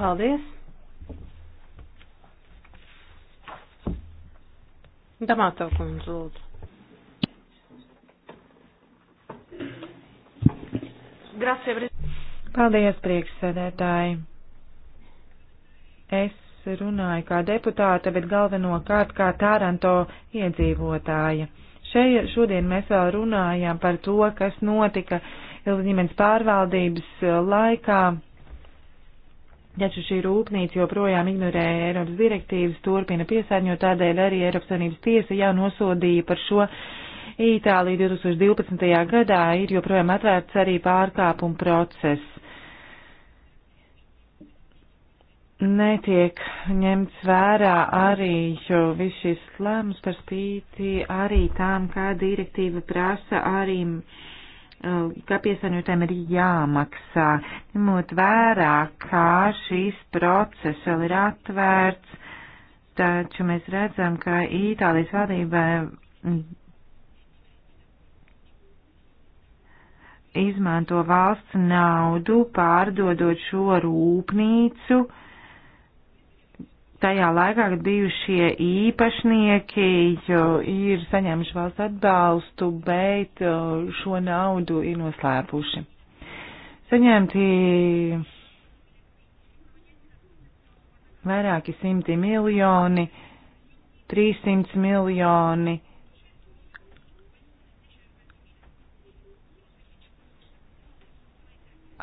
Paldies. Damāto kundze, lūdzu. Grazie, Paldies, priekšsēdētāji. Es runāju kā deputāte, bet galvenokārt kā Tāranto iedzīvotāja. Šeit šodien mēs vēl runājām par to, kas notika ģimenes pārvaldības laikā. Taču šī rūpnīca joprojām ignorē Eiropas direktīvas, turpina piesārņot, tādēļ arī Eiropas Savienības tiesa jau nosodīja par šo Itāliju 2012. gadā ir joprojām atvērts arī pārkāpuma process. netiek ņemts vērā arī viss šis lēmums par spīti arī tām, kā direktīva prasa arī, uh, ka piesaņotēm ir jāmaksā, ņemot vērā, kā šīs process vēl ir atvērts, taču mēs redzam, ka Itālijas valdībai mm, izmanto valsts naudu, pārdodot šo rūpnīcu, uh, tajā laikā, kad bijušie īpašnieki ir saņēmuši valsts atbalstu, bet šo naudu ir noslēpuši. Saņemti vairāki simti miljoni, 300 miljoni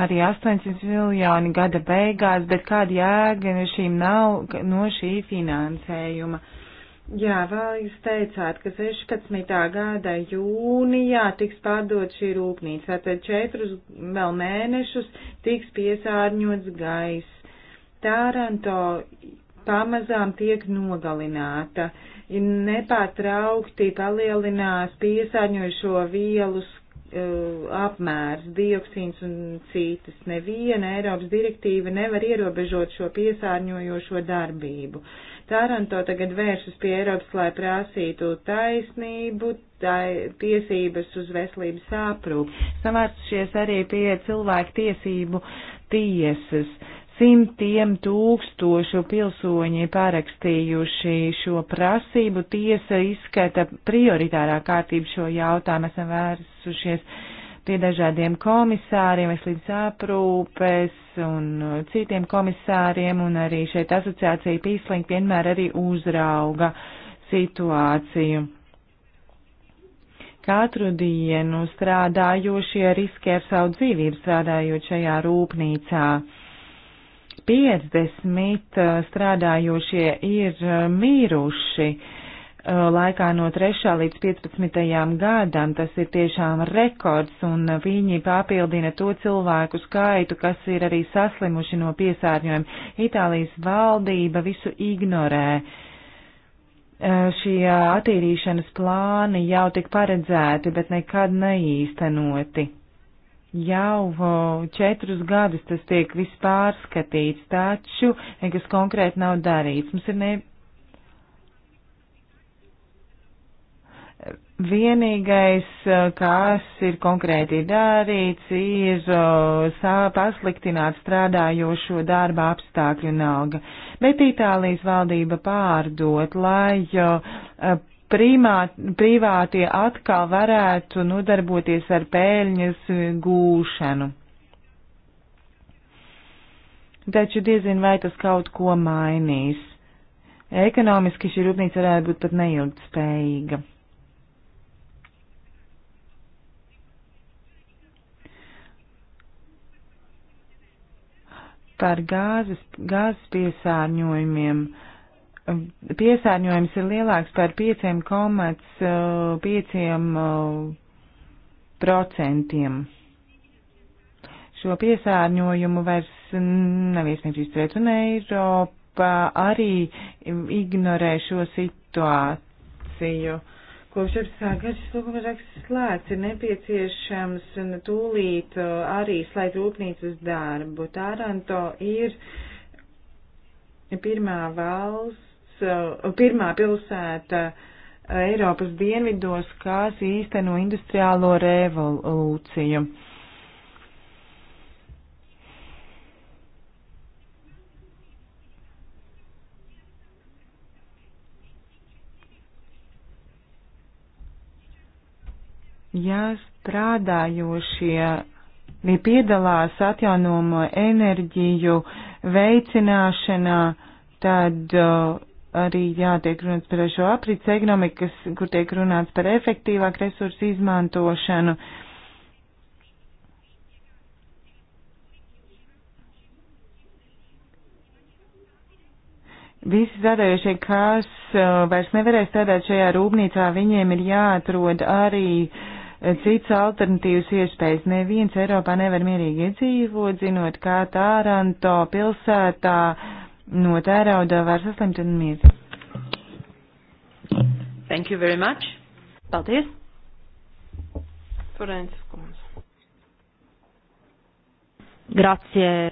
arī 800 miljoni gada beigās, bet kāda jēga šīm nav no šī finansējuma? Jā, vēl jūs teicāt, ka 16. gada jūnijā tiks pārdot šī rūpnīca, tad četrus vēl mēnešus tiks piesārņots gais. Tāranto pamazām tiek nogalināta. Uh, nepārtraukti palielinās piesārņojušo vielu Uh, apmērs, dioksīns un citas. Neviena Eiropas direktīva nevar ierobežot šo piesārņojošo darbību. Taranto tagad vēršas pie Eiropas, lai prasītu taisnību, tai, tiesības uz veselības aprūp. Samārstušies arī pie cilvēku tiesību tiesas. Uh, simtiem tūkstošu pilsoņi pārakstījuši šo prasību. Tiesa izskata prioritārā kārtību šo jautājumu. Esam vērsušies pie dažādiem komisāriem, veselības aprūpes un citiem komisāriem, un arī šeit asociācija Pīslink vienmēr arī uzrauga situāciju. Katru dienu strādājošie riskē ar savu dzīvību strādājot šajā rūpnīcā 50 eh, strādājošie ir eh, mīruši eh, laikā no 3. līdz 15. gadam. Tas ir tiešām rekords, un viņi papildina to cilvēku skaitu, kas ir arī saslimuši no piesārņojuma. Itālijas valdība visu ignorē. Šie attīrīšanas plāni jau tik paredzēti, bet nekad neīstenoti jau četrus gadus tas tiek viss pārskatīts, taču nekas konkrēti nav darīts. Mums ir ne. Vienīgais, kas ir konkrēti darīts, ir pasliktināt strādājošo darba apstākļu nauga, bet Itālijas valdība pārdot, lai primā, privātie atkal varētu nodarboties ar pēļņas gūšanu. Taču diezin vai tas kaut ko mainīs. Ekonomiski šī rūpnīca varētu būt pat neilgtspējīga. Par gāzes, gāzes piesārņojumiem uh, piesārņojums ir lielāks par 5,5 uh, procentiem. Šo piesārņojumu vairs nav iespējams izturēt, un Eiropa arī ignorē šo situāciju. Kopš apsāk gada šis lūguma raksts slēgts, ir nepieciešams un tūlīt uh, arī slēgt rūpnīcas darbu. Taranto ir pirmā valsts Uh, pirmā pilsēta uh, Eiropas dienvidos, kas īsteno industriālo revolūciju. Ja strādājošie viņi piedalās atjaunojumu enerģiju veicināšanā, tad uh, arī jātiek runāts par šo aprits ekonomikas, kur tiek runāts par efektīvāku resursu izmantošanu. Visi strādājošie, kas uh, vairs nevarēs strādāt šajā rūpnīcā, viņiem ir jāatrod arī uh, cits alternatīvas iespējas. Neviens Eiropā nevar mierīgi iedzīvot, zinot, kā Tāranto pilsētā uh, no tērauda var saslimt un mirt. Thank you very much. Paldies. Florences kundze. Grazie.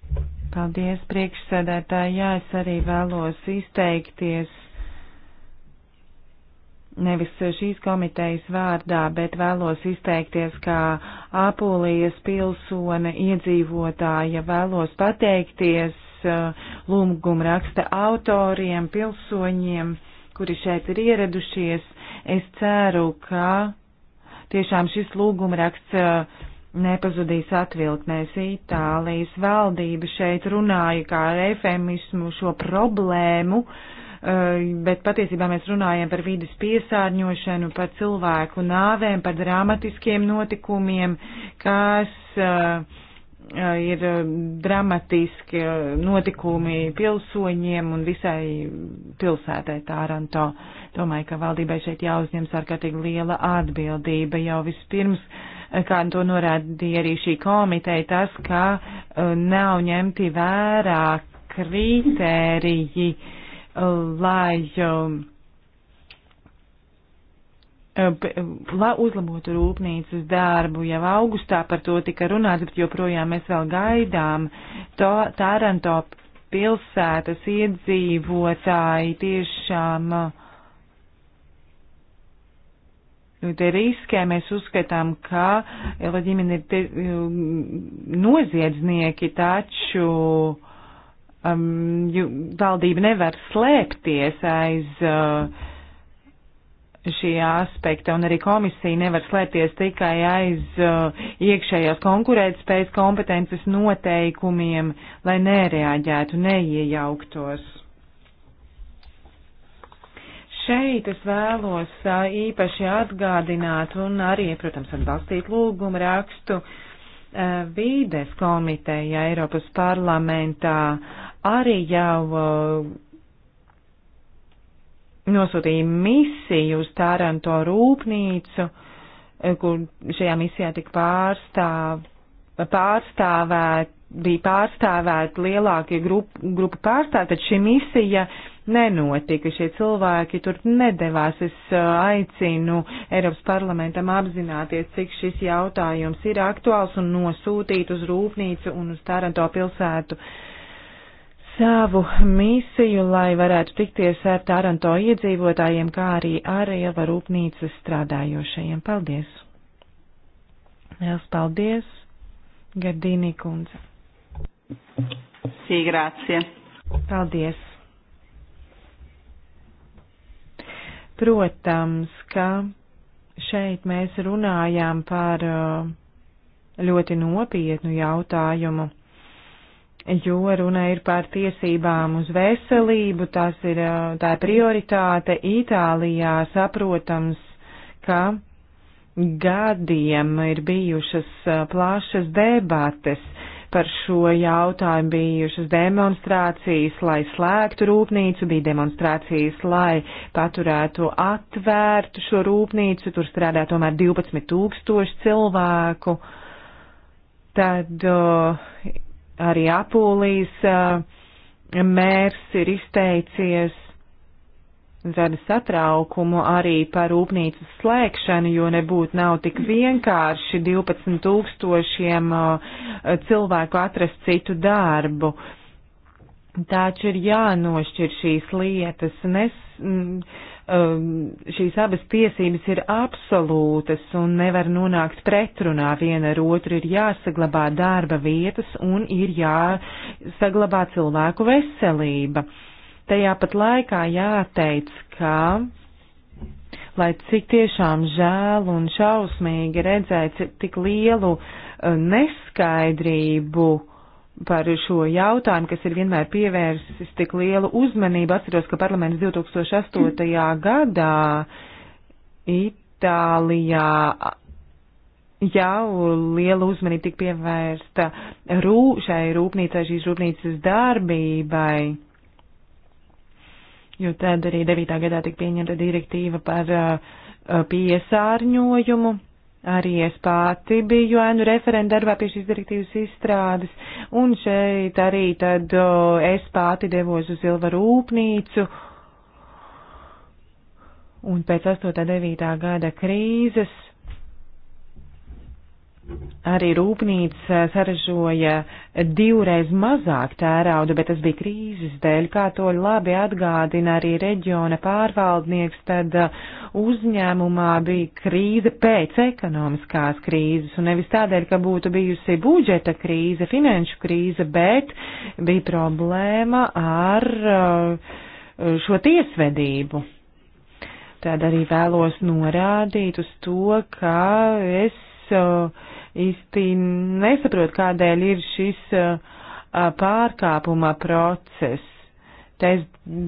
Paldies, priekšsēdētāji. Jā, es arī vēlos izteikties nevis šīs komitejas vārdā, bet vēlos izteikties kā Apulijas pilsone iedzīvotāja, vēlos pateikties Uh, lūguma raksta autoriem, pilsoņiem, kuri šeit ir ieradušies. Es ceru, ka tiešām šis lūguma raksts uh, nepazudīs atvilknēs Itālijas valdība šeit runāja kā ar efemismu šo problēmu, uh, bet patiesībā mēs runājam par vidas piesārņošanu, par cilvēku nāvēm, par dramatiskiem notikumiem, kas uh, Eh, ir eh, dramatiski eh, notikumi pilsoņiem un visai pilsētai Tāranto. Domāju, ka valdībai šeit jāuzņems ārkārtīgi liela atbildība jau vispirms, kā to norādīja arī šī komiteja, tas, ka nav ņemti vērā kritēriji, lai Eh, eh, lai uzlabotu rūpnīcas darbu. Jau augustā par to tika runāts, bet joprojām mēs vēl gaidām to Taranto pilsētas iedzīvotāji tiešām. Eh, te riskē mēs uzskatām, ka Ela ģimene ir te, noziedznieki, taču um, valdība nevar slēpties aiz uh, šī aspekta, un arī komisija nevar slēpties tikai aiz uh, iekšējās konkurētspējas kompetences noteikumiem, lai nereaģētu, neiejauktos. Šeit es vēlos uh, īpaši atgādināt un arī, protams, atbalstīt lūgumu rakstu uh, Vīdes komiteja Eiropas parlamentā arī jau uh, nosūtīja misiju uz Tāranto rūpnīcu, eh, kur šajā misijā tika pārstāv, pārstāvēt, bija pārstāvēt lielākie grup, grupu pārstāvi, tad šī misija nenotika, šie cilvēki tur nedevās. Es eh, aicinu Eiropas parlamentam apzināties, cik šis jautājums ir aktuāls un nosūtīt uz rūpnīcu un uz Tāranto pilsētu uh, savu misiju, lai varētu tikties ar Taranto iedzīvotājiem, kā arī ārēva rūpnīcas strādājošajiem. Paldies! Liels paldies, Gardīnī kundze! Sī, grācie! Paldies! Protams, ka šeit mēs runājām par uh, ļoti nopietnu jautājumu jo runa ir par tiesībām uz veselību, tas ir tā ir prioritāte Itālijā, saprotams, ka gadiem ir bijušas plašas debates par šo jautājumu, bijušas demonstrācijas, lai slēgtu rūpnīcu, bija demonstrācijas, lai paturētu atvērtu šo rūpnīcu, tur strādā tomēr 12 tūkstoši cilvēku. Tad uh, Arī Apūlijas eh, mērs ir izteicies rada satraukumu arī par rūpnīcu slēgšanu, jo nebūtu nav tik vienkārši 12 tūkstošiem eh, cilvēku atrast citu darbu. Taču ir jānošķir šīs lietas. Nes, mm, Um, šīs abas tiesības ir absolūtas un nevar nonākt pretrunā viena ar otru, ir jāsaglabā darba vietas un ir jāsaglabā cilvēku veselība. Tajā pat laikā jāteic, ka, lai cik tiešām žēl un šausmīgi redzēt tik lielu uh, neskaidrību, par šo jautājumu, kas ir vienmēr pievērsis tik lielu uzmanību. Atceros, ka parlaments 2008. gadā Itālijā jau liela uzmanība tika pievērsta rū, šai rūpnīcai, šīs rūpnīcas darbībai. Jo tad arī 9. gadā tika pieņemta direktīva par uh, uh piesārņojumu. Arī es pati biju ēnu referenta darbā pie šīs direktīvas izstrādes, un šeit arī tad o, es pati devos uz Ilva rūpnīcu. Un pēc 8.9. gada krīzes arī rūpnīca saražoja divreiz mazāk tērauda, bet tas bija krīzes dēļ, kā to labi atgādina arī reģiona pārvaldnieks, tad uh, uzņēmumā bija krīze pēc ekonomiskās krīzes, un nevis tādēļ, ka būtu bijusi budžeta krīze, finanšu krīze, bet bija problēma ar uh, šo tiesvedību. Tad arī vēlos norādīt uz to, ka es uh, īsti nesaprot, kādēļ ir šis pārkāpuma process. Tā es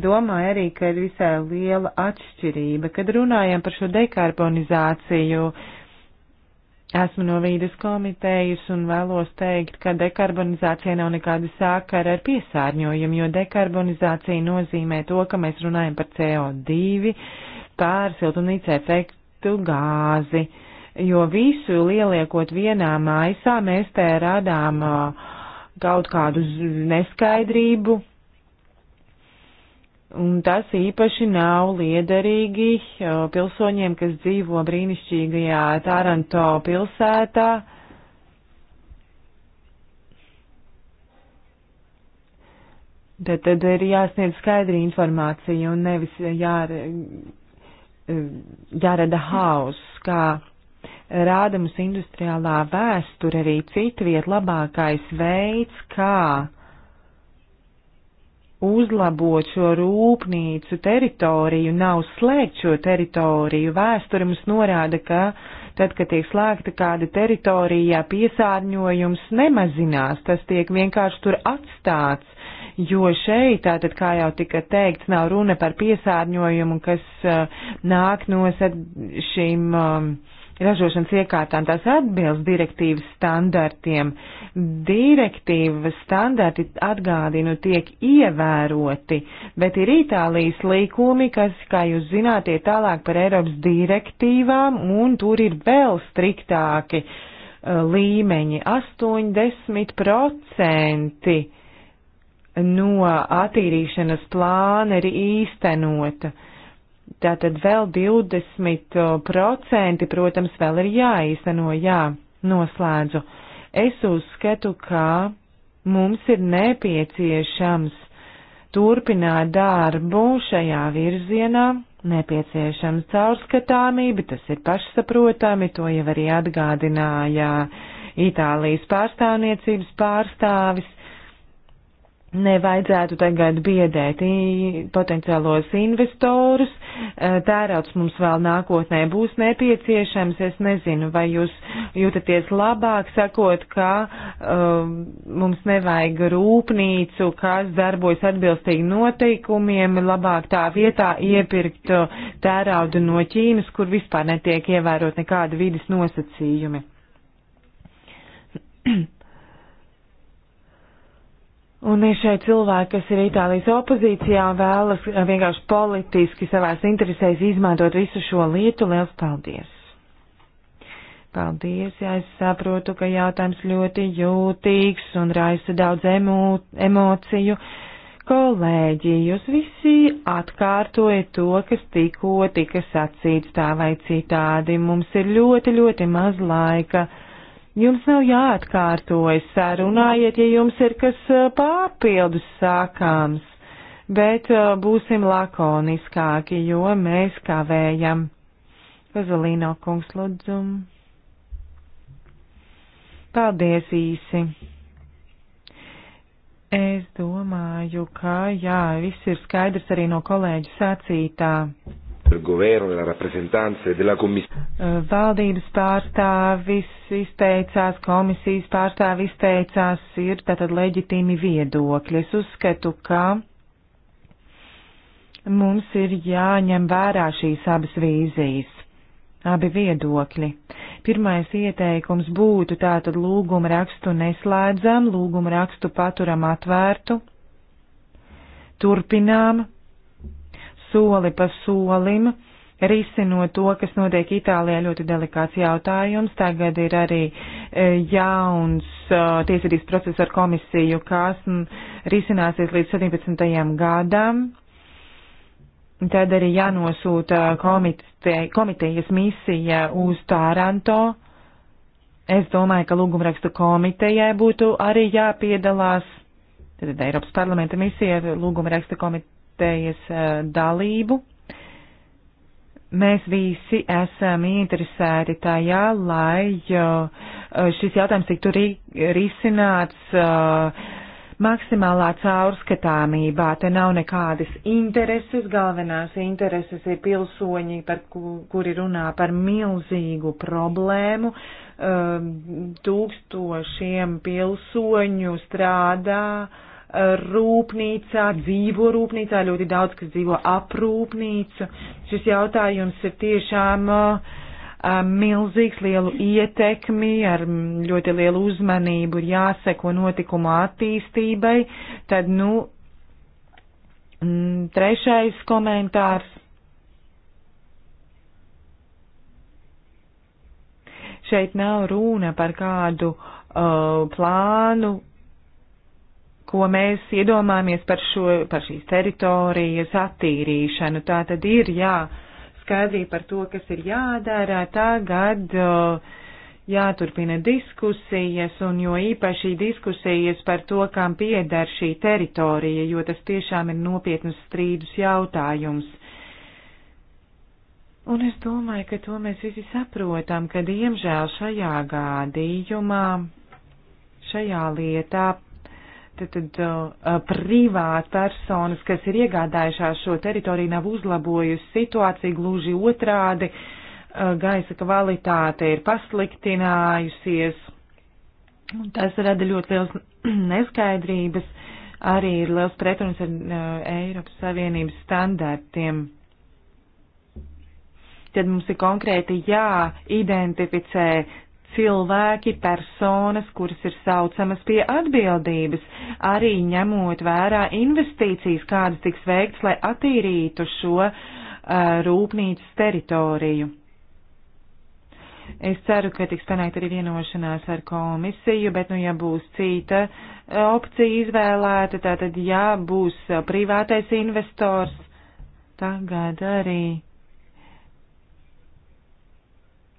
domāju arī, ka ir visai liela atšķirība, kad runājam par šo dekarbonizāciju. Esmu no vīdes komitejas un vēlos teikt, ka dekarbonizācija nav nekāda sākara ar piesārņojumu, jo dekarbonizācija nozīmē to, ka mēs runājam par CO2, par siltumnīca efektu gāzi. Uh, jo visu ieliekot vienā maisā, mēs te radām kaut kādu neskaidrību, un tas īpaši nav liederīgi pilsoņiem, kas dzīvo brīnišķīgajā Taranto pilsētā. Tad, tad ir jāsniedz skaidra informācija un nevis jāre, jārada haus, kā rāda mums industriālā vēsture arī citviet labākais veids, kā uzlabot šo rūpnīcu teritoriju, nav slēgt šo teritoriju. Vēsture mums norāda, ka tad, kad tiek slēgta kāda teritorija, piesārņojums nemazinās, tas tiek vienkārši tur atstāts jo šeit, tātad, kā jau tika teikts, nav runa par piesārņojumu, kas uh, nāk no šīm uh, ražošanas iekārtām tās atbilst direktīvas standartiem. Direktīvas standarti atgādinu tiek ievēroti, bet ir Itālijas līkumi, kas, kā jūs zināt, ir tālāk par Eiropas direktīvām, un tur ir vēl striktāki uh, līmeņi - 80% no attīrīšanas plāna ir īstenota. Uh, Tātad vēl 20%, protams, vēl ir jāīsteno, jā, noslēdzu. Es uzskatu, ka mums ir nepieciešams turpināt darbu šajā virzienā, nepieciešams caurskatāmība, tas ir pašsaprotami, to jau arī atgādināja Itālijas pārstāvniecības pārstāvis. Nevajadzētu tagad biedēt potenciālos investorus. Tērauds mums vēl nākotnē būs nepieciešams. Es nezinu, vai jūs jūtaties labāk, sakot, ka um, mums nevajag rūpnīcu, kas darbojas atbilstīgi noteikumiem. Labāk tā vietā iepirkt tēraudu no Ķīnas, kur vispār netiek ievērot nekāda vidas nosacījumi. Un ir šeit cilvēki, kas ir Itālijas opozīcijā un vēlas eh, vienkārši politiski savās interesēs izmantot visu šo lietu. Liels paldies! Paldies, ja es saprotu, ka jautājums ļoti jūtīgs un raisa daudz emo emociju. Kolēģi, jūs visi atkārtojat to, kas tikko tika sacīts tā vai citādi. Mums ir ļoti, ļoti maz laika. Jums nav jāatkārtojas, runājiet, ja jums ir kas pārpildus sākāms, bet būsim lakoniskāki, jo mēs kavējam. Pazalīno kungs lūdzum. Paldies īsi. Es domāju, ka jā, viss ir skaidrs arī no kolēģu sacītā. E eh, valdības pārstāvis izteicās, komisijas pārstāvis izteicās, ir tātad leģitīmi viedokļi. Es uzskatu, ka mums ir jāņem vērā šīs abas vīzijas, abi viedokļi. Pirmais ieteikums būtu tātad lūguma rakstu neslēdzam, lūguma rakstu paturam atvērtu, turpinām soli pa solim, risinot to, kas notiek Itālijā, ļoti delikāts jautājums. Tagad ir arī e, jauns e, tiesvedības process ar komisiju, kas risināsies līdz 17. gadam. Tad arī jānosūta komite, komitejas misija uz Tāranto. Es domāju, ka lūgumrakstu komitejai būtu arī jāpiedalās. Tad Eiropas parlamenta misija lūgumraksta komiteja komitejas eh, dalību. Mēs visi esam interesēti tajā, lai eh, šis jautājums tiktu risināts eh, maksimālā caurskatāmībā. Te nav nekādas intereses, galvenās intereses ir pilsoņi, par kuri runā par milzīgu problēmu, tūkstošiem pilsoņu strādā rūpnīcā, dzīvo rūpnīcā, ļoti daudz, kas dzīvo aprūpnīca. Šis jautājums ir tiešām uh, uh, milzīgs, lielu ietekmi, ar ļoti lielu uzmanību ir jāseko notikuma attīstībai. Tad, nu, mm, trešais komentārs. Šeit nav runa par kādu uh, plānu ko mēs iedomājamies par, šo, par šīs teritorijas attīrīšanu. Tā tad ir, jā, skaidrība par to, kas ir jādara, tagad jāturpina diskusijas, un jo īpaši diskusijas par to, kam piedar šī teritorija, jo tas tiešām ir nopietnas strīdus jautājums. Un es domāju, ka to mēs visi saprotam, ka diemžēl šajā gādījumā, šajā lietā Tad, tad uh, uh privāta personas, kas ir iegādājušās šo teritoriju, nav uzlabojusi situāciju gluži otrādi. Uh, gaisa kvalitāte ir pasliktinājusies. Un tas rada ļoti liels neskaidrības. Arī ir liels pretruns ar uh, Eiropas Savienības standartiem. Tad mums ir konkrēti jāidentificē cilvēki, personas, kuras ir saucamas pie atbildības, arī ņemot vērā investīcijas, kādas tiks veikts, lai attīrītu šo uh, rūpnīcas teritoriju. Es ceru, ka tiks panākt arī vienošanās ar komisiju, bet, nu, ja būs cita opcija izvēlēta, tātad, ja būs privātais investors, tagad arī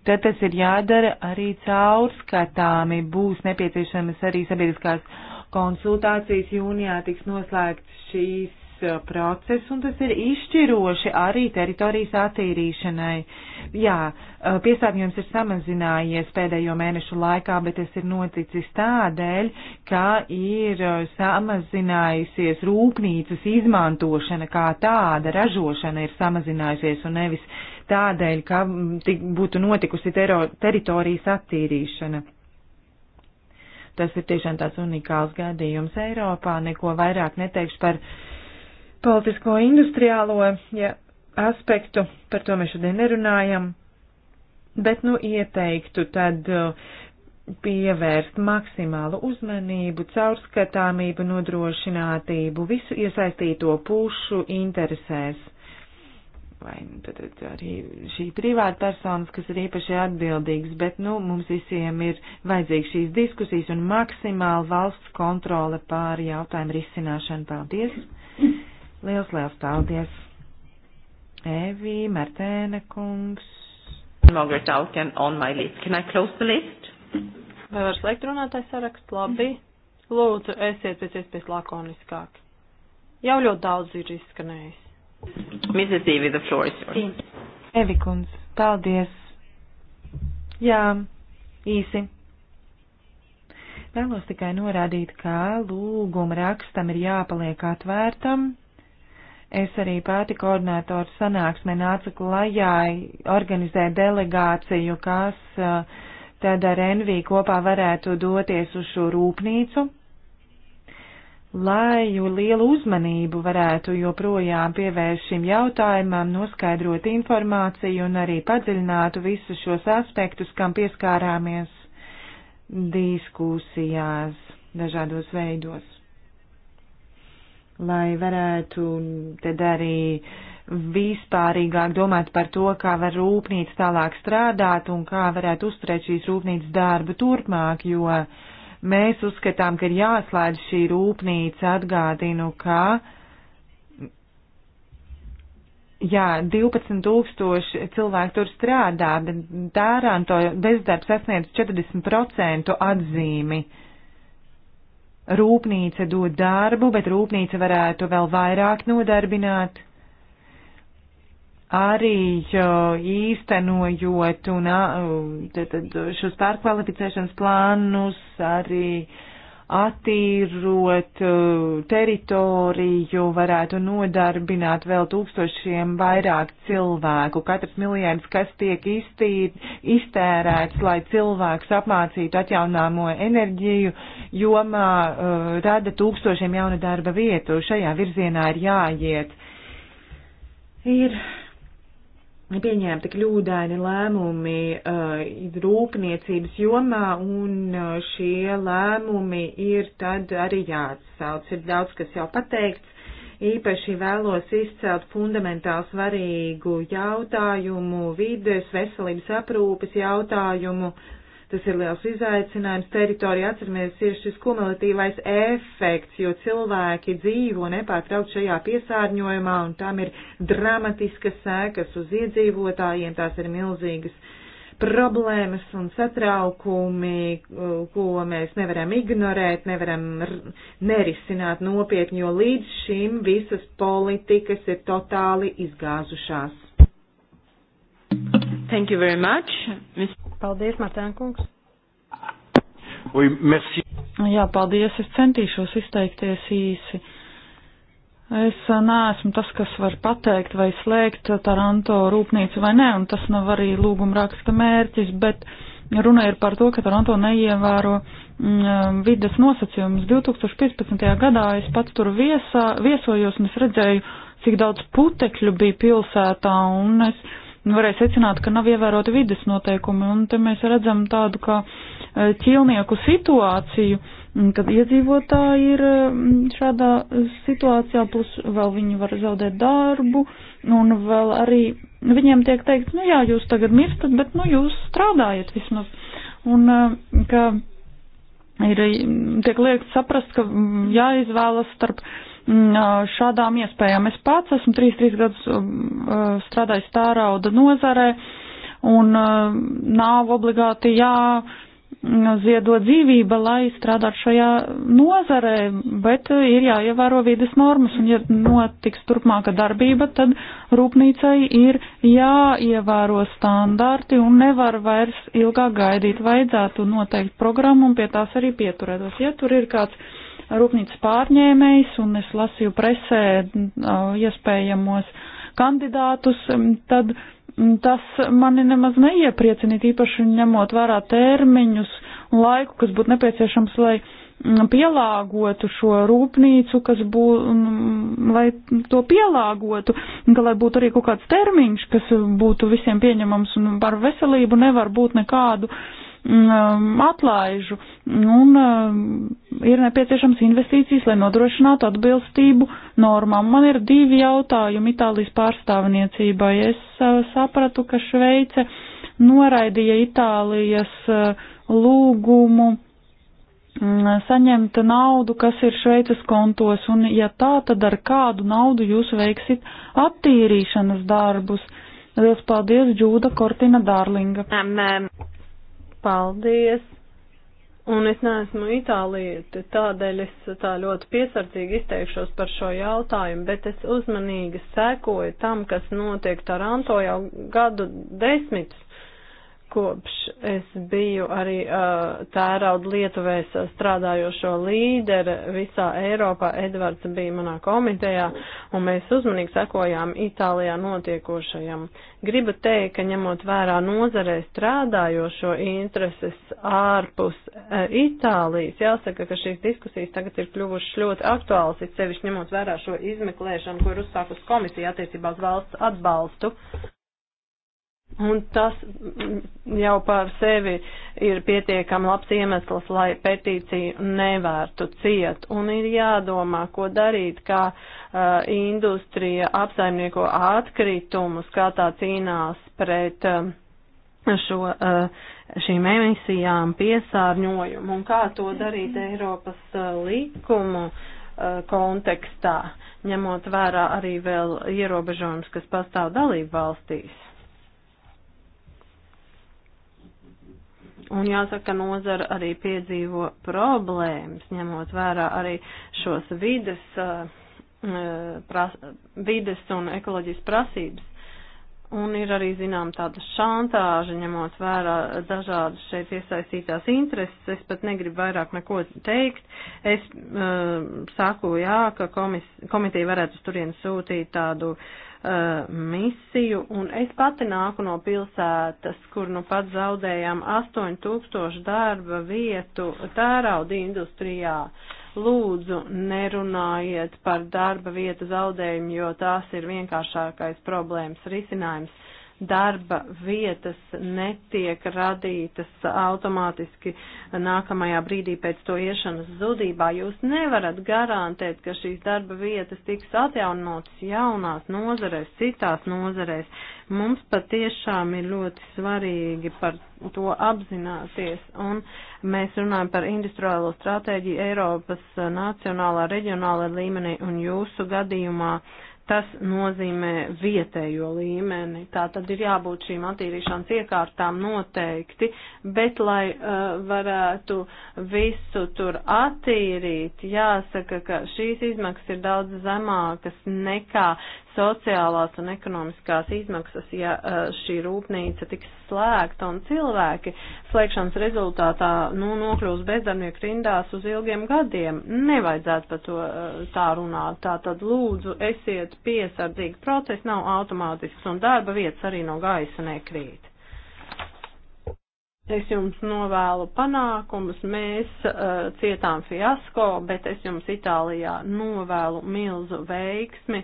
tad tas ir jādara arī caurskatāmi. Būs nepieciešamas arī sabiedriskās konsultācijas. Jūnijā tiks noslēgts šīs Uh, process, un tas ir izšķiroši arī teritorijas attīrīšanai. Jā, uh, piesārņojums ir samazinājies pēdējo mēnešu laikā, bet tas ir noticis tādēļ, ka ir uh, samazinājusies rūpnīcas izmantošana kā tāda, ražošana ir samazinājusies un nevis tādēļ, ka būtu notikusi tero, teritorijas attīrīšana. Tas ir tiešām tāds unikāls gadījums Eiropā. Neko vairāk neteikšu par politisko industriālo ja, aspektu, par to mēs šodien nerunājam, bet, nu, ieteiktu tad uh, pievērst maksimālu uzmanību, caurskatāmību, nodrošinātību visu iesaistīto pušu interesēs. Vai nu, tad arī šī privāta personas, kas ir īpaši atbildīgs, bet, nu, mums visiem ir vajadzīgs šīs diskusijas un maksimāla valsts kontrole pār jautājumu risināšanu. Paldies! Liels, liels paldies! Evi, Martēna kungs. Margaret Alken on my list. Can I close the list? Vai var slēgt runātais saraksts? Labi. Lūdzu, esiet pēc iespējas lakoniskāk. Jau ļoti daudz ir izskanējis. Mrs. Evi, the floor is yours. Evi kungs, paldies. Jā, īsi. Vēlos tikai norādīt, ka lūguma rakstam ir jāpaliek atvērtam Es arī pati koordinātoru sanāksmē nācu klajā organizēt delegāciju, kas eh, tad ar NV kopā varētu doties uz šo rūpnīcu, lai jau lielu uzmanību varētu joprojām pievērst šim jautājumam, noskaidrot informāciju un arī padziļinātu visus šos aspektus, kam pieskārāmies diskusijās dažādos veidos lai varētu tad arī vispārīgāk domāt par to, kā var rūpnīca tālāk strādāt un kā varētu uzturēt šīs rūpnīcas darbu turpmāk, jo mēs uzskatām, ka ir jāslēdz šī rūpnīca atgādinu, ka jā, 12 tūkstoši cilvēku tur strādā, bet tērām to bezdarbs sasniedz 40% atzīmi. Uh, Rūpnīca dod darbu, bet rūpnīca varētu vēl vairāk nodarbināt. Arī īstenojot un, tad, šos pārkvalificēšanas plānus, arī uh, attīrot eh, teritoriju, varētu nodarbināt vēl tūkstošiem vairāk cilvēku. Katrs miljards, kas tiek iztīr, iztērēts, lai cilvēks apmācītu atjaunāmo enerģiju, jomā uh, rada tūkstošiem jaunu darba vietu. Šajā virzienā ir jāiet. Ir pieņēmti kļūdaini lēmumi uh, rūpniecības jomā, un uh, šie lēmumi ir tad arī jāatsauc. Ir daudz, kas jau pateikts. Īpaši vēlos izcelt fundamentāli svarīgu jautājumu, vides, veselības aprūpes jautājumu, uh, Tas ir liels izaicinājums teritorija, atceramies, ir šis kumulatīvais efekts, jo cilvēki dzīvo nepārtraukt šajā piesārņojumā, un tam ir dramatiskas sēkas uz iedzīvotājiem, tās ir milzīgas problēmas un satraukumi, ko mēs nevaram ignorēt, nevaram nerisināt nopietni, jo līdz šim visas politikas ir totāli izgāzušās. Thank you very much. Mis... Paldies, Martēna kungs. Oui, merci. Jā, paldies. Es centīšos izteikties īsi. Es neesmu tas, kas var pateikt vai slēgt Taranto rūpnīcu vai nē, un tas nav arī lūguma raksta mērķis, bet runa ir par to, ka Taranto neievēro mm, vides nosacījumus. 2015. gadā es pats tur viesā, viesojos un es redzēju, cik daudz putekļu bija pilsētā, un es Nu, varēja secināt, ka nav ievēroti vidas noteikumi, un te mēs redzam tādu kā e, ķilnieku situāciju, kad iedzīvotāji ir e, šādā situācijā, plus vēl viņi var zaudēt darbu, un vēl arī viņiem tiek teikts, nu jā, jūs tagad mirstat, bet nu jūs strādājat vismaz, un e, ka ir tiek liekt saprast, ka jāizvēlas starp uh, Mm, šādām iespējām. Es pats esmu 3-3 gadus um, strādājis tārauda nozarē un nav obligāti jā ziedo dzīvība, lai strādātu šajā nozarē, bet ir jāievēro vides normas, un ja notiks turpmāka darbība, tad rūpnīcai ir jāievēro standarti un nevar vairs ilgāk gaidīt, vajadzētu noteikt programmu un pie tās arī pieturētos. Ja tur ir kāds rūpnīcas pārņēmējs un es lasīju presē iespējamos kandidātus, tad tas mani nemaz neiepriecina, īpaši ņemot vērā termiņus un laiku, kas būtu nepieciešams, lai pielāgotu šo rūpnīcu, kas būtu, lai to pielāgotu, ka lai būtu arī kaut kāds termiņš, kas būtu visiem pieņemams un par veselību nevar būt nekādu uh, Mm, um, atlaižu, un um, ir nepieciešams investīcijas, lai nodrošinātu atbilstību normām. Man ir divi jautājumi Itālijas pārstāvniecībai. Es uh, sapratu, ka Šveice noraidīja Itālijas uh, lūgumu mm, saņemt naudu, kas ir Šveices kontos, un ja tā, tad ar kādu naudu jūs veiksit attīrīšanas darbus? Liels paldies, Džūda Kortina Dārlinga. Um, um. Paldies! Un es neesmu itālieti, tādēļ es tā ļoti piesardzīgi izteikšos par šo jautājumu, bet es uzmanīgi sekoju tam, kas notiek Taranto jau gadu desmitus. Kopš es biju arī uh, tērauda Lietuvēs strādājošo līderi visā Eiropā, Edvards bija manā komitejā, un mēs uzmanīgi sekojām Itālijā notiekošajam. Gribu teikt, ka ņemot vērā nozarē strādājošo intereses ārpus uh, Itālijas, jāsaka, ka šīs diskusijas tagad ir kļuvušas ļoti aktuālas, it sevišķi ņemot vērā šo izmeklēšanu, ko ir uzsākusi komisija attiecībā uz valsts atbalstu. Un tas jau par sevi ir pietiekami labs iemesls, lai petīciju nevērtu ciet. Un ir jādomā, ko darīt, kā uh, industrija apsaimnieko atkritumus, kā tā cīnās pret uh, šo, uh, šīm emisijām piesārņojumu un kā to darīt Eiropas uh, likumu uh, kontekstā, ņemot vērā arī vēl ierobežojums, kas pastāv dalību valstīs. Un jāsaka, nozara arī piedzīvo problēmas, ņemot vērā arī šos vides, uh, pras, vides un ekoloģijas prasības. Un ir arī, zinām, tāda šantāža, ņemot vērā dažādas šeit iesaistītās intereses. Es pat negribu vairāk neko teikt. Es uh, saku, jā, ka komis, komiteja varētu uz turienu sūtīt tādu uh, Uh, misiju, un es pati nāku no pilsētas, kur nu pat zaudējām 8000 darba vietu tērauda industrijā. Lūdzu, nerunājiet par darba vietu zaudējumu, jo tās ir vienkāršākais problēmas risinājums darba vietas netiek radītas automātiski nākamajā brīdī pēc to iešanas zudībā. Jūs nevarat garantēt, ka šīs darba vietas tiks atjaunotas jaunās nozarēs, citās nozarēs. Mums patiešām ir ļoti svarīgi par to apzināties. Un mēs runājam par industriālo stratēģiju Eiropas nacionālā, reģionālā līmenī un jūsu gadījumā. Uh, Tas nozīmē vietējo līmeni. Tā tad ir jābūt šīm attīrīšanas iekārtām noteikti, bet lai uh, varētu visu tur attīrīt, jāsaka, ka šīs izmaksas ir daudz zemākas nekā sociālās un ekonomiskās izmaksas, ja šī rūpnīca tiks slēgta un cilvēki slēgšanas rezultātā nu, nokļūs bezdarbnieku rindās uz ilgiem gadiem. Nevajadzētu par to tā runāt. Tā tad lūdzu, esiet piesardzīgi. Process nav automātisks un darba vietas arī no gaisa nekrīt. Es jums novēlu panākumus, mēs uh, cietām fiasko, bet es jums Itālijā novēlu milzu veiksmi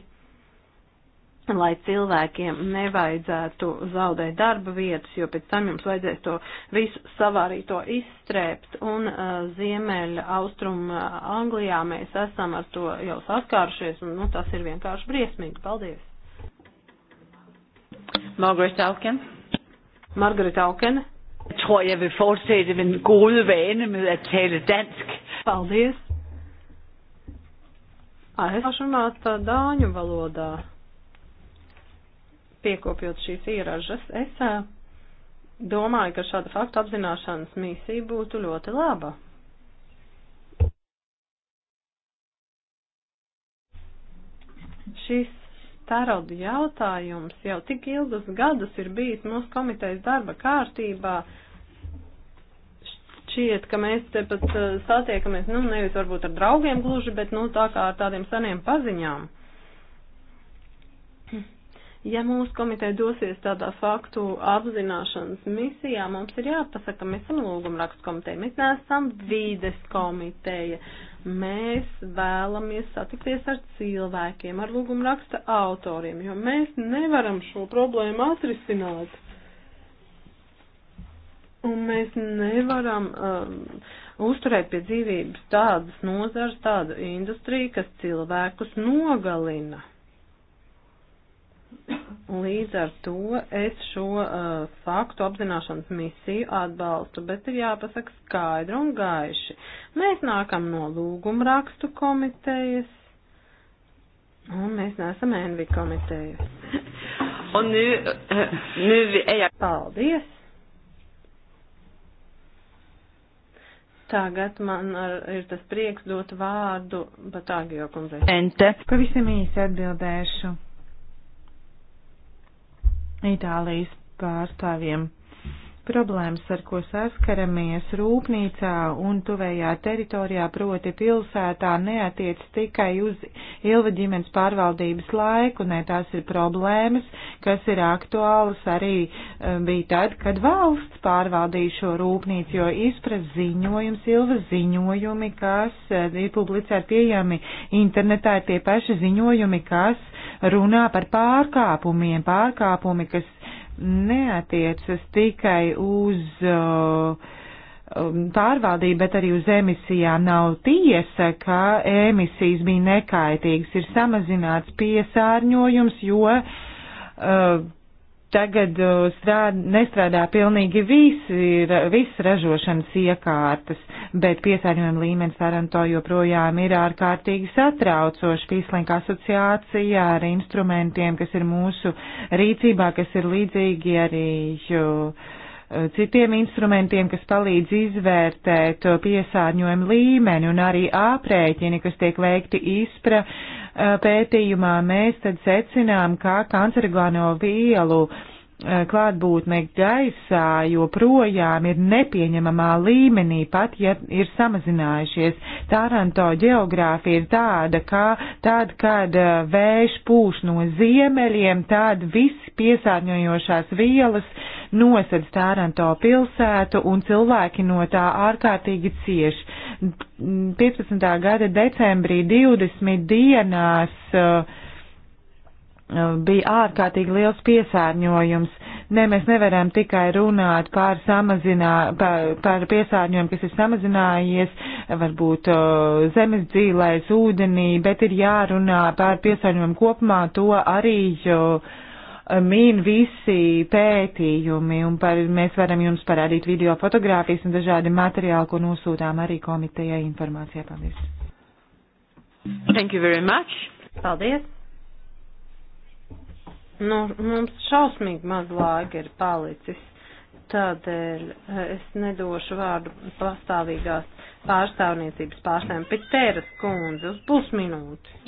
lai cilvēkiem nevajadzētu zaudēt darba vietas, jo pēc tam jums vajadzēs to visu savārīto izstrēpt. Un uh, ziemeļa austrum uh, Anglijā mēs esam ar to jau saskārušies, un nu, tas ir vienkārši briesmīgi. Paldies! Margaret Auken. Margaret Auken. Jeg tror, jeg vil fortsætte med den gode vane med at tale dansk. Paldies. Ai, es runāju dāņu valodā piekopjot šīs ieražas, es domāju, ka šāda faktu apzināšanas misija būtu ļoti laba. Šis tārauda jautājums jau tik ilgus gadus ir bijis mūsu komitejas darba kārtībā. Šķiet, ka mēs te pat satiekamies, nu, nevis varbūt ar draugiem gluži, bet, nu, tā kā ar tādiem saniem paziņām. Uh, Ja mūsu komiteja dosies tādā faktu apzināšanas misijā, mums ir jāpasaka, ka mēs esam lūgumrakstu komiteja, mēs neesam vīdes komiteja. Mēs vēlamies satikties ar cilvēkiem, ar lūgumraksta autoriem, jo mēs nevaram šo problēmu atrisināt. Un mēs nevaram um, uzturēt pie dzīvības tādas nozars, tādu industriju, kas cilvēkus nogalina. Līdz ar to es šo uh, faktu apzināšanas misiju atbalstu, bet ir jāpasaka skaidri un gaiši. Mēs nākam no lūguma rakstu komitejas, un mēs neesam Envi komiteja. Un nu, eh, nu, ejā. Eh, Paldies! Tagad man ar, ir tas prieks dot vārdu Batāgijo kundzei. Ente. Pavisam īsi atbildēšu Itālijas pārstāvjiem. Problēmas, ar ko saskaramies rūpnīcā un tuvējā teritorijā, proti pilsētā, neatiec tikai uz Ilva ģimenes pārvaldības laiku, ne tās ir problēmas, kas ir aktuālas arī eh, bija tad, kad valsts pārvaldīja šo rūpnīcu, jo izprast ziņojums, Ilva ziņojumi, kas eh, ir publicēti pieejami internetā, ir tie paši ziņojumi, kas runā par pārkāpumiem, pārkāpumi, kas neatiecas tikai uz uh, um, pārvaldību, bet arī uz emisijām. Nav tiesa, ka emisijas bija nekaitīgas, ir samazināts piesārņojums, jo uh, tagad uh, strād, nestrādā pilnīgi visi, visas ražošanas iekārtas, bet piesārņojuma līmenis Taranto joprojām ir ārkārtīgi satraucoši. Pīslinka asociācija ar instrumentiem, kas ir mūsu rīcībā, kas ir līdzīgi arī jo, uh, citiem instrumentiem, kas palīdz izvērtēt uh, piesārņojumu līmeni un arī aprēķini, kas tiek veikti izpra pētījumā mēs tad secinām, ka kancerogāno vielu uh, Eh, klātbūtne gaisā joprojām ir nepieņemamā līmenī, pat ja ir samazinājušies. Taranto geogrāfija ir tāda, ka tad, kad eh, vējš pūš no ziemeļiem, tad viss piesārņojošās vielas nosedz Taranto pilsētu un cilvēki no tā ārkārtīgi cieši. 15. gada decembrī 20 dienās uh, bija ārkārtīgi liels piesārņojums. Ne, mēs nevaram tikai runāt par, samazinā, par, par piesārņojumu, kas ir samazinājies, varbūt zemes dzīvēs, ūdenī, bet ir jārunā par piesārņojumu kopumā. To arī mīn visi pētījumi, un par, mēs varam jums parādīt video fotogrāfijas un dažādi materiāli, ko nosūtām arī komitejai informācijā. Paldies! Thank you very much! Paldies! Nu, mums šausmīgi maz laika ir palicis, tādēļ eh, es nedošu vārdu pastāvīgās pārstāvniecības pārstāvjiem. Pitēras kundze, uz pusminūti.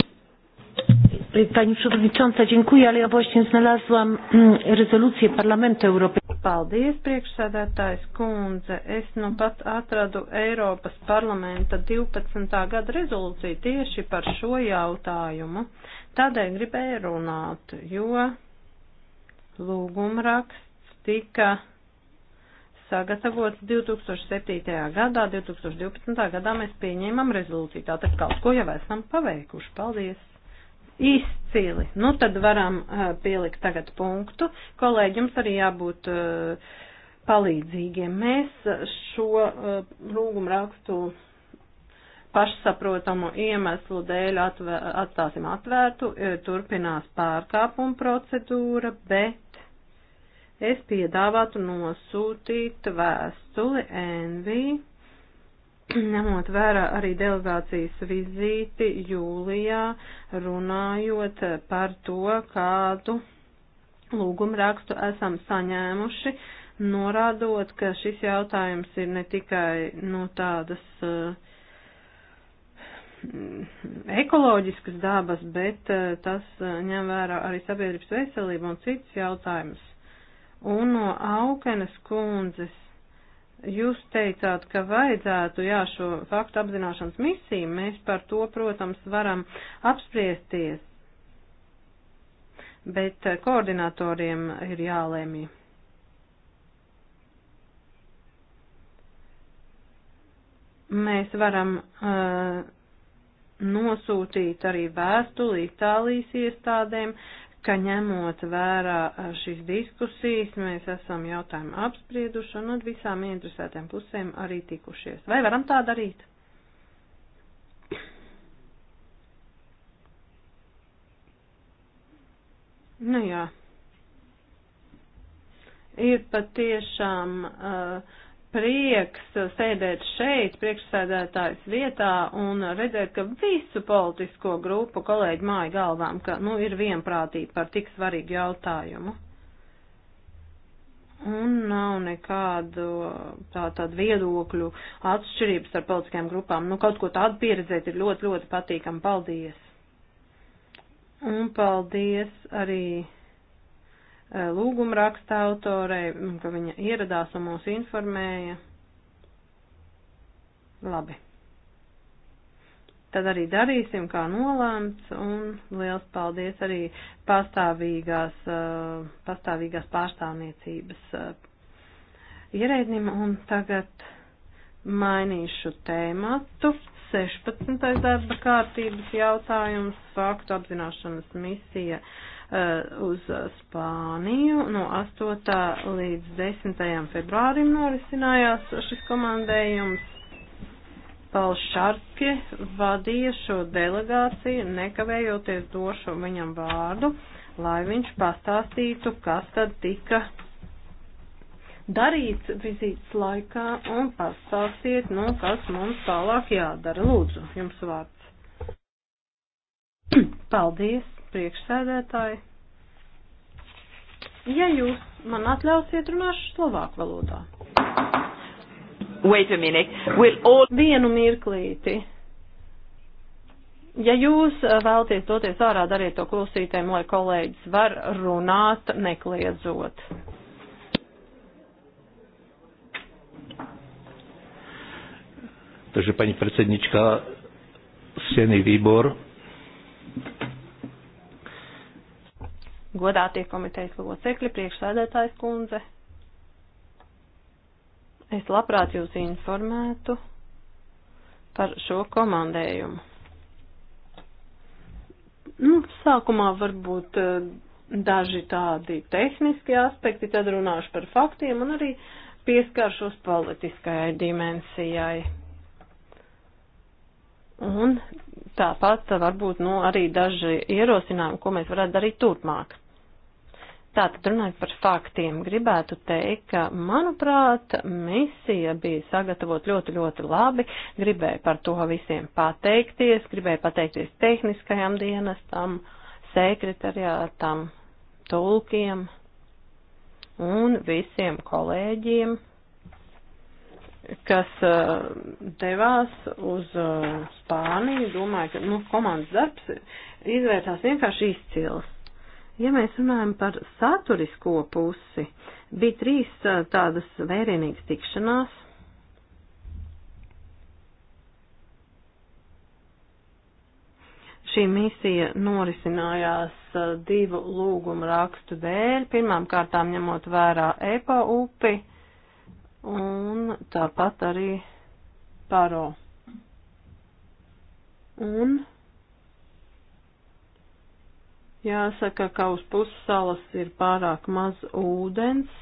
Pani Przewodnicząca, dziękuję, ale ja właśnie znalazłam mm, rezolucję Parlamentu Europejskiego. Paldies, priekšsēdētājs kundze. Es nu pat atradu Eiropas parlamenta 12. gada rezolūciju tieši par šo jautājumu. Tādēļ gribēju runāt, jo lūgumraksts tika sagatavots 2007. gadā, 2012. gadā mēs pieņēmām rezolūciju. Tātad kaut ko jau esam paveikuši. Paldies! Izcili. Nu, tad varam uh, pielikt tagad punktu. Kolēģi, jums arī jābūt uh, palīdzīgiem. Mēs šo uh, lūgumu rakstu pašsaprotamu iemeslu dēļ atvēr, atstāsim atvērtu, turpinās pārkāpuma procedūra, bet es piedāvātu nosūtīt vēstuli NV ņemot vērā arī delegācijas vizīti jūlijā, runājot par to, kādu lūgumu rakstu esam saņēmuši, norādot, ka šis jautājums ir ne tikai no nu, tādas uh, ekoloģiskas dabas, bet uh, tas uh, ņem vērā arī sabiedrības veselību un citas jautājumus. Un no Aukenes kundzes Jūs teicāt, ka vajadzētu, jā, šo faktu apzināšanas misiju, mēs par to, protams, varam apspriesties, bet eh, koordinatoriem ir jālēmī. Mēs varam uh, nosūtīt arī vēstuli Itālijas iestādēm, uh, ka ņemot vērā šīs diskusijas, mēs esam jautājumu apsprieduši un ar visām interesētām pusēm arī tikušies. Vai varam tā darīt? Nu jā. Ir patiešām uh, prieks sēdēt šeit priekšsēdētājs vietā un redzēt, ka visu politisko grupu kolēģi māja galvām, ka nu, ir vienprātība par tik svarīgu jautājumu. Un nav nekādu tā, tādu viedokļu atšķirības ar politiskajām grupām. Nu, kaut ko tādu pieredzēt ir ļoti, ļoti patīkam. Paldies! Un paldies arī E, lūguma raksta autorei, ka viņa ieradās un mūs informēja. Labi. Tad arī darīsim, kā nolēmts, un liels paldies arī pastāvīgās, e, pastāvīgās pārstāvniecības e, ierēdnim, un tagad mainīšu tēmatu. 16. darba kārtības jautājums - faktu apzināšanas misija. Uh, Eh, uz Spāniju. No 8. līdz 10. februārim norisinājās šis komandējums. Pauls Šarke vadīja šo delegāciju, nekavējoties došu viņam vārdu, lai viņš pastāstītu, kas tad tika darīts vizītes laikā un pastāstiet, nu, kas mums tālāk jādara. Lūdzu, jums vārds. Paldies! priekšsēdētāji. Ja jūs man atļausiet, runāšu slovāku valodā. Wait a minute. We'll all... Vienu mirklīti. Ja jūs eh, vēlties doties ārā, dariet to klusītēm, lai kolēģis var runāt, nekliedzot. Takže paní predsednička, stěný výbor godātie komitejas locekļi, priekšsēdētājs kundze. Es labprāt jūs informētu par šo komandējumu. Nu, sākumā varbūt eh, daži tādi tehniski aspekti, tad runāšu par faktiem un arī pieskāršos politiskajai dimensijai. Un tāpat varbūt nu, arī daži ierosinājumi, ko mēs varētu darīt turpmāk. Tātad runājot par faktiem, gribētu teikt, ka, manuprāt, misija bija sagatavot ļoti, ļoti labi. Gribēju par to visiem pateikties, gribēju pateikties tehniskajam dienestam, sekretariātam, tulkiem un visiem kolēģiem, kas uh, devās uz uh, Spāniju. Domāju, ka nu, komandas darbs izvērtās vienkārši izcils. Ja mēs runājam par saturisko pusi, bija trīs tādas vērienīgas tikšanās. Šī misija norisinājās divu lūgumu rakstu dēļ, pirmām kārtām ņemot vērā EPA upi un tāpat arī paro. Un Jāsaka, ka uz pussalas ir pārāk maz ūdens.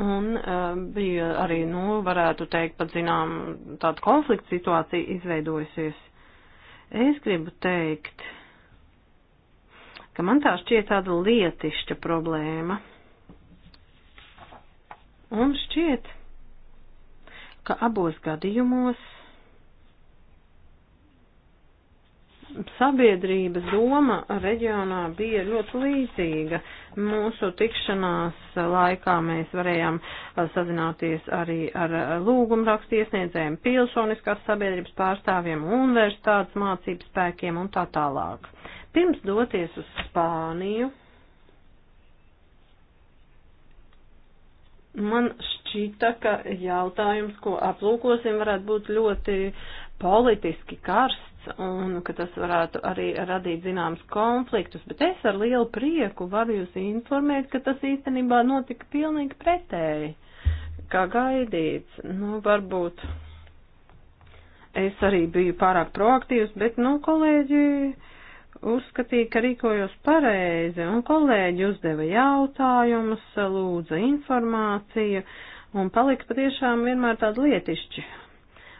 Un uh, bija arī, nu, varētu teikt, pat zinām, tāda konflikta situācija izveidojusies. Es gribu teikt, ka man tā šķiet tāda lietišķa problēma. Un šķiet, ka abos gadījumos sabiedrības doma reģionā bija ļoti līdzīga. Mūsu tikšanās laikā mēs varējām sazināties arī ar lūgumrakstu iesniedzējiem, pilsoniskās sabiedrības pārstāvjiem, universitātes mācības spēkiem un tā tālāk. Pirms doties uz Spāniju, man šķita, ka jautājums, ko aplūkosim, varētu būt ļoti politiski kars valsts un ka tas varētu arī radīt zināmas konfliktus, bet es ar lielu prieku varu jūs informēt, ka tas īstenībā notika pilnīgi pretēji, kā gaidīts. Nu, varbūt es arī biju pārāk proaktīvs, bet, nu, kolēģi uzskatīja, ka rīkojos pareizi, un kolēģi uzdeva jautājumus, lūdza informāciju, un palika patiešām vienmēr tādi lietišķi.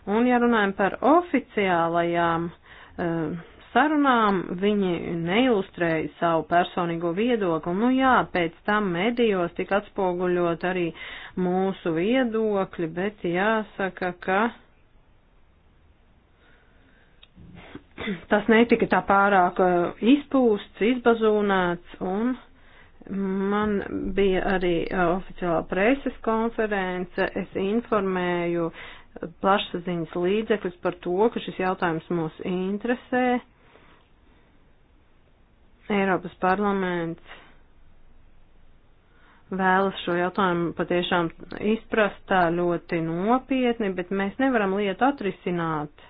Un, ja runājam par oficiālajām uh, sarunām, viņi neilustrēja savu personīgo viedokli. Nu jā, pēc tam medijos tika atspoguļot arī mūsu viedokļi, bet jāsaka, ka tas netika tā pārāk uh, izpūsts, izbazūnēts un man bija arī eh, oficiālā preses konference, es informēju plašsaziņas līdzekļus par to, ka šis jautājums mūs interesē. Eiropas parlaments vēlas šo jautājumu patiešām izprast tā ļoti nopietni, bet mēs nevaram lietu atrisināt.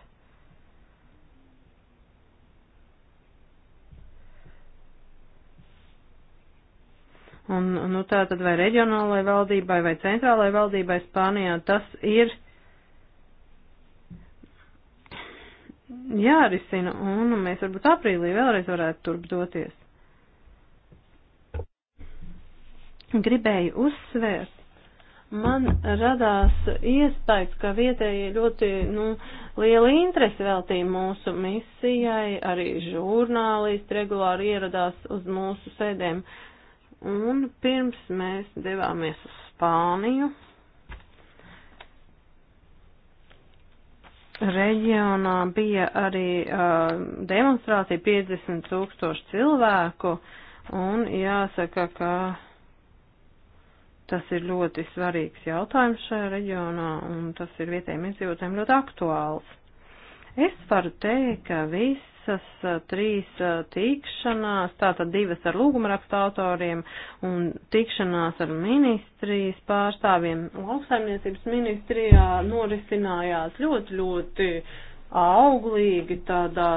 Un, nu, tā tad vai reģionālajai valdībai vai centrālajai valdībai Spānijā tas ir jārisina, un mēs varbūt aprīlī vēlreiz varētu turp doties. Gribēju uzsvērt, man radās iespējas, ka vietēji ļoti nu, liela interese veltīja mūsu misijai, arī žurnālisti regulāri ieradās uz mūsu sēdēm. Un pirms mēs devāmies uz Spāniju, reģionā bija arī uh, demonstrācija 50 tūkstoši cilvēku, un jāsaka, ka tas ir ļoti svarīgs jautājums šajā reģionā, un tas ir vietējiem iedzīvotājiem ļoti aktuāls. Es varu teikt, ka viss visas trīs tikšanās, tātad divas ar lūgumrakstu autoriem un tikšanās ar ministrijas pārstāvjiem. Lauksaimniecības ministrijā norisinājās ļoti, ļoti auglīgi, tādā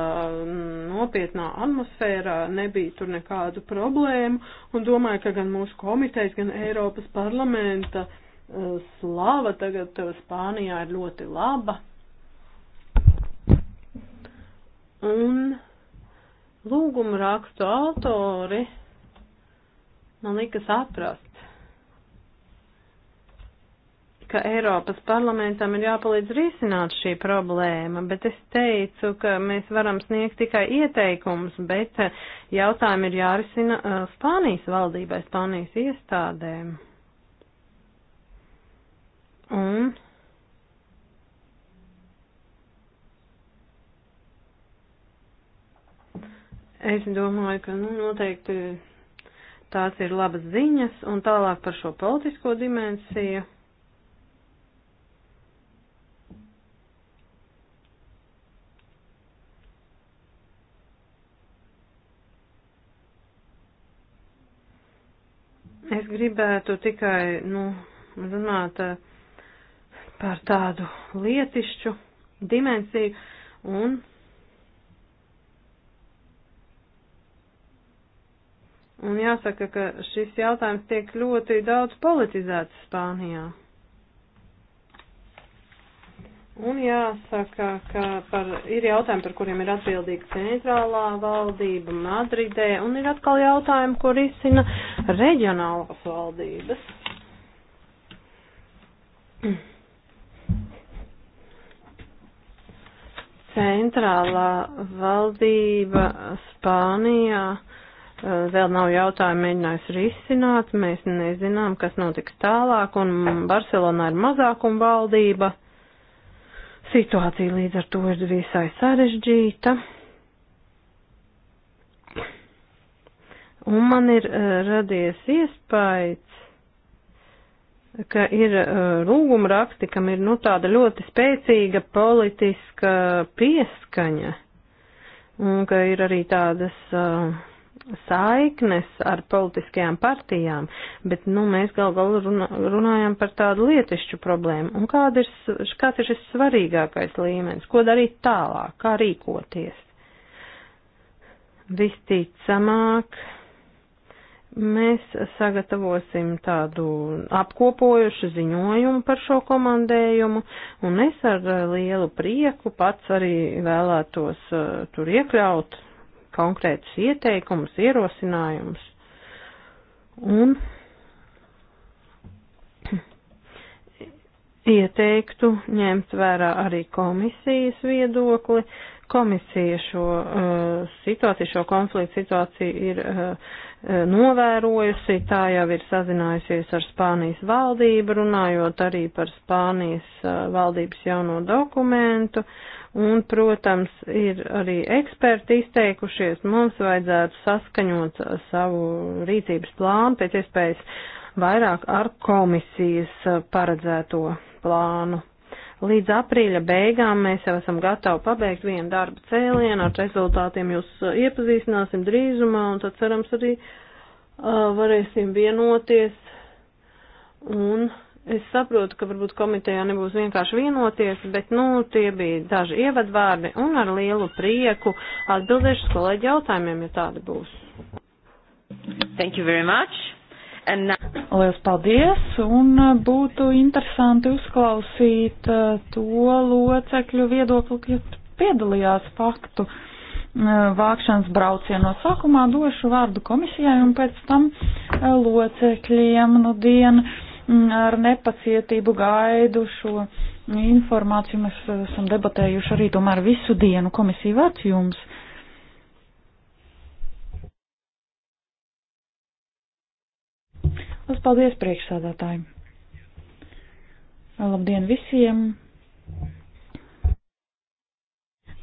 nopietnā atmosfērā, nebija tur nekādu problēmu, un domāju, ka gan mūsu komitejas, gan Eiropas parlamenta slava tagad Spānijā ir ļoti laba. Un lūgumu rakstu autori man likas atrast, ka Eiropas parlamentam ir jāpalīdz risināt šī problēma, bet es teicu, ka mēs varam sniegt tikai ieteikumus, bet eh, jautājumi ir jārisina eh, Spānijas valdībai, Spānijas iestādēm. Un Es domāju, ka nu, noteikti tās ir labas ziņas, un tālāk par šo politisko dimensiju. Es gribētu tikai, nu, runāt eh, par tādu lietišķu dimensiju un Un jāsaka, ka šis jautājums tiek ļoti daudz politizēts Spānijā. Un jāsaka, ka par, ir jautājumi, par kuriem ir atbildīga centrālā valdība Madridē, un ir atkal jautājumi, kur izsina reģionālās valdības. Centrālā valdība Spānijā Eh, vēl nav jautājumu mēģinājis risināt, mēs nezinām, kas notiks tālāk, un Barcelonā ir mazākuma valdība. Situācija līdz ar to ir visai sarežģīta. Un man ir uh, radies iespējas, ka ir uh, eh, lūguma raksti, kam ir nu tāda ļoti spēcīga politiska pieskaņa, un ka ir arī tādas uh, saiknes ar politiskajām partijām, bet, nu, mēs gal galu runā, runājam par tādu lietišķu problēmu. Un kāda ir, kāds ir šis svarīgākais līmenis? Ko darīt tālāk? Kā rīkoties? Visticamāk, mēs sagatavosim tādu apkopojušu ziņojumu par šo komandējumu, un es ar lielu prieku pats arī vēlētos uh, tur iekļaut konkrētus ieteikumus, ierosinājumus. Un ieteiktu ņemt vērā arī komisijas viedokli. Komisija šo uh, situāciju, šo konfliktu situāciju ir uh, uh novērojusi, tā jau ir sazinājusies ar Spānijas valdību, runājot arī par Spānijas uh, valdības jauno dokumentu. Uh, Un, protams, ir arī eksperti izteikušies, mums vajadzētu saskaņot savu rīcības plānu pēc iespējas vairāk ar komisijas paredzēto plānu. Līdz aprīļa beigām mēs jau esam gatavi pabeigt vienu darbu cēlienu, ar rezultātiem jūs iepazīstināsim drīzumā, un tad cerams arī uh, varēsim vienoties un Es saprotu, ka varbūt komitejā nebūs vienkārši vienoties, bet, nu, tie bija daži ievadvārdi un ar lielu prieku atbildēšu kolēģi jautājumiem, ja tādi būs. Thank you very much. And now... Lielas paldies un uh, būtu interesanti uzklausīt uh, to locekļu viedokli, kas piedalījās faktu uh, vākšanas braucienu. Sākumā došu vārdu komisijai un pēc tam locekļiem no nu, dienu. Mm, ar nepacietību gaidu šo informāciju. Mēs esam debatējuši arī tomēr visu dienu komisiju vārds jums. Uz paldies priekšsādātājiem. Labdien visiem!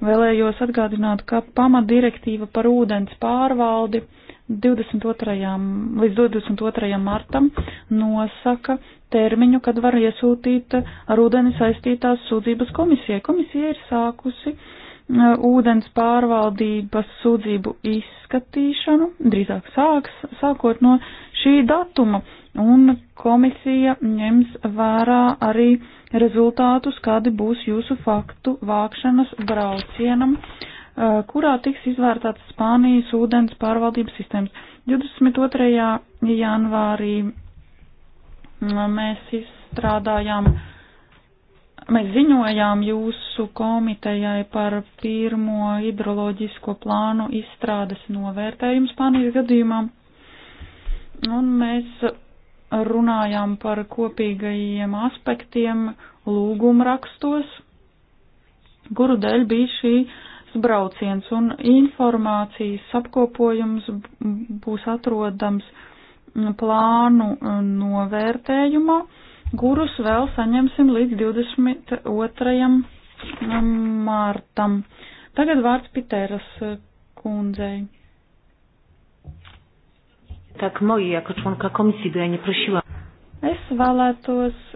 Vēlējos atgādināt, ka pamatdirektīva par ūdens pārvaldi 22. līdz 22. martam nosaka termiņu, kad var iesūtīt ar ūdeni saistītās sūdzības komisijai. Komisija ir sākusi uh, ūdens pārvaldības sūdzību izskatīšanu, drīzāk sāks, sākot no šī datuma, un komisija ņems vērā arī rezultātus, kādi būs jūsu faktu vākšanas braucienam. Uh, Uh, kurā tiks izvērtāts Spānijas ūdens pārvaldības sistēmas. 22. janvārī mm, mēs izstrādājām, mēs ziņojām jūsu komitejai par pirmo hidroloģisko plānu izstrādes novērtējumu Spānijas gadījumā. Un mēs runājām par kopīgajiem aspektiem lūgumrakstos, kuru dēļ bija šī uh, brauciens un informācijas apkopojums būs atrodams plānu novērtējumā, kurus vēl saņemsim līdz 22. martam. Tagad vārds Piteras e, kundzei. Tak, moji, jako członka komisji, bo ja nie prosiłam. Es vēlētos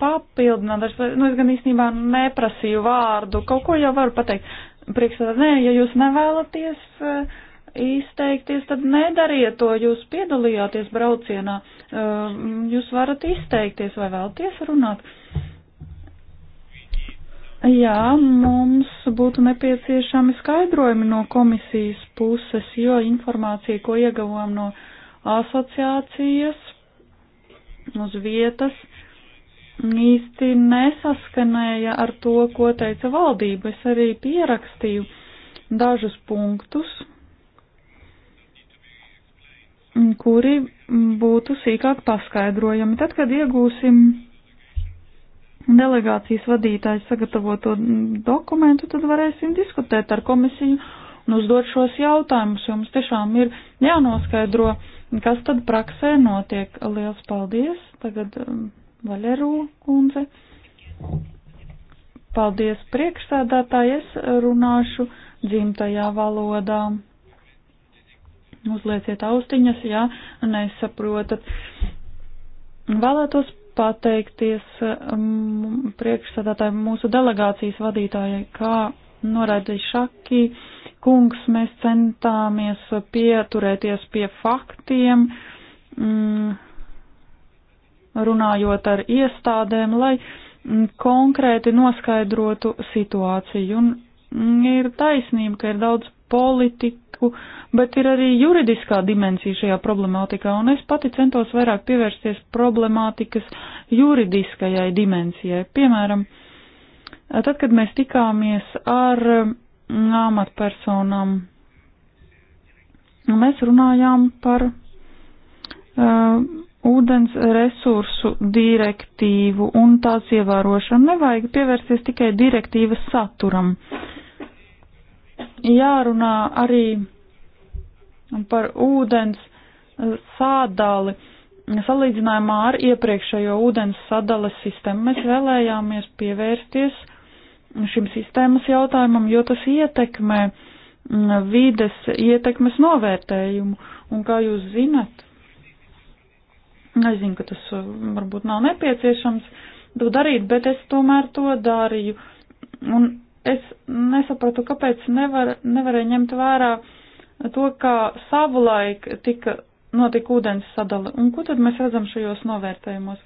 papildināt, nu es gan īstenībā neprasīju vārdu, kaut ko jau varu pateikt. Priekšstādā, nē, ja jūs nevēlaties eh, izteikties, tad nedariet to, jūs piedalījāties braucienā, eh, jūs varat izteikties vai vēlties runāt. Jā, mums būtu nepieciešami skaidrojumi no komisijas puses, jo informācija, ko iegavām no asociācijas uz vietas, īsti nesaskanēja ar to, ko teica valdība. Es arī pierakstīju dažus punktus, kuri būtu sīkāk paskaidrojami. Tad, kad iegūsim delegācijas vadītāju sagatavoto dokumentu, tad varēsim diskutēt ar komisiju un uzdot šos jautājumus, jo mums tiešām ir jānoskaidro, kas tad praksē notiek. Liels paldies! Tagad um, Valerū kundze. Paldies priekšsēdētāji, es runāšu dzimtajā valodā. Uzlieciet austiņas, ja nesaprotat. Vēlētos pateikties um, priekšsēdētāji mūsu delegācijas vadītājai, kā noraidīja šaki. Kungs, mēs centāmies pieturēties pie faktiem. Um, runājot ar iestādēm, lai mm, konkrēti noskaidrotu situāciju. Un mm, ir taisnība, ka ir daudz politiku, bet ir arī juridiskā dimensija šajā problemātikā, un es pati centos vairāk pievērsties problemātikas juridiskajai dimensijai. Piemēram, tad, kad mēs tikāmies ar mm, amatpersonām, mēs runājām par uh, ūdens resursu direktīvu un tās ievērošanu. Nevajag pievērsties tikai direktīvas saturam. Jārunā arī par ūdens eh, sādali salīdzinājumā ar iepriekšējo ūdens sadales sistēmu. Mēs vēlējāmies pievērsties šim sistēmas jautājumam, jo tas ietekmē mm, vides ietekmes novērtējumu. Un kā jūs zinat, Es zinu, ka tas uh, varbūt nav nepieciešams to darīt, bet es tomēr to darīju. Un es nesapratu, kāpēc nevar, nevarēja ņemt vērā to, kā savulaik tika notika ūdens sadale. Un ko tad mēs redzam šajos novērtējumos?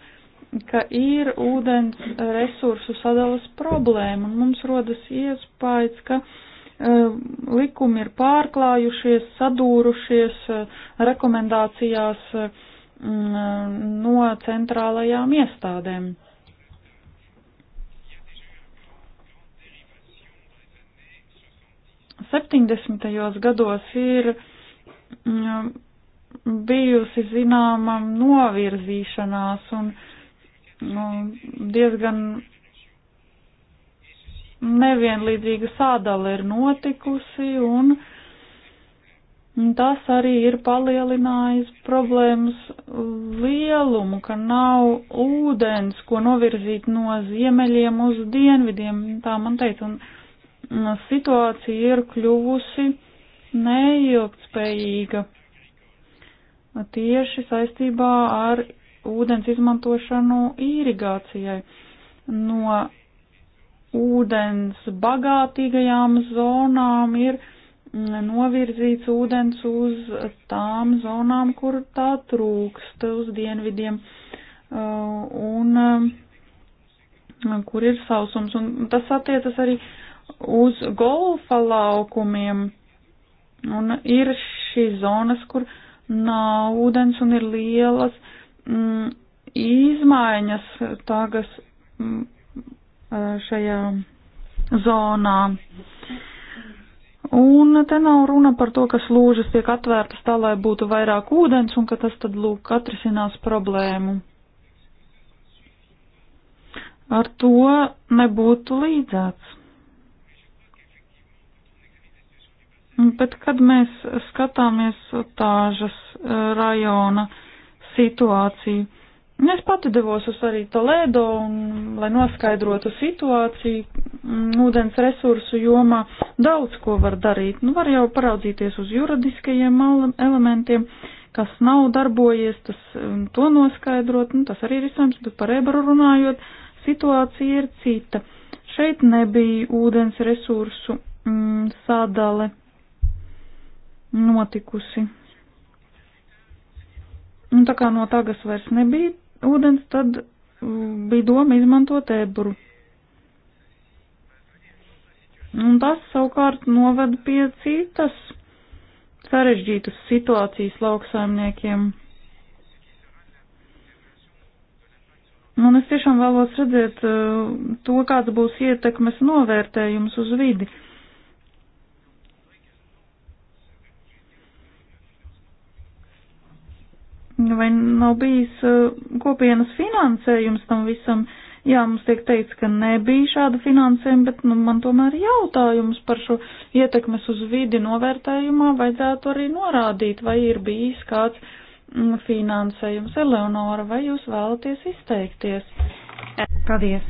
Ka ir ūdens resursu sadalas problēma, un mums rodas iespējas, ka uh, likumi ir pārklājušies, sadūrušies uh, rekomendācijās. Uh, Mm, no centrālajām iestādēm. Septiņdesmitajos gados ir mm, bijusi zināma novirzīšanās un nu, diezgan nevienlīdzīga sādala ir notikusi un uh, Tas arī ir palielinājis problēmas lielumu, ka nav ūdens, ko novirzīt no ziemeļiem uz dienvidiem, tā man teica, un situācija ir kļuvusi neilgtspējīga tieši saistībā ar ūdens izmantošanu irigācijai. No ūdens bagātīgajām zonām ir novirzīts ūdens uz tām zonām, kur tā trūkst, uz dienvidiem, uh, un uh, kur ir sausums. Un tas attiecas arī uz golfa laukumiem, un ir šīs zonas, kur nav ūdens un ir lielas mm, izmaiņas tagas mm, uh, šajā zonā. Mm. Un te nav runa par to, ka slūžas tiek atvērtas tā, lai būtu vairāk ūdens un ka tas tad lūk atrisinās problēmu. Ar to nebūtu līdzēts. Bet kad mēs skatāmies tāžas eh, rajona situāciju, Es pati devos uz arī Toledo, un, lai noskaidrotu situāciju, mm, ūdens resursu jomā daudz ko var darīt. Nu, var jau paraudzīties uz juridiskajiem elementiem, kas nav darbojies, tas, mm, to noskaidrot, nu, tas arī ir izsams, bet par ebru runājot, situācija ir cita. Šeit nebija ūdens resursu mm, sadale notikusi. Un tā kā no tagas vairs nebija ūdens, tad mm, bija doma izmantot ebru. Un tas savukārt novada pie citas sarežģītas situācijas lauksaimniekiem. Un es tiešām vēlos redzēt eh, to, kāds būs ietekmes novērtējums uz vidi. Uh, vai nav bijis eh, kopienas finansējums tam visam. Jā, mums tiek teikts, ka nebija šāda finansējuma, bet nu, man tomēr jautājums par šo ietekmes uz vidi novērtējumā vajadzētu arī norādīt, vai ir bijis kāds mm, finansējums. Eleonora, vai jūs vēlaties izteikties? Paldies!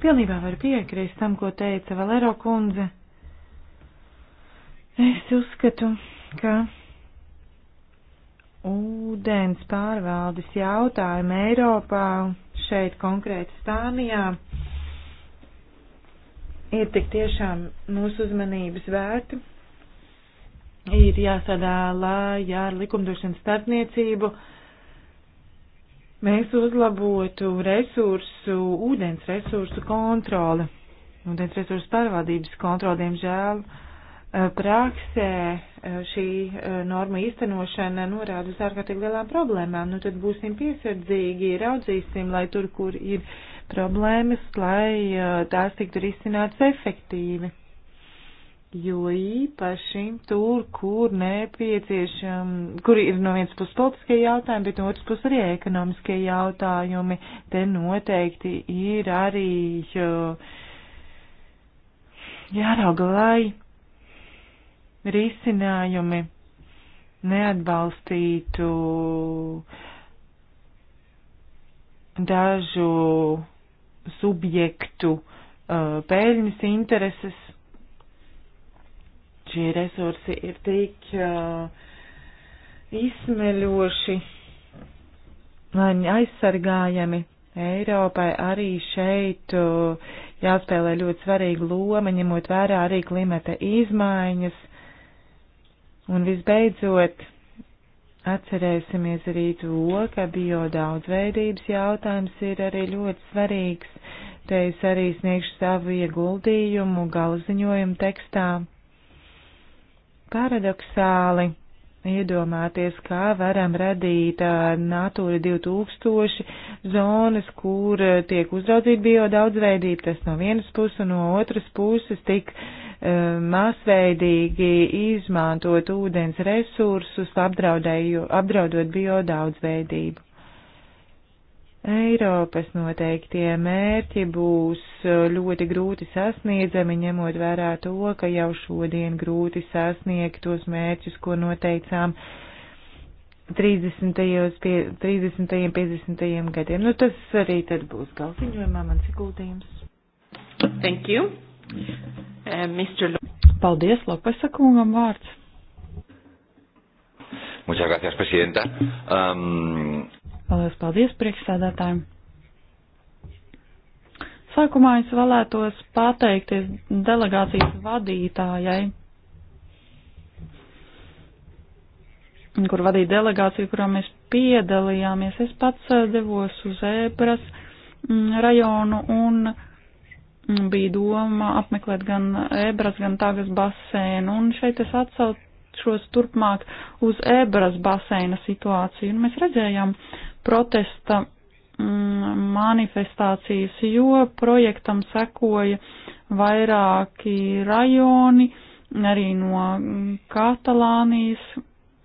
Pilnībā var piekrist tam, ko teica Valero kundze. Es uzskatu, ka ūdens pārvaldes jautājumu Eiropā, šeit konkrēti Spānijā, ir tik tiešām mūsu uzmanības vērti. Ir jāsadālā, jā, ar likumdošanas starpniecību mēs uzlabotu resursu, ūdens resursu kontroli, ūdens resursu pārvaldības kontroli, diemžēl. Uh, Eh, praksē eh, šī eh, norma īstenošana norāda uz ārkārtīgi lielām problēmām. Nu, tad būsim piesardzīgi, raudzīsim, lai tur, kur ir problēmas, lai tās tiktu risināts efektīvi. Jo īpaši tur, kur nepieciešam, kur ir no vienas puses politiskie jautājumi, bet no otras puses arī ekonomiskie jautājumi, te noteikti ir arī jārauga, lai risinājumi neatbalstītu dažu subjektu uh, pēļņas intereses. Šie resursi ir tik uh, izsmeļoši, lai aizsargājami. Eiropai arī šeit uh, jāspēlē ļoti svarīga loma, ņemot vērā arī klimata izmaiņas, Un visbeidzot, atcerēsimies arī to, ka biodaudzveidības jautājums ir arī ļoti svarīgs. Te es arī sniegšu savu ieguldījumu galziņojumu tekstā. Paradoxāli iedomāties, kā varam radīt Natūra 2000 zonas, kur tiek uzraudzīta biodaudzveidība, tas no vienas puses, un no otras puses tik uh, Eh, masveidīgi izmantot ūdens resursus, apdraudot biodaudzveidību. Eiropas noteiktie mērķi būs ļoti grūti sasniedzami, ņemot vērā to, ka jau šodien grūti sasniegt tos mērķus, ko noteicām 30. un 50. gadiem. Nu, tas arī tad būs galviņojumā mans ieguldījums. Thank you. Eh, Mr. Paldies, Lopesa kungam vārds. Muchas gracias, presidenta. Um... Paldies, paldies priekšsēdētājiem. Sākumā es vēlētos pateikties delegācijas vadītājai, kur vadīja delegāciju, kurā mēs piedalījāmies. Es pats devos uz Ebras mm, rajonu un bija doma apmeklēt gan ebras, gan tagas basēnu, un šeit es atsaucos turpmāk uz ebras basēna situāciju, un mēs redzējām protesta mm, manifestācijas, jo projektam sekoja vairāki rajoni, arī no Katalānijas,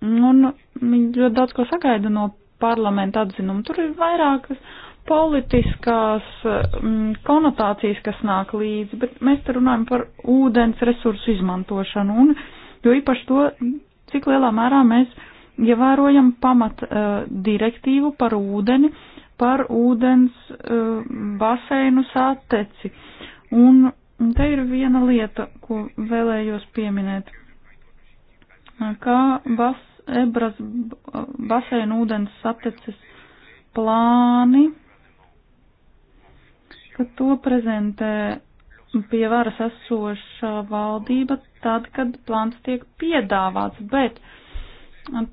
un ļoti daudz ko sagaida no parlamenta atzinumu. Tur ir vairākas politiskās mm, konotācijas, kas nāk līdzi, bet mēs te runājam par ūdens resursu izmantošanu un jo īpaši to, cik lielā mērā mēs ievērojam pamat uh, direktīvu par ūdeni, par ūdens uh, eh, baseinu sateci. Un, un te ir viena lieta, ko vēlējos pieminēt, kā bas, ebras baseinu ūdens sateces plāni ka to prezentē pie varas esošā valdība tad, kad plāns tiek piedāvāts, bet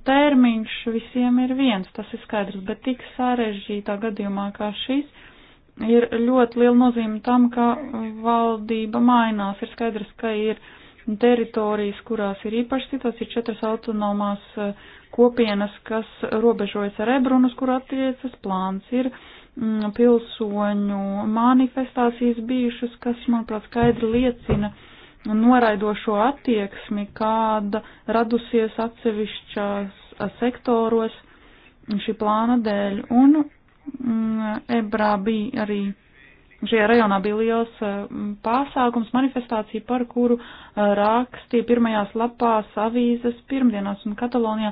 termiņš visiem ir viens, tas ir skaidrs, bet tik sarežģītā gadījumā kā šis ir ļoti liela nozīme tam, ka valdība mainās. Ir skaidrs, ka ir teritorijas, kurās ir īpaši situācija, ir četras autonomās eh, kopienas, kas robežojas ar Ebrunus, kur attiecas plāns ir Mm, pilsoņu manifestācijas bijušas, kas, manuprāt, skaidri liecina noraidošo attieksmi, kāda radusies atsevišķās sektoros šī plāna dēļ. Un mm, Ebrā bija arī šajā rajonā bija liels eh, pasākums, manifestācija, par kuru eh, rakstīja pirmajās lapās avīzes pirmdienās, un Katalonijā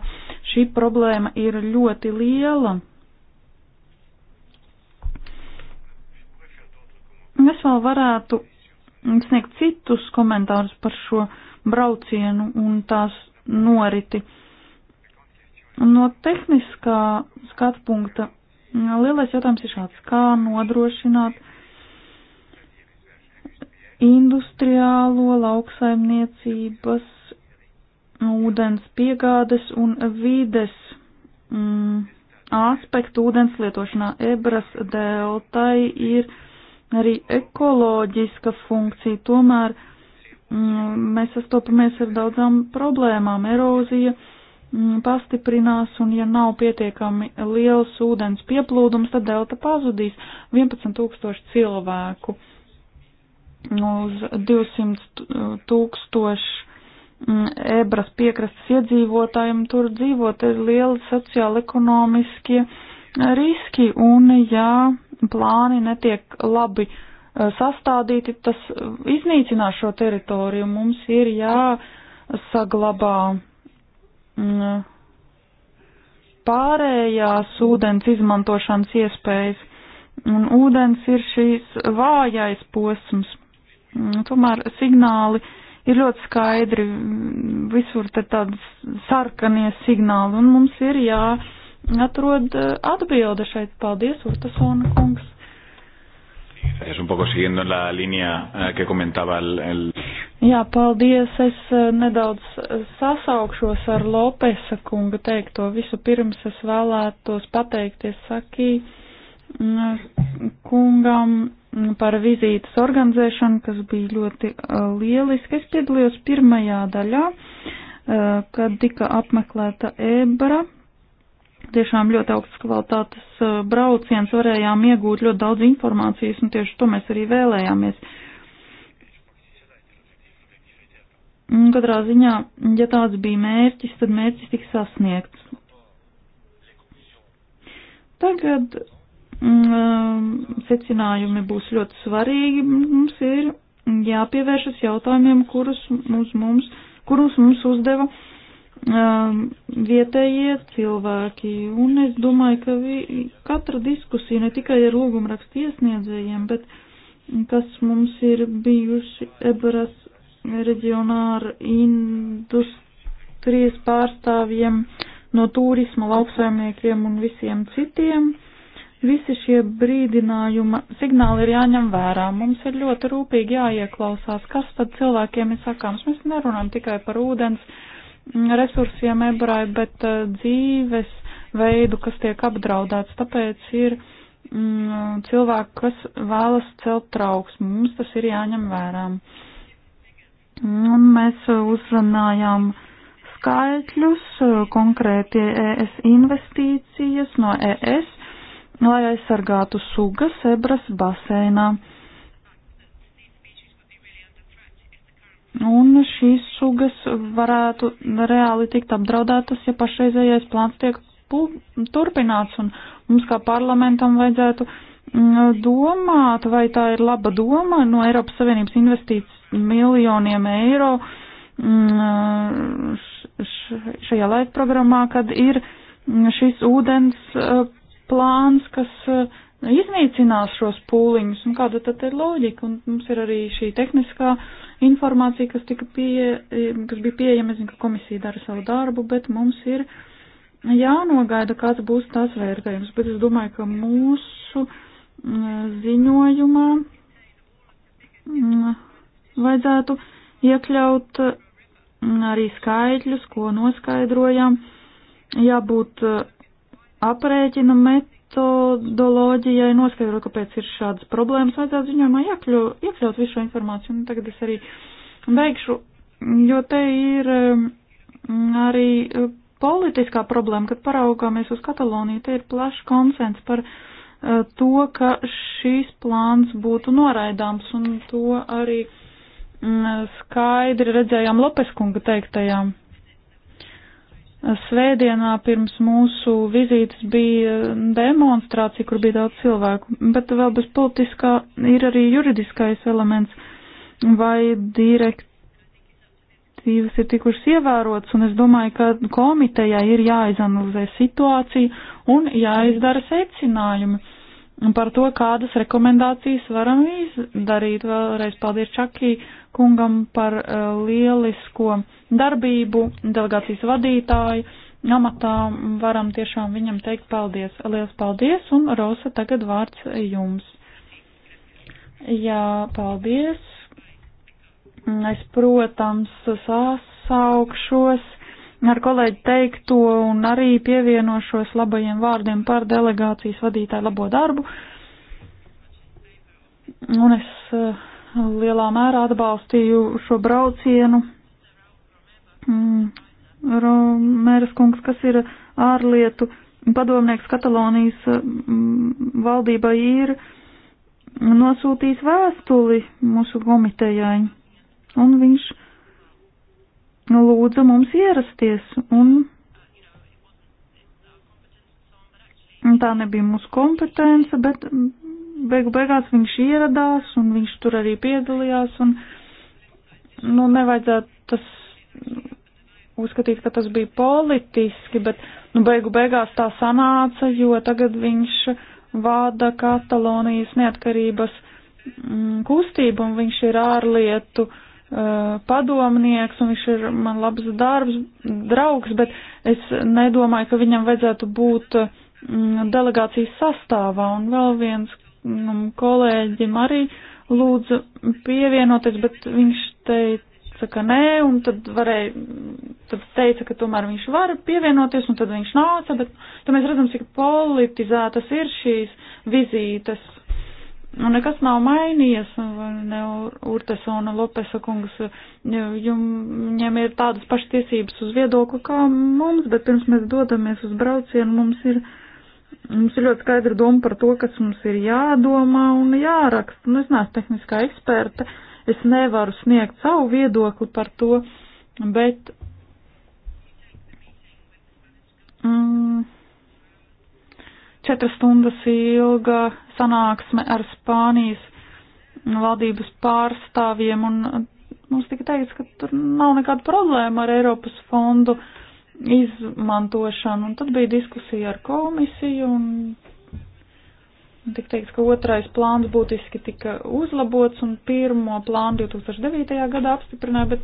šī problēma ir ļoti liela Es vēl varētu sniegt citus komentārus par šo braucienu un tās noriti. No tehniskā skatu punkta lielais jautājums ir šāds, kā nodrošināt industriālo lauksaimniecības, nu, ūdens piegādes un vides mm, aspektu ūdens lietošanā. Ebras deltai ir arī ekoloģiska funkcija. Tomēr mm, mēs sastopamies ar daudzām problēmām. Erozija mm, pastiprinās, un ja nav pietiekami liels ūdens pieplūdums, tad delta pazudīs 11 tūkstoši cilvēku uz 200 tūkstoši mm, ebras piekrastes iedzīvotājiem tur dzīvot ir lieli sociāli ekonomiskie riski, un ja plāni netiek labi e, sastādīti, tas e, iznīcinās šo teritoriju. Mums ir jāsaglabā mm, e, pārējās ūdens izmantošanas iespējas, un ūdens ir šīs vājais posms. Mm, tomēr signāli ir ļoti skaidri, mm, visur te tādi sarkanie signāli, un mums ir jā. Ja atrod eh, atbilde šeit. Paldies, Urtasona kungs. Es un poco siguiendo en la línea eh, que comentaba el, el... Jā, paldies. Es eh, nedaudz sasaukšos ar Lopesa kunga teikto. Visu pirms es vēlētos pateikties Sakī mm, kungam mm, par vizītes organizēšanu, kas bija ļoti lieliski. Es piedalījos pirmajā daļā, kad tika apmeklēta Ebra tiešām ļoti augsts kvalitātes uh, brauciens, varējām iegūt ļoti daudz informācijas, un tieši to mēs arī vēlējāmies. Un katrā ziņā, ja tāds bija mērķis, tad mērķis tika sasniegts. Tagad mm, um, secinājumi būs ļoti svarīgi. Mums ir jāpievēršas jautājumiem, kurus mums, mums, kurus mums uzdeva uh, um, vietējie cilvēki. Un es domāju, ka vi, katra diskusija ne tikai ar lūgumrakstu iesniedzējiem, bet kas mums ir bijuši Eberas reģionā ar industrijas pārstāvjiem, no turisma lauksaimniekiem un visiem citiem. Visi šie brīdinājuma signāli ir jāņem vērā. Mums ir ļoti rūpīgi jāieklausās, kas tad cilvēkiem ir sakāms. Mēs nerunājam tikai par ūdens uh, resursiem ebrai, bet eh, dzīves veidu, kas tiek apdraudēts. Tāpēc ir mm, cilvēki, kas vēlas celt trauksmu. Mums tas ir jāņem vērā. Un mēs uzrunājām skaitļus, konkrēti ES investīcijas no ES, lai aizsargātu sugas ebras basēnā. Un šīs sugas varētu reāli tikt apdraudētas, ja pašreizējais plāns tiek turpināts. Un mums kā parlamentam vajadzētu mm, domāt, vai tā ir laba doma no Eiropas Savienības investīcijas miljoniem eiro mm, šajā laika programmā, kad ir mm, šis ūdens e, plāns, kas e, iznīcinās šos pūliņus, un kāda tad ir loģika, un mums ir arī šī tehniskā uh, informācija, kas, tika pie, kas bija pieejama, es zinu, ka komisija dara savu darbu, bet mums ir jānogaida, kāds būs tās vērtējums. Bet es domāju, ka mūsu mm, ziņojumā mm, vajadzētu iekļaut mm, arī skaitļus, ko noskaidrojām, jābūt aprēķina metodēm metodoloģijai noskaidro, kāpēc ir šādas problēmas, vajadzētu ziņojumā iekļu, iekļaut visu šo informāciju. Un tagad es arī beigšu, jo te ir um, arī uh, politiskā problēma, kad paraugāmies uz Kataloniju, te ir plašs konsens par uh, to, ka šīs plāns būtu noraidāms, un to arī mm, skaidri redzējām Lopeskunga teiktajām Svētdienā pirms mūsu vizītes bija demonstrācija, kur bija daudz cilvēku, bet vēl bez politiskā ir arī juridiskais elements, vai direktīvas ir tikušas ievērotas, un es domāju, ka komitejai ir jāizanalizē situācija un jāizdara secinājumi par to, kādas rekomendācijas varam izdarīt. Vēlreiz paldies Čakī kungam par eh, lielisko darbību, delegācijas vadītāju amatā. Varam tiešām viņam teikt paldies. Lielas paldies un Rosa tagad vārds jums. Jā, paldies. Es, protams, sasaukšos ar kolēģi teikto un arī pievienošos labajiem vārdiem par delegācijas vadītāju labo darbu. Un es eh, lielā mērā atbalstīju šo braucienu mm, Romēras kungs, kas ir ārlietu padomnieks Katalonijas eh, mm, valdībai, ir nosūtījis vēstuli mūsu komitejai, un viņš lūdza mums ierasties, un tā nebija mūsu kompetence, bet mm, beigu beigās viņš ieradās, un viņš tur arī piedalījās, un, nu, nevajadzētu tas uzskatīt, ka tas bija politiski, bet nu, beigu beigās tā sanāca, jo tagad viņš vada Katalonijas neatkarības mm, kustību un viņš ir ārlietu uh, padomnieks un viņš ir man labs darbs, draugs, bet es nedomāju, ka viņam vajadzētu būt mm, delegācijas sastāvā un vēl viens mm, kolēģim arī lūdzu pievienoties, bet viņš teica, teica, ka nē, un tad varēja, tad teica, ka tomēr viņš var pievienoties, un tad viņš nāca, bet tad mēs redzam, cik politizētas ir šīs vizītes. Un nekas nav mainījies, ne Urtes un Lopesa kungs, viņiem ir tādas pašas tiesības uz viedokli kā mums, bet pirms mēs dodamies uz braucienu, mums ir, mums ir ļoti skaidra doma par to, kas mums ir jādomā un jāraksta. Nu, es neesmu tehniskā eksperta. Uh, Es nevaru sniegt savu viedokli par to, bet. Mm, četras stundas ilga sanāksme ar Spānijas valdības pārstāvjiem, un mums tika teikts, ka tur nav nekāda problēma ar Eiropas fondu izmantošanu, un tad bija diskusija ar komisiju, un Tik teiks, ka otrais plāns būtiski tika uzlabots un pirmo plānu 2009. gadā apstiprināja, bet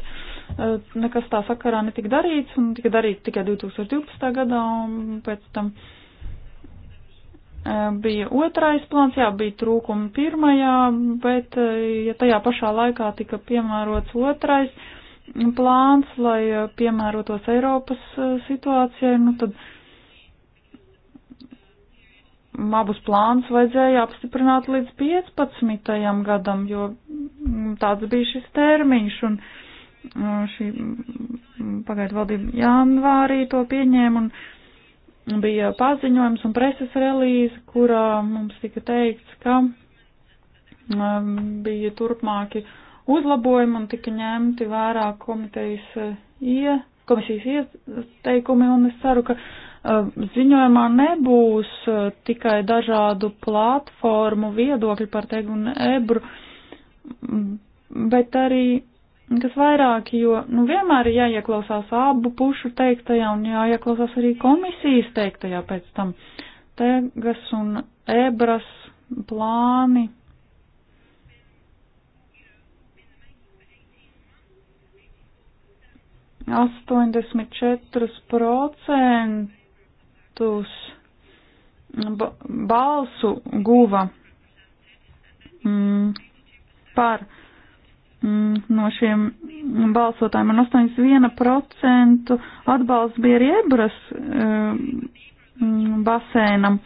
uh, nekas tā sakarā netika darīts un tika darīts tikai 2012. gadā un pēc tam uh, bija otrais plāns, jā, bija trūkumi pirmajā, bet uh, ja tajā pašā laikā tika piemērots otrais plāns, lai piemērotos Eiropas situācijai, nu tad abus plānus vajadzēja apstiprināt līdz 15. gadam, jo mm, tāds bija šis termiņš, un mm, šī mm, pagaidu valdība janvārī to pieņēma, un bija paziņojums un preses relīze, kurā mums tika teikts, ka bija turpmāki uzlabojumi un tika ņemti vērā komitejas eh, ie, komisijas ieteikumi, un es ceru, ka uh, Uh, ziņojumā nebūs uh, tikai dažādu platformu viedokļi par Tegu un Ebru, mm, bet arī kas vairāk, jo nu, vienmēr ir jāieklausās abu pušu teiktajā un jāieklausās arī komisijas teiktajā pēc tam. Tegas un ebras plāni. Astoņdesmit četrus procentus procentus balsu guva mm, par mm, no šiem balsotājiem. Un 81% atbalsts bija arī Ebras mm, basēnam,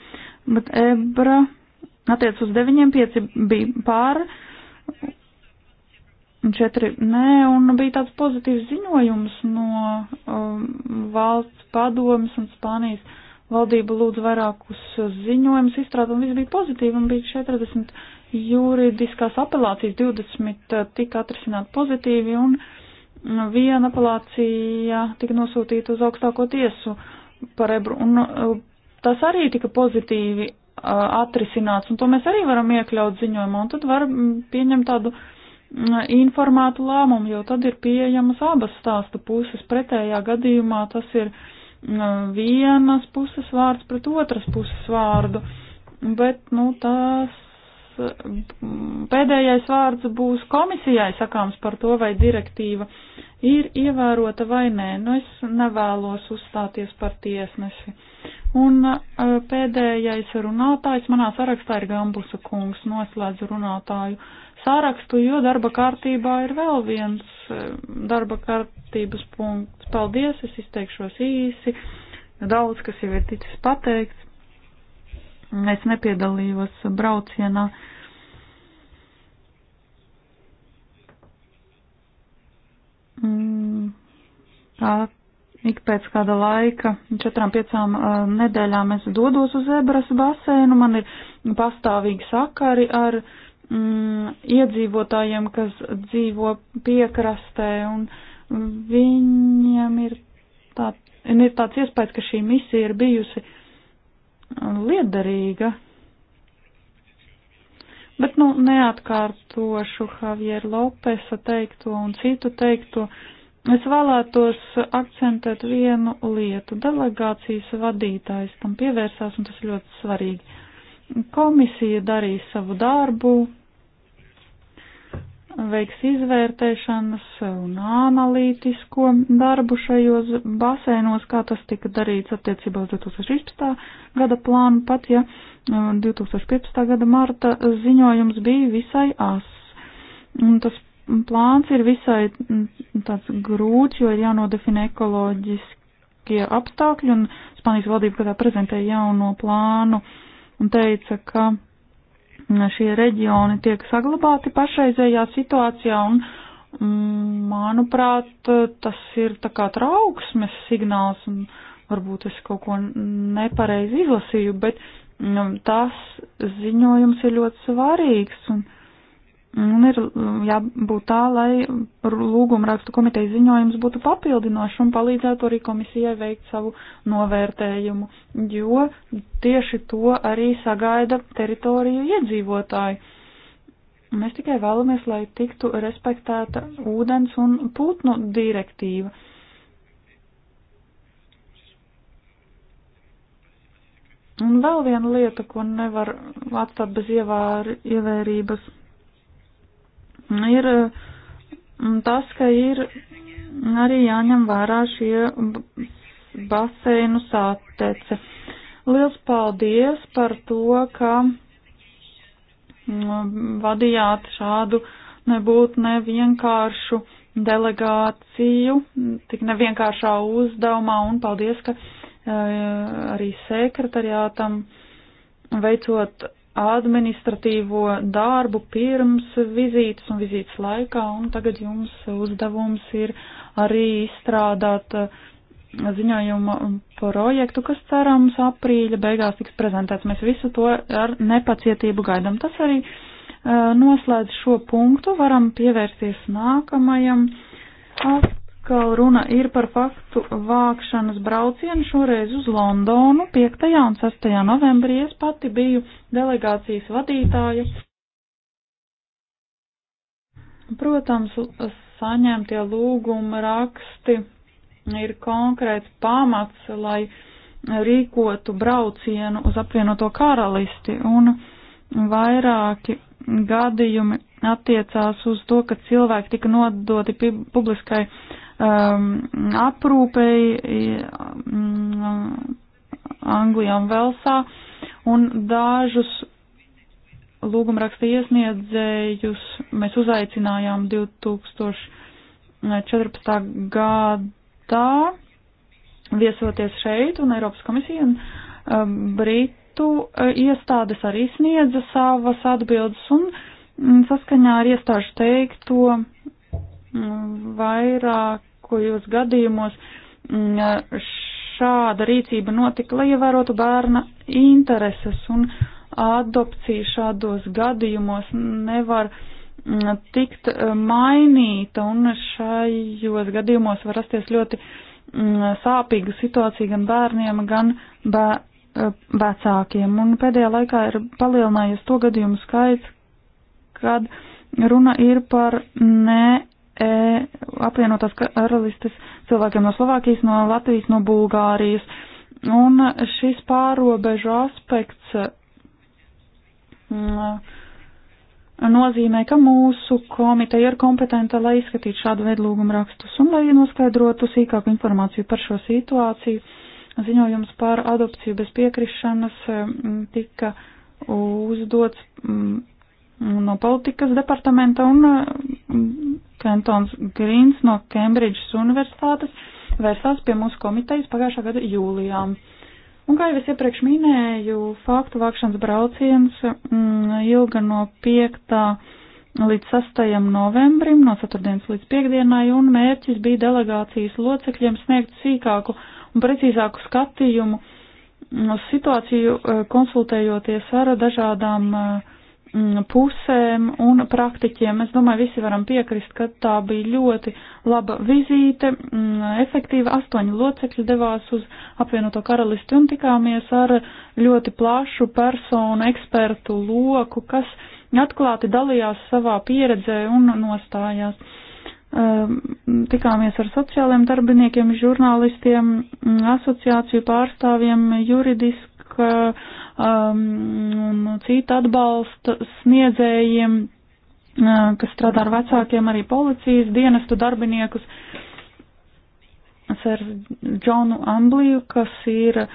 bet Ebra attiec uz 9,5 bija pār četri, nē, un bija tāds pozitīvs ziņojums no um, valsts padomas un Spānijas valdība lūdza vairākus uh, ziņojumus izstrādāt, un viss bija pozitīvi, un bija 40 juridiskās apelācijas, 20 uh, tika atrisināt pozitīvi, un uh, viena apelācija tika nosūtīta uz augstāko tiesu par ebru, un tas arī tika pozitīvi atrisināts, un to mēs arī varam iekļaut ziņojumā, un tad var mm, pieņemt tādu mm, informātu lēmumu, jo tad ir pieejamas abas stāsta puses. Pretējā gadījumā tas ir uh, vienas puses vārds pret otras puses vārdu, bet, nu, tas mm, pēdējais vārds būs komisijai sakāms par to, vai direktīva ir ievērota vai nē. Nu, es nevēlos uzstāties par tiesnesi. Un e, pēdējais runātājs manā sarakstā ir Gambusa kungs, noslēdz runātāju sārakstu, jo darba kārtībā ir vēl viens e, darba kārtības punkts Paldies, es izteikšos īsi. Daudz, kas jau ir ticis pateikts. Es nepiedalījos braucienā. Mm, tā ik pēc kāda laika, četrām piecām uh, nedēļām es dodos uz ebras basēnu, man ir pastāvīgi sakari ar mm, iedzīvotājiem, kas dzīvo piekrastē un uh, viņam ir, tā, ir tāds iespējas, ka šī misija ir bijusi liederīga. Bet, nu, neatkārtošu Javier Lopesa teikto un citu teikto. Es vēlētos akcentēt vienu lietu. Delegācijas vadītājs tam pievērsās, un tas ir ļoti svarīgi. Komisija darīja savu darbu, veiks izvērtēšanas un analītisko darbu šajos basēnos, kā tas tika darīts attiecībā uz 2016. gada plānu, pat ja 2015. Um, gada marta ziņojums bija visai as. Un tas plāns ir visai mm, tāds grūts, jo ir jānodefinē ekoloģiskie apstākļi, un Spānijas valdība, kad tā prezentēja jauno plānu, un teica, ka Mm, šie reģioni tiek saglabāti pašreizējā situācijā un, mm, manuprāt, tas ir tā kā trauksmes signāls un varbūt es kaut ko nepareizi izlasīju, bet mm, tas ziņojums ir ļoti svarīgs un Un ir mm, jābūt tā, lai lūguma rakstu komitejas ziņojums būtu papildinošs un palīdzētu arī komisijai veikt savu novērtējumu, jo tieši to arī sagaida teritoriju iedzīvotāji. Mēs tikai vēlamies, lai tiktu respektēta ūdens un putnu direktīva. Un vēl viena lieta, ko nevar atstāt bez ievērības ir mm, tas, ka ir arī jāņem vērā šie baseinu sātece. Liels paldies par to, ka mm, vadījāt šādu nebūtu nevienkāršu delegāciju, tik nevienkāršā uzdevumā, un paldies, ka eh, arī sekretariātam veicot administratīvo darbu pirms vizītes un vizītes laikā, un tagad jums uzdevums ir arī izstrādāt uh, ziņojuma projektu, kas cerams aprīļa beigās tiks prezentēts. Mēs visu to ar nepacietību gaidām. Tas arī uh, noslēdz šo punktu, varam pievērsties nākamajam uh, atkal runa ir par faktu vākšanas braucienu šoreiz uz Londonu 5. un 6. novembrī. Es pati biju delegācijas vadītāja. Protams, saņemtie lūguma raksti ir konkrēts pamats, lai rīkotu braucienu uz apvienoto karalisti, un vairāki gadījumi attiecās uz to, ka cilvēki tika nodoti publiskai um, aprūpei um, Anglijā un Velsā, un dažus lūgumraksta iesniedzējus mēs uzaicinājām 2014. gadā viesoties šeit, un Eiropas komisija un um, Britu uh, iestādes arī sniedza savas atbildes, un mm, saskaņā ar iestāžu teikto mm, vairāk vairākojos gadījumos mm, šāda rīcība notika, lai ievērotu bērna intereses un adopcija šādos gadījumos nevar mm, tikt e, mainīta un šajos gadījumos var rasties ļoti mm, sāpīga situācija gan bērniem, gan bērniem vecākiem, un pēdējā laikā ir palielinājies to gadījumu skaits, kad runa ir par ne E, apvienotās karalistes cilvēkiem no Slovākijas, no Latvijas, no Bulgārijas. Un šis pārobežu aspekts mm, nozīmē, ka mūsu komiteja ir kompetenta, lai izskatītu šādu veidu lūgumu rakstus un lai noskaidrotu sīkāku informāciju par šo situāciju. Ziņojums par adopciju bez piekrišanas mm, tika uzdots mm, no politikas departamenta un uh, Kentons Grīns no Kembridžas universitātes vērsās pie mūsu komitejas pagājušā gada jūlijā. Un kā jau es iepriekš minēju, faktu vākšanas brauciens mm, ilga no 5. līdz 6. novembrim, no 4. līdz 5. un mērķis bija delegācijas locekļiem sniegt sīkāku un precīzāku skatījumu uz situāciju, uh, konsultējoties ar dažādām uh, Mm, pusēm un praktiķiem. Es domāju, visi varam piekrist, ka tā bija ļoti laba vizīte, mm, efektīva. Astoņi locekļi devās uz apvienoto karalisti un tikāmies ar ļoti plašu personu ekspertu loku, kas atklāti dalījās savā pieredzē un nostājās. Ehm, tikāmies ar sociāliem darbiniekiem, žurnālistiem, mm, asociāciju pārstāvjiem, juridisku um, un citu atbalsta sniedzējiem, um, kas strādā ar vecākiem, arī policijas dienestu darbiniekus. Ar Džonu Ambliju, kas ir uh,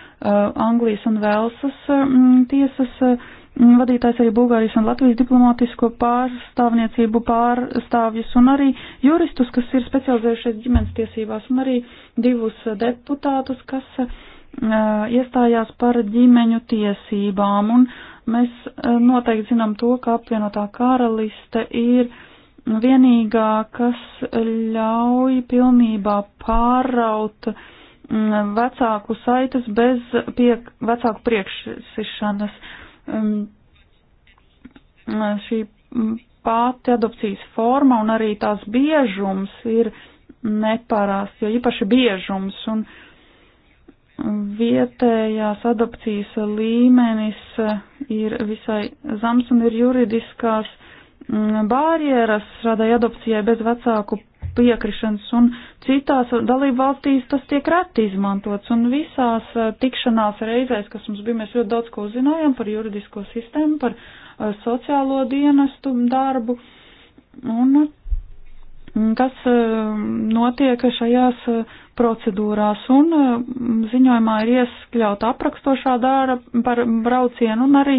Anglijas un Velsas um, tiesas uh, vadītājs arī Bulgārijas un Latvijas diplomātisko pārstāvniecību pārstāvjus un arī juristus, kas ir specializējušies ģimenes tiesībās, un arī divus deputātus, kas uh, Eh, iestājās par ģimeņu tiesībām, un mēs eh, noteikti zinām to, ka apvienotā karaliste ir vienīgā, kas ļauj pilnībā pāraut mm, vecāku saites bez piek, vecāku priekšsišanas. Mm, mm, šī pati adopcijas forma un arī tās biežums ir neparāsts, jo īpaši biežums un uh, vietējās adopcijas līmenis ir visai zams un ir juridiskās mm, barjeras šādai adopcijai bez vecāku piekrišanas, un citās dalību valstīs tas tiek reti izmantots, un visās eh, tikšanās reizēs, kas mums bija, mēs ļoti daudz ko uzzinājām par juridisko sistēmu, par eh, sociālo dienestu darbu, un mm, kas eh, notiek šajās uh, procedūrās, un mm, ziņojumā ir ieskļauta aprakstošā dāra par braucienu un arī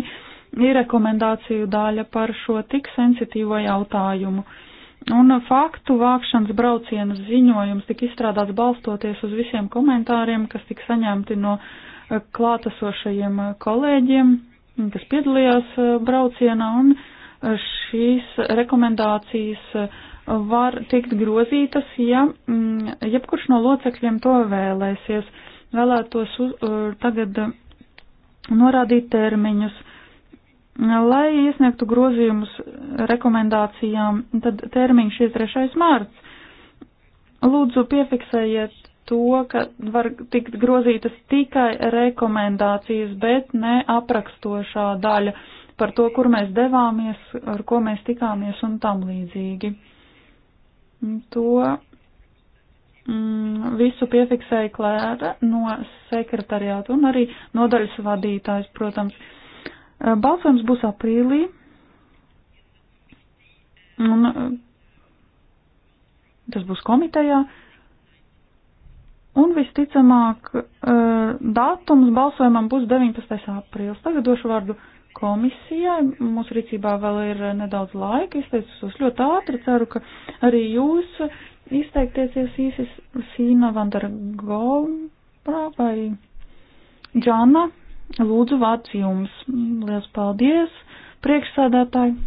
ir rekomendāciju daļa par šo tik sensitīvo jautājumu. Un faktu vākšanas braucienas ziņojums tika izstrādāts balstoties uz visiem komentāriem, kas tika saņemti no eh, klātesošajiem eh, kolēģiem, kas piedalījās eh, braucienā, un šīs rekomendācijas var tikt grozītas, ja mm, jebkurš no locekļiem to vēlēsies. Vēlētos uz, uh, tagad uh, norādīt termiņus. Lai iesniegtu grozījumus rekomendācijām, tad termiņš ir 3. mārts. Lūdzu, piefiksējiet to, ka var tikt grozītas tikai rekomendācijas, bet ne aprakstošā daļa par to, kur mēs devāmies, ar ko mēs tikāmies un tam līdzīgi. To mm, visu piefiksēja Klēra no sekretariāta un arī nodaļas vadītājs, protams. Balsojums būs aprīlī. Un, tas būs komitejā. Un visticamāk, datums balsojumam būs 19. aprīlis. Tagad došu vārdu komisijai. Mūsu rīcībā vēl ir nedauz laika, izteicos ļoti ātri, ceru, ka arī jūs izteiktieties īsi Sīna Vandargovra vai Džana. Lūdzu, vārds jums. Lielas paldies, priekšsādātāji!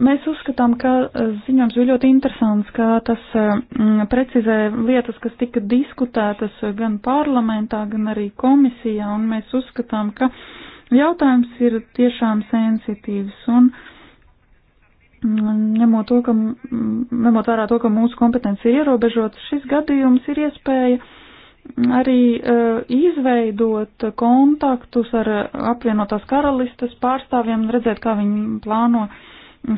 Mēs uzskatām, ka eh, ziņojums bija ļoti interesants, ka tas eh, mm, precizē lietas, kas tika diskutētas eh, gan parlamentā, gan arī komisijā, un mēs uzskatām, ka jautājums ir tiešām sensitīvs, un mm, ņemot, to, ka, mm, ņemot vērā to, ka mūsu kompetence ir ierobežota, šis gadījums ir iespēja arī uh, izveidot kontaktus ar apvienotās karalistes pārstāvjiem, redzēt, kā viņi plāno uh,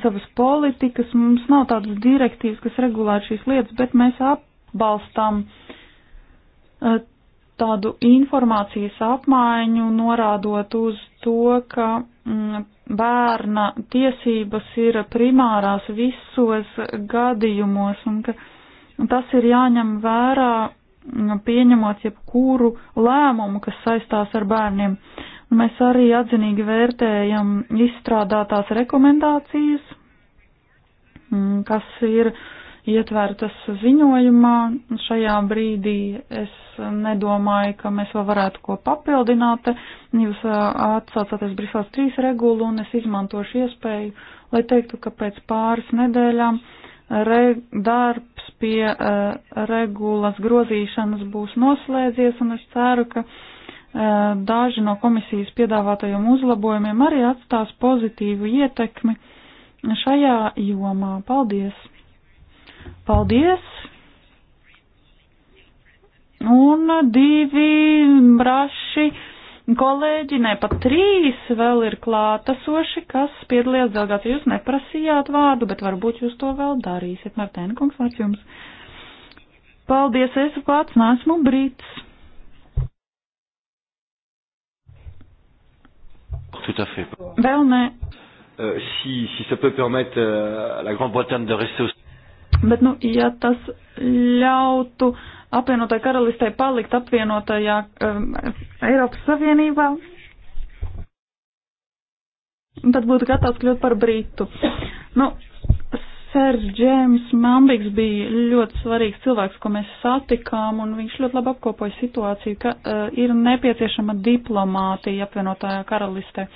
savas politikas, mums nav tādas direktīvas, kas regulētu šīs lietas, bet mēs atbalstām e, tādu informācijas apmaiņu, norādot uz to, ka mm, bērna tiesības ir primārās visos gadījumos un ka tas ir jāņem vērā mm, pieņemot jebkuru lēmumu, kas saistās ar bērniem. Uh, Mēs arī atzinīgi vērtējam izstrādātās rekomendācijas, mm, kas ir ietvērtas ziņojumā. Šajā brīdī es nedomāju, ka mēs vēl varētu ko papildināt. Jūs atsaucaties Brisels 3 regulu un es izmantošu iespēju, lai teiktu, ka pēc pāris nedēļām re, darbs pie uh, regulas grozīšanas būs noslēdzies un es ceru, ka uh, Eh, daži no komisijas piedāvātajiem uzlabojumiem arī atstās pozitīvu ietekmi šajā jomā. Paldies! Paldies! Un divi braši kolēģi, ne pat trīs vēl ir klātesoši, kas piedalījās delegācijā. Jūs neprasījāt vārdu, bet varbūt jūs to vēl darīsiet. Martēna kungs, vārds jums. Paldies, es pats nesmu brīts. Tout à fait. Vēl nē. Uh, si, si ça peut permettre uh, la Grande-Bretagne de rester aussi. Bet, nu, ja tas ļautu apvienotai karalistei palikt apvienotajā um, Eiropas Savienībā, tad būtu gatavs kļūt par Britu. Nu, Sērs Džēms Mambiks bija ļoti svarīgs cilvēks, ko mēs satikām, un viņš ļoti labi apkopoja situāciju, ka uh, ir nepieciešama diplomātija apvienotājā karalistē.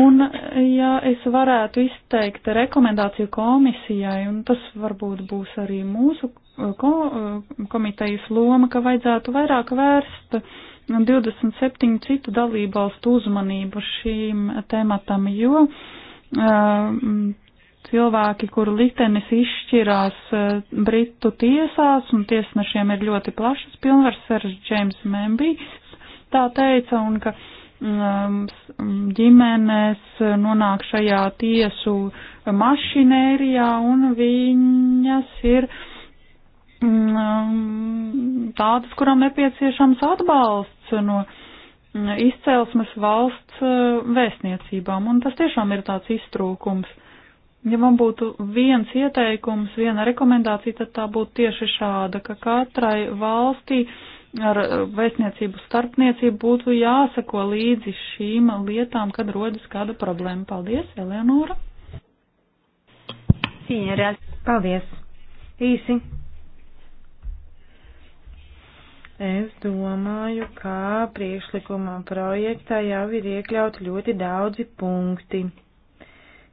Un, ja es varētu izteikt rekomendāciju komisijai, un tas varbūt būs arī mūsu eh, ko, eh, komitejas loma, ka vajadzētu vairāk vērst 27 citu dalībvalstu uzmanību šīm tematam, jo uh, cilvēki, kuru liktenis izšķirās eh, Britu tiesās, un tiesnešiem ir ļoti plašas pilnvars, ir Džeims Membijs tā teica, un ka um, ģimenes nonāk šajā tiesu mašinērijā, un viņas ir um, tādas, kuram nepieciešams atbalsts no mm, izcelsmes valsts eh, vēstniecībām, un tas tiešām ir tāds iztrūkums. Ja man būtu viens ieteikums, viena rekomendācija, tad tā būtu tieši šāda, ka katrai valstī ar vēstniecību starpniecību būtu jāsako līdzi šīm lietām, kad rodas kāda problēma. Paldies, Eleonora! Sīņerēs. Paldies! Īsi! Es domāju, ka priekšlikuma projektā jau ir iekļauti ļoti daudzi punkti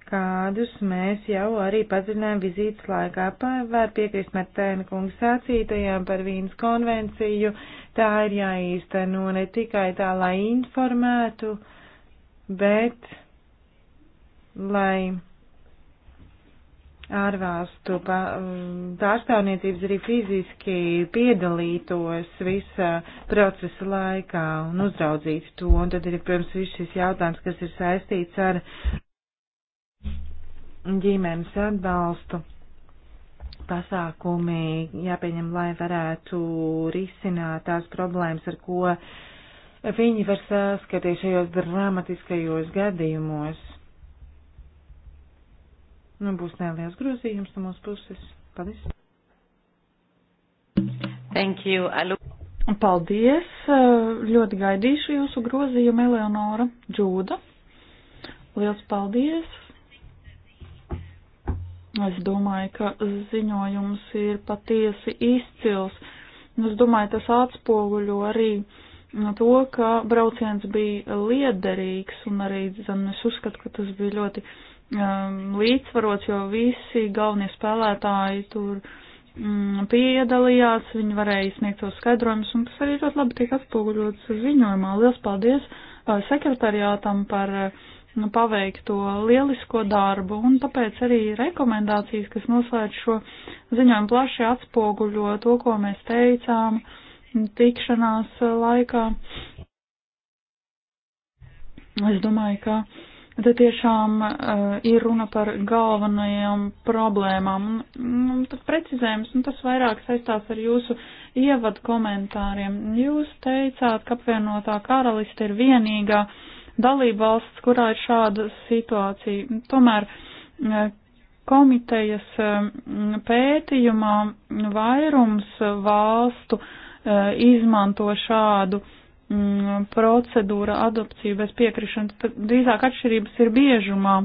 kādus mēs jau arī paziņojām vizītes laikā. Var piekrist Martēna kungu sacītajām par Vīnas konvenciju. Tā ir jāīsteno ne tikai tā, lai informētu, bet lai ārvalstu pārstāvniecības arī fiziski piedalītos visa procesa laikā un uzraudzītu to. Un tad ir, protams, viss šis jautājums, kas ir saistīts ar ģimenes atbalstu pasākumi jāpieņem, lai varētu risināt tās problēmas, ar ko viņi var saskaties šajos dramatiskajos gadījumos. Nu, būs neliels grozījums no mūsu puses. Paldies! Thank you. Paldies! Ļoti gaidīšu jūsu grozījumu, Eleonora Džūda. Liels paldies! Es domāju, ka ziņojums ir patiesi izcils. Es domāju, tas atspoguļo arī to, ka brauciens bija liederīgs un arī, zin, es uzskatu, ka tas bija ļoti um, līdzsvarots, jo visi galvenie spēlētāji tur um, piedalījās, viņi varēja sniegt savus skaidrojumus un tas arī ļoti labi tiek atspoguļots ziņojumā. Liels paldies uh, sekretariātam par uh, nu, paveikto lielisko darbu, un tāpēc arī rekomendācijas, kas noslēdz šo ziņojumu, plaši atspoguļo to, ko mēs teicām tikšanās laikā. Es domāju, ka te tiešām uh, ir runa par galvenajām problēmām. Nu, tad precizējums, nu, tas vairāk saistās ar jūsu ievadu komentāriem. Jūs teicāt, ka apvienotā karaliste ir vienīgā uh, dalībvalsts, kurā ir šāda situācija. Tomēr eh, komitejas eh, pētījumā vairums valstu eh, izmanto šādu mm, procedūru adopciju bez piekrišanas. Tad drīzāk atšķirības ir biežumā,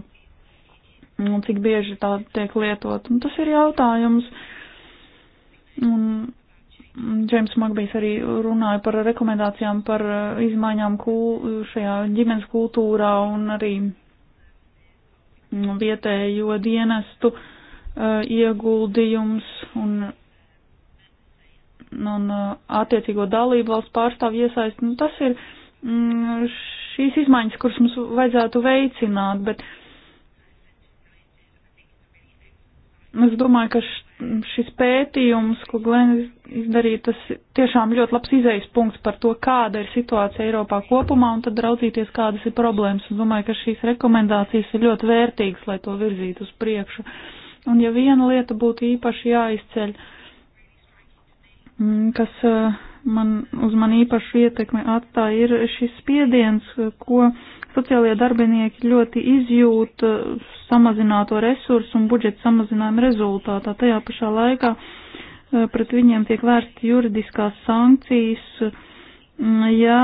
cik bieži tā tiek lietot. Un tas ir jautājums. Un Džeims Magbijs arī runāja par rekomendācijām par eh, izmaiņām kū, šajā ģimenes kultūrā un arī mm, vietējo dienestu uh, ieguldījums un, un eh, attiecīgo dalību valsts pārstāvju iesaist. Nu, tas ir mm, šīs izmaiņas, kuras mums vajadzētu veicināt, bet es domāju, ka šis pētījums, ko Glenis izdarīja, tas tiešām ļoti labs izējas punkts par to, kāda ir situācija Eiropā kopumā, un tad raudzīties, kādas ir problēmas. Un domāju, ka šīs rekomendācijas ir ļoti vērtīgas, lai to virzītu uz priekšu. Un ja viena lieta būtu īpaši jāizceļ, mm, kas eh, man, uz man īpašu ietekmi atstāja, ir šis spiediens, eh, ko Sociālie darbinieki ļoti izjūta eh, samazināto resursu un budžeta samazinājumu rezultātā. Tajā pašā laikā eh, pret viņiem tiek vērsti juridiskās sankcijas, mm, ja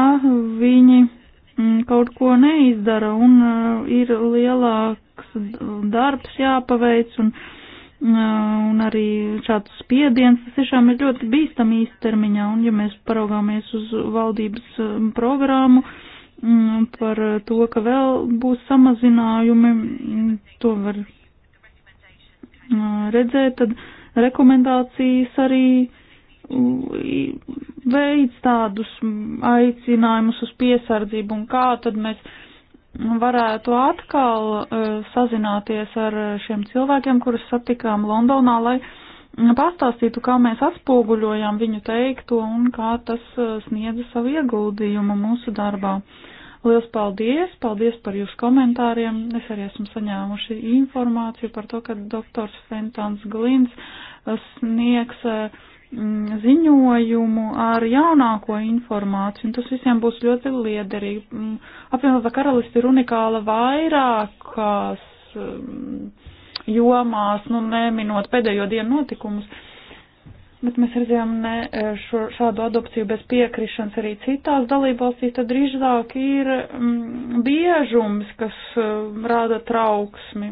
viņi mm, kaut ko neizdara un eh, ir lielāks darbs jāpaveic un, un arī šāds spiediens, tas tiešām ir ļoti bīstam īstermiņā un ja mēs paraugāmies uz valdības programmu, Mm, par to, ka vēl būs samazinājumi, mm, to var mm, redzēt, tad rekomendācijas arī veids tādus aicinājumus uz piesardzību un kā tad mēs varētu atkal eh, sazināties ar eh, šiem cilvēkiem, kurus satikām Londonā, lai uh, pastāstītu, kā mēs atspoguļojam viņu teikto un kā tas uh, sniedza savu ieguldījumu mūsu darbā. Lielas paldies! Paldies par jūsu komentāriem! Es arī esmu saņēmuši informāciju par to, ka doktors Fentons Glins uh, sniegs uh, mm, ziņojumu ar jaunāko informāciju, un tas visiem būs ļoti liederīgi. Mm, apvienotā karalisti ir unikāla vairākās mm, jomās, nu neminot pēdējo dienu notikumus. Bet mēs redzējām ne, e, šo, šādu adopciju bez piekrišanas arī citās dalībvalstīs, tad drīzāk ir mm, biežums, kas mm, rāda trauksmi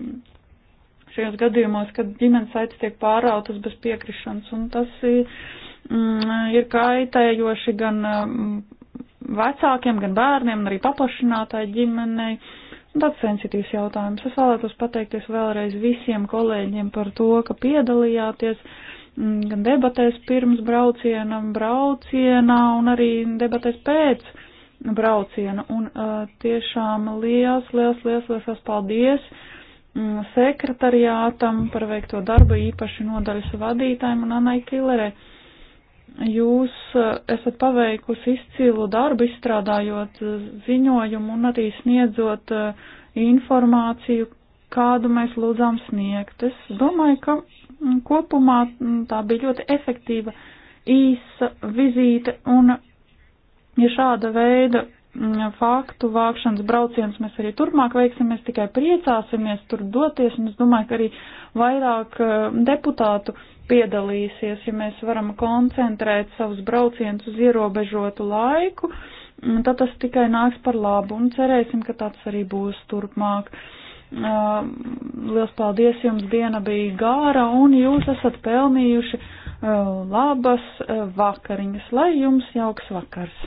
šajos gadījumos, kad ģimenes saites tiek pārautas bez piekrišanas, un tas ir, mm, ir kaitējoši gan mm, vecākiem, gan bērniem, un arī paplašinātāji ģimenei. Mm, tāds sensitīvs jautājums. Es vēlētos pateikties vēlreiz visiem kolēģiem par to, ka piedalījāties mm, gan debatēs pirms brauciena, braucienā un arī debatēs pēc brauciena. Un uh, tiešām liels, liels, liels, liels paldies mm, sekretariātam par veikto darbu, īpaši nodaļas vadītājiem un Anai Kilerei Jūs uh, esat paveikusi izcilu darbu, izstrādājot uh, ziņojumu un arī sniedzot uh, informāciju, kādu mēs lūdzām sniegt. Es domāju, ka mm, kopumā mm, tā bija ļoti efektīva, īsa vizīte un, ja šāda veida faktu vākšanas brauciens mēs arī turpmāk veiksim, mēs tikai priecāsimies tur doties, un es domāju, ka arī vairāk eh, deputātu piedalīsies, ja mēs varam koncentrēt savus braucienus uz ierobežotu laiku, tad tas tikai nāks par labu, un cerēsim, ka tāds arī būs turpmāk. Eh, liels paldies jums, diena bija gāra, un jūs esat pelnījuši eh, labas vakariņas, lai jums jauks vakars!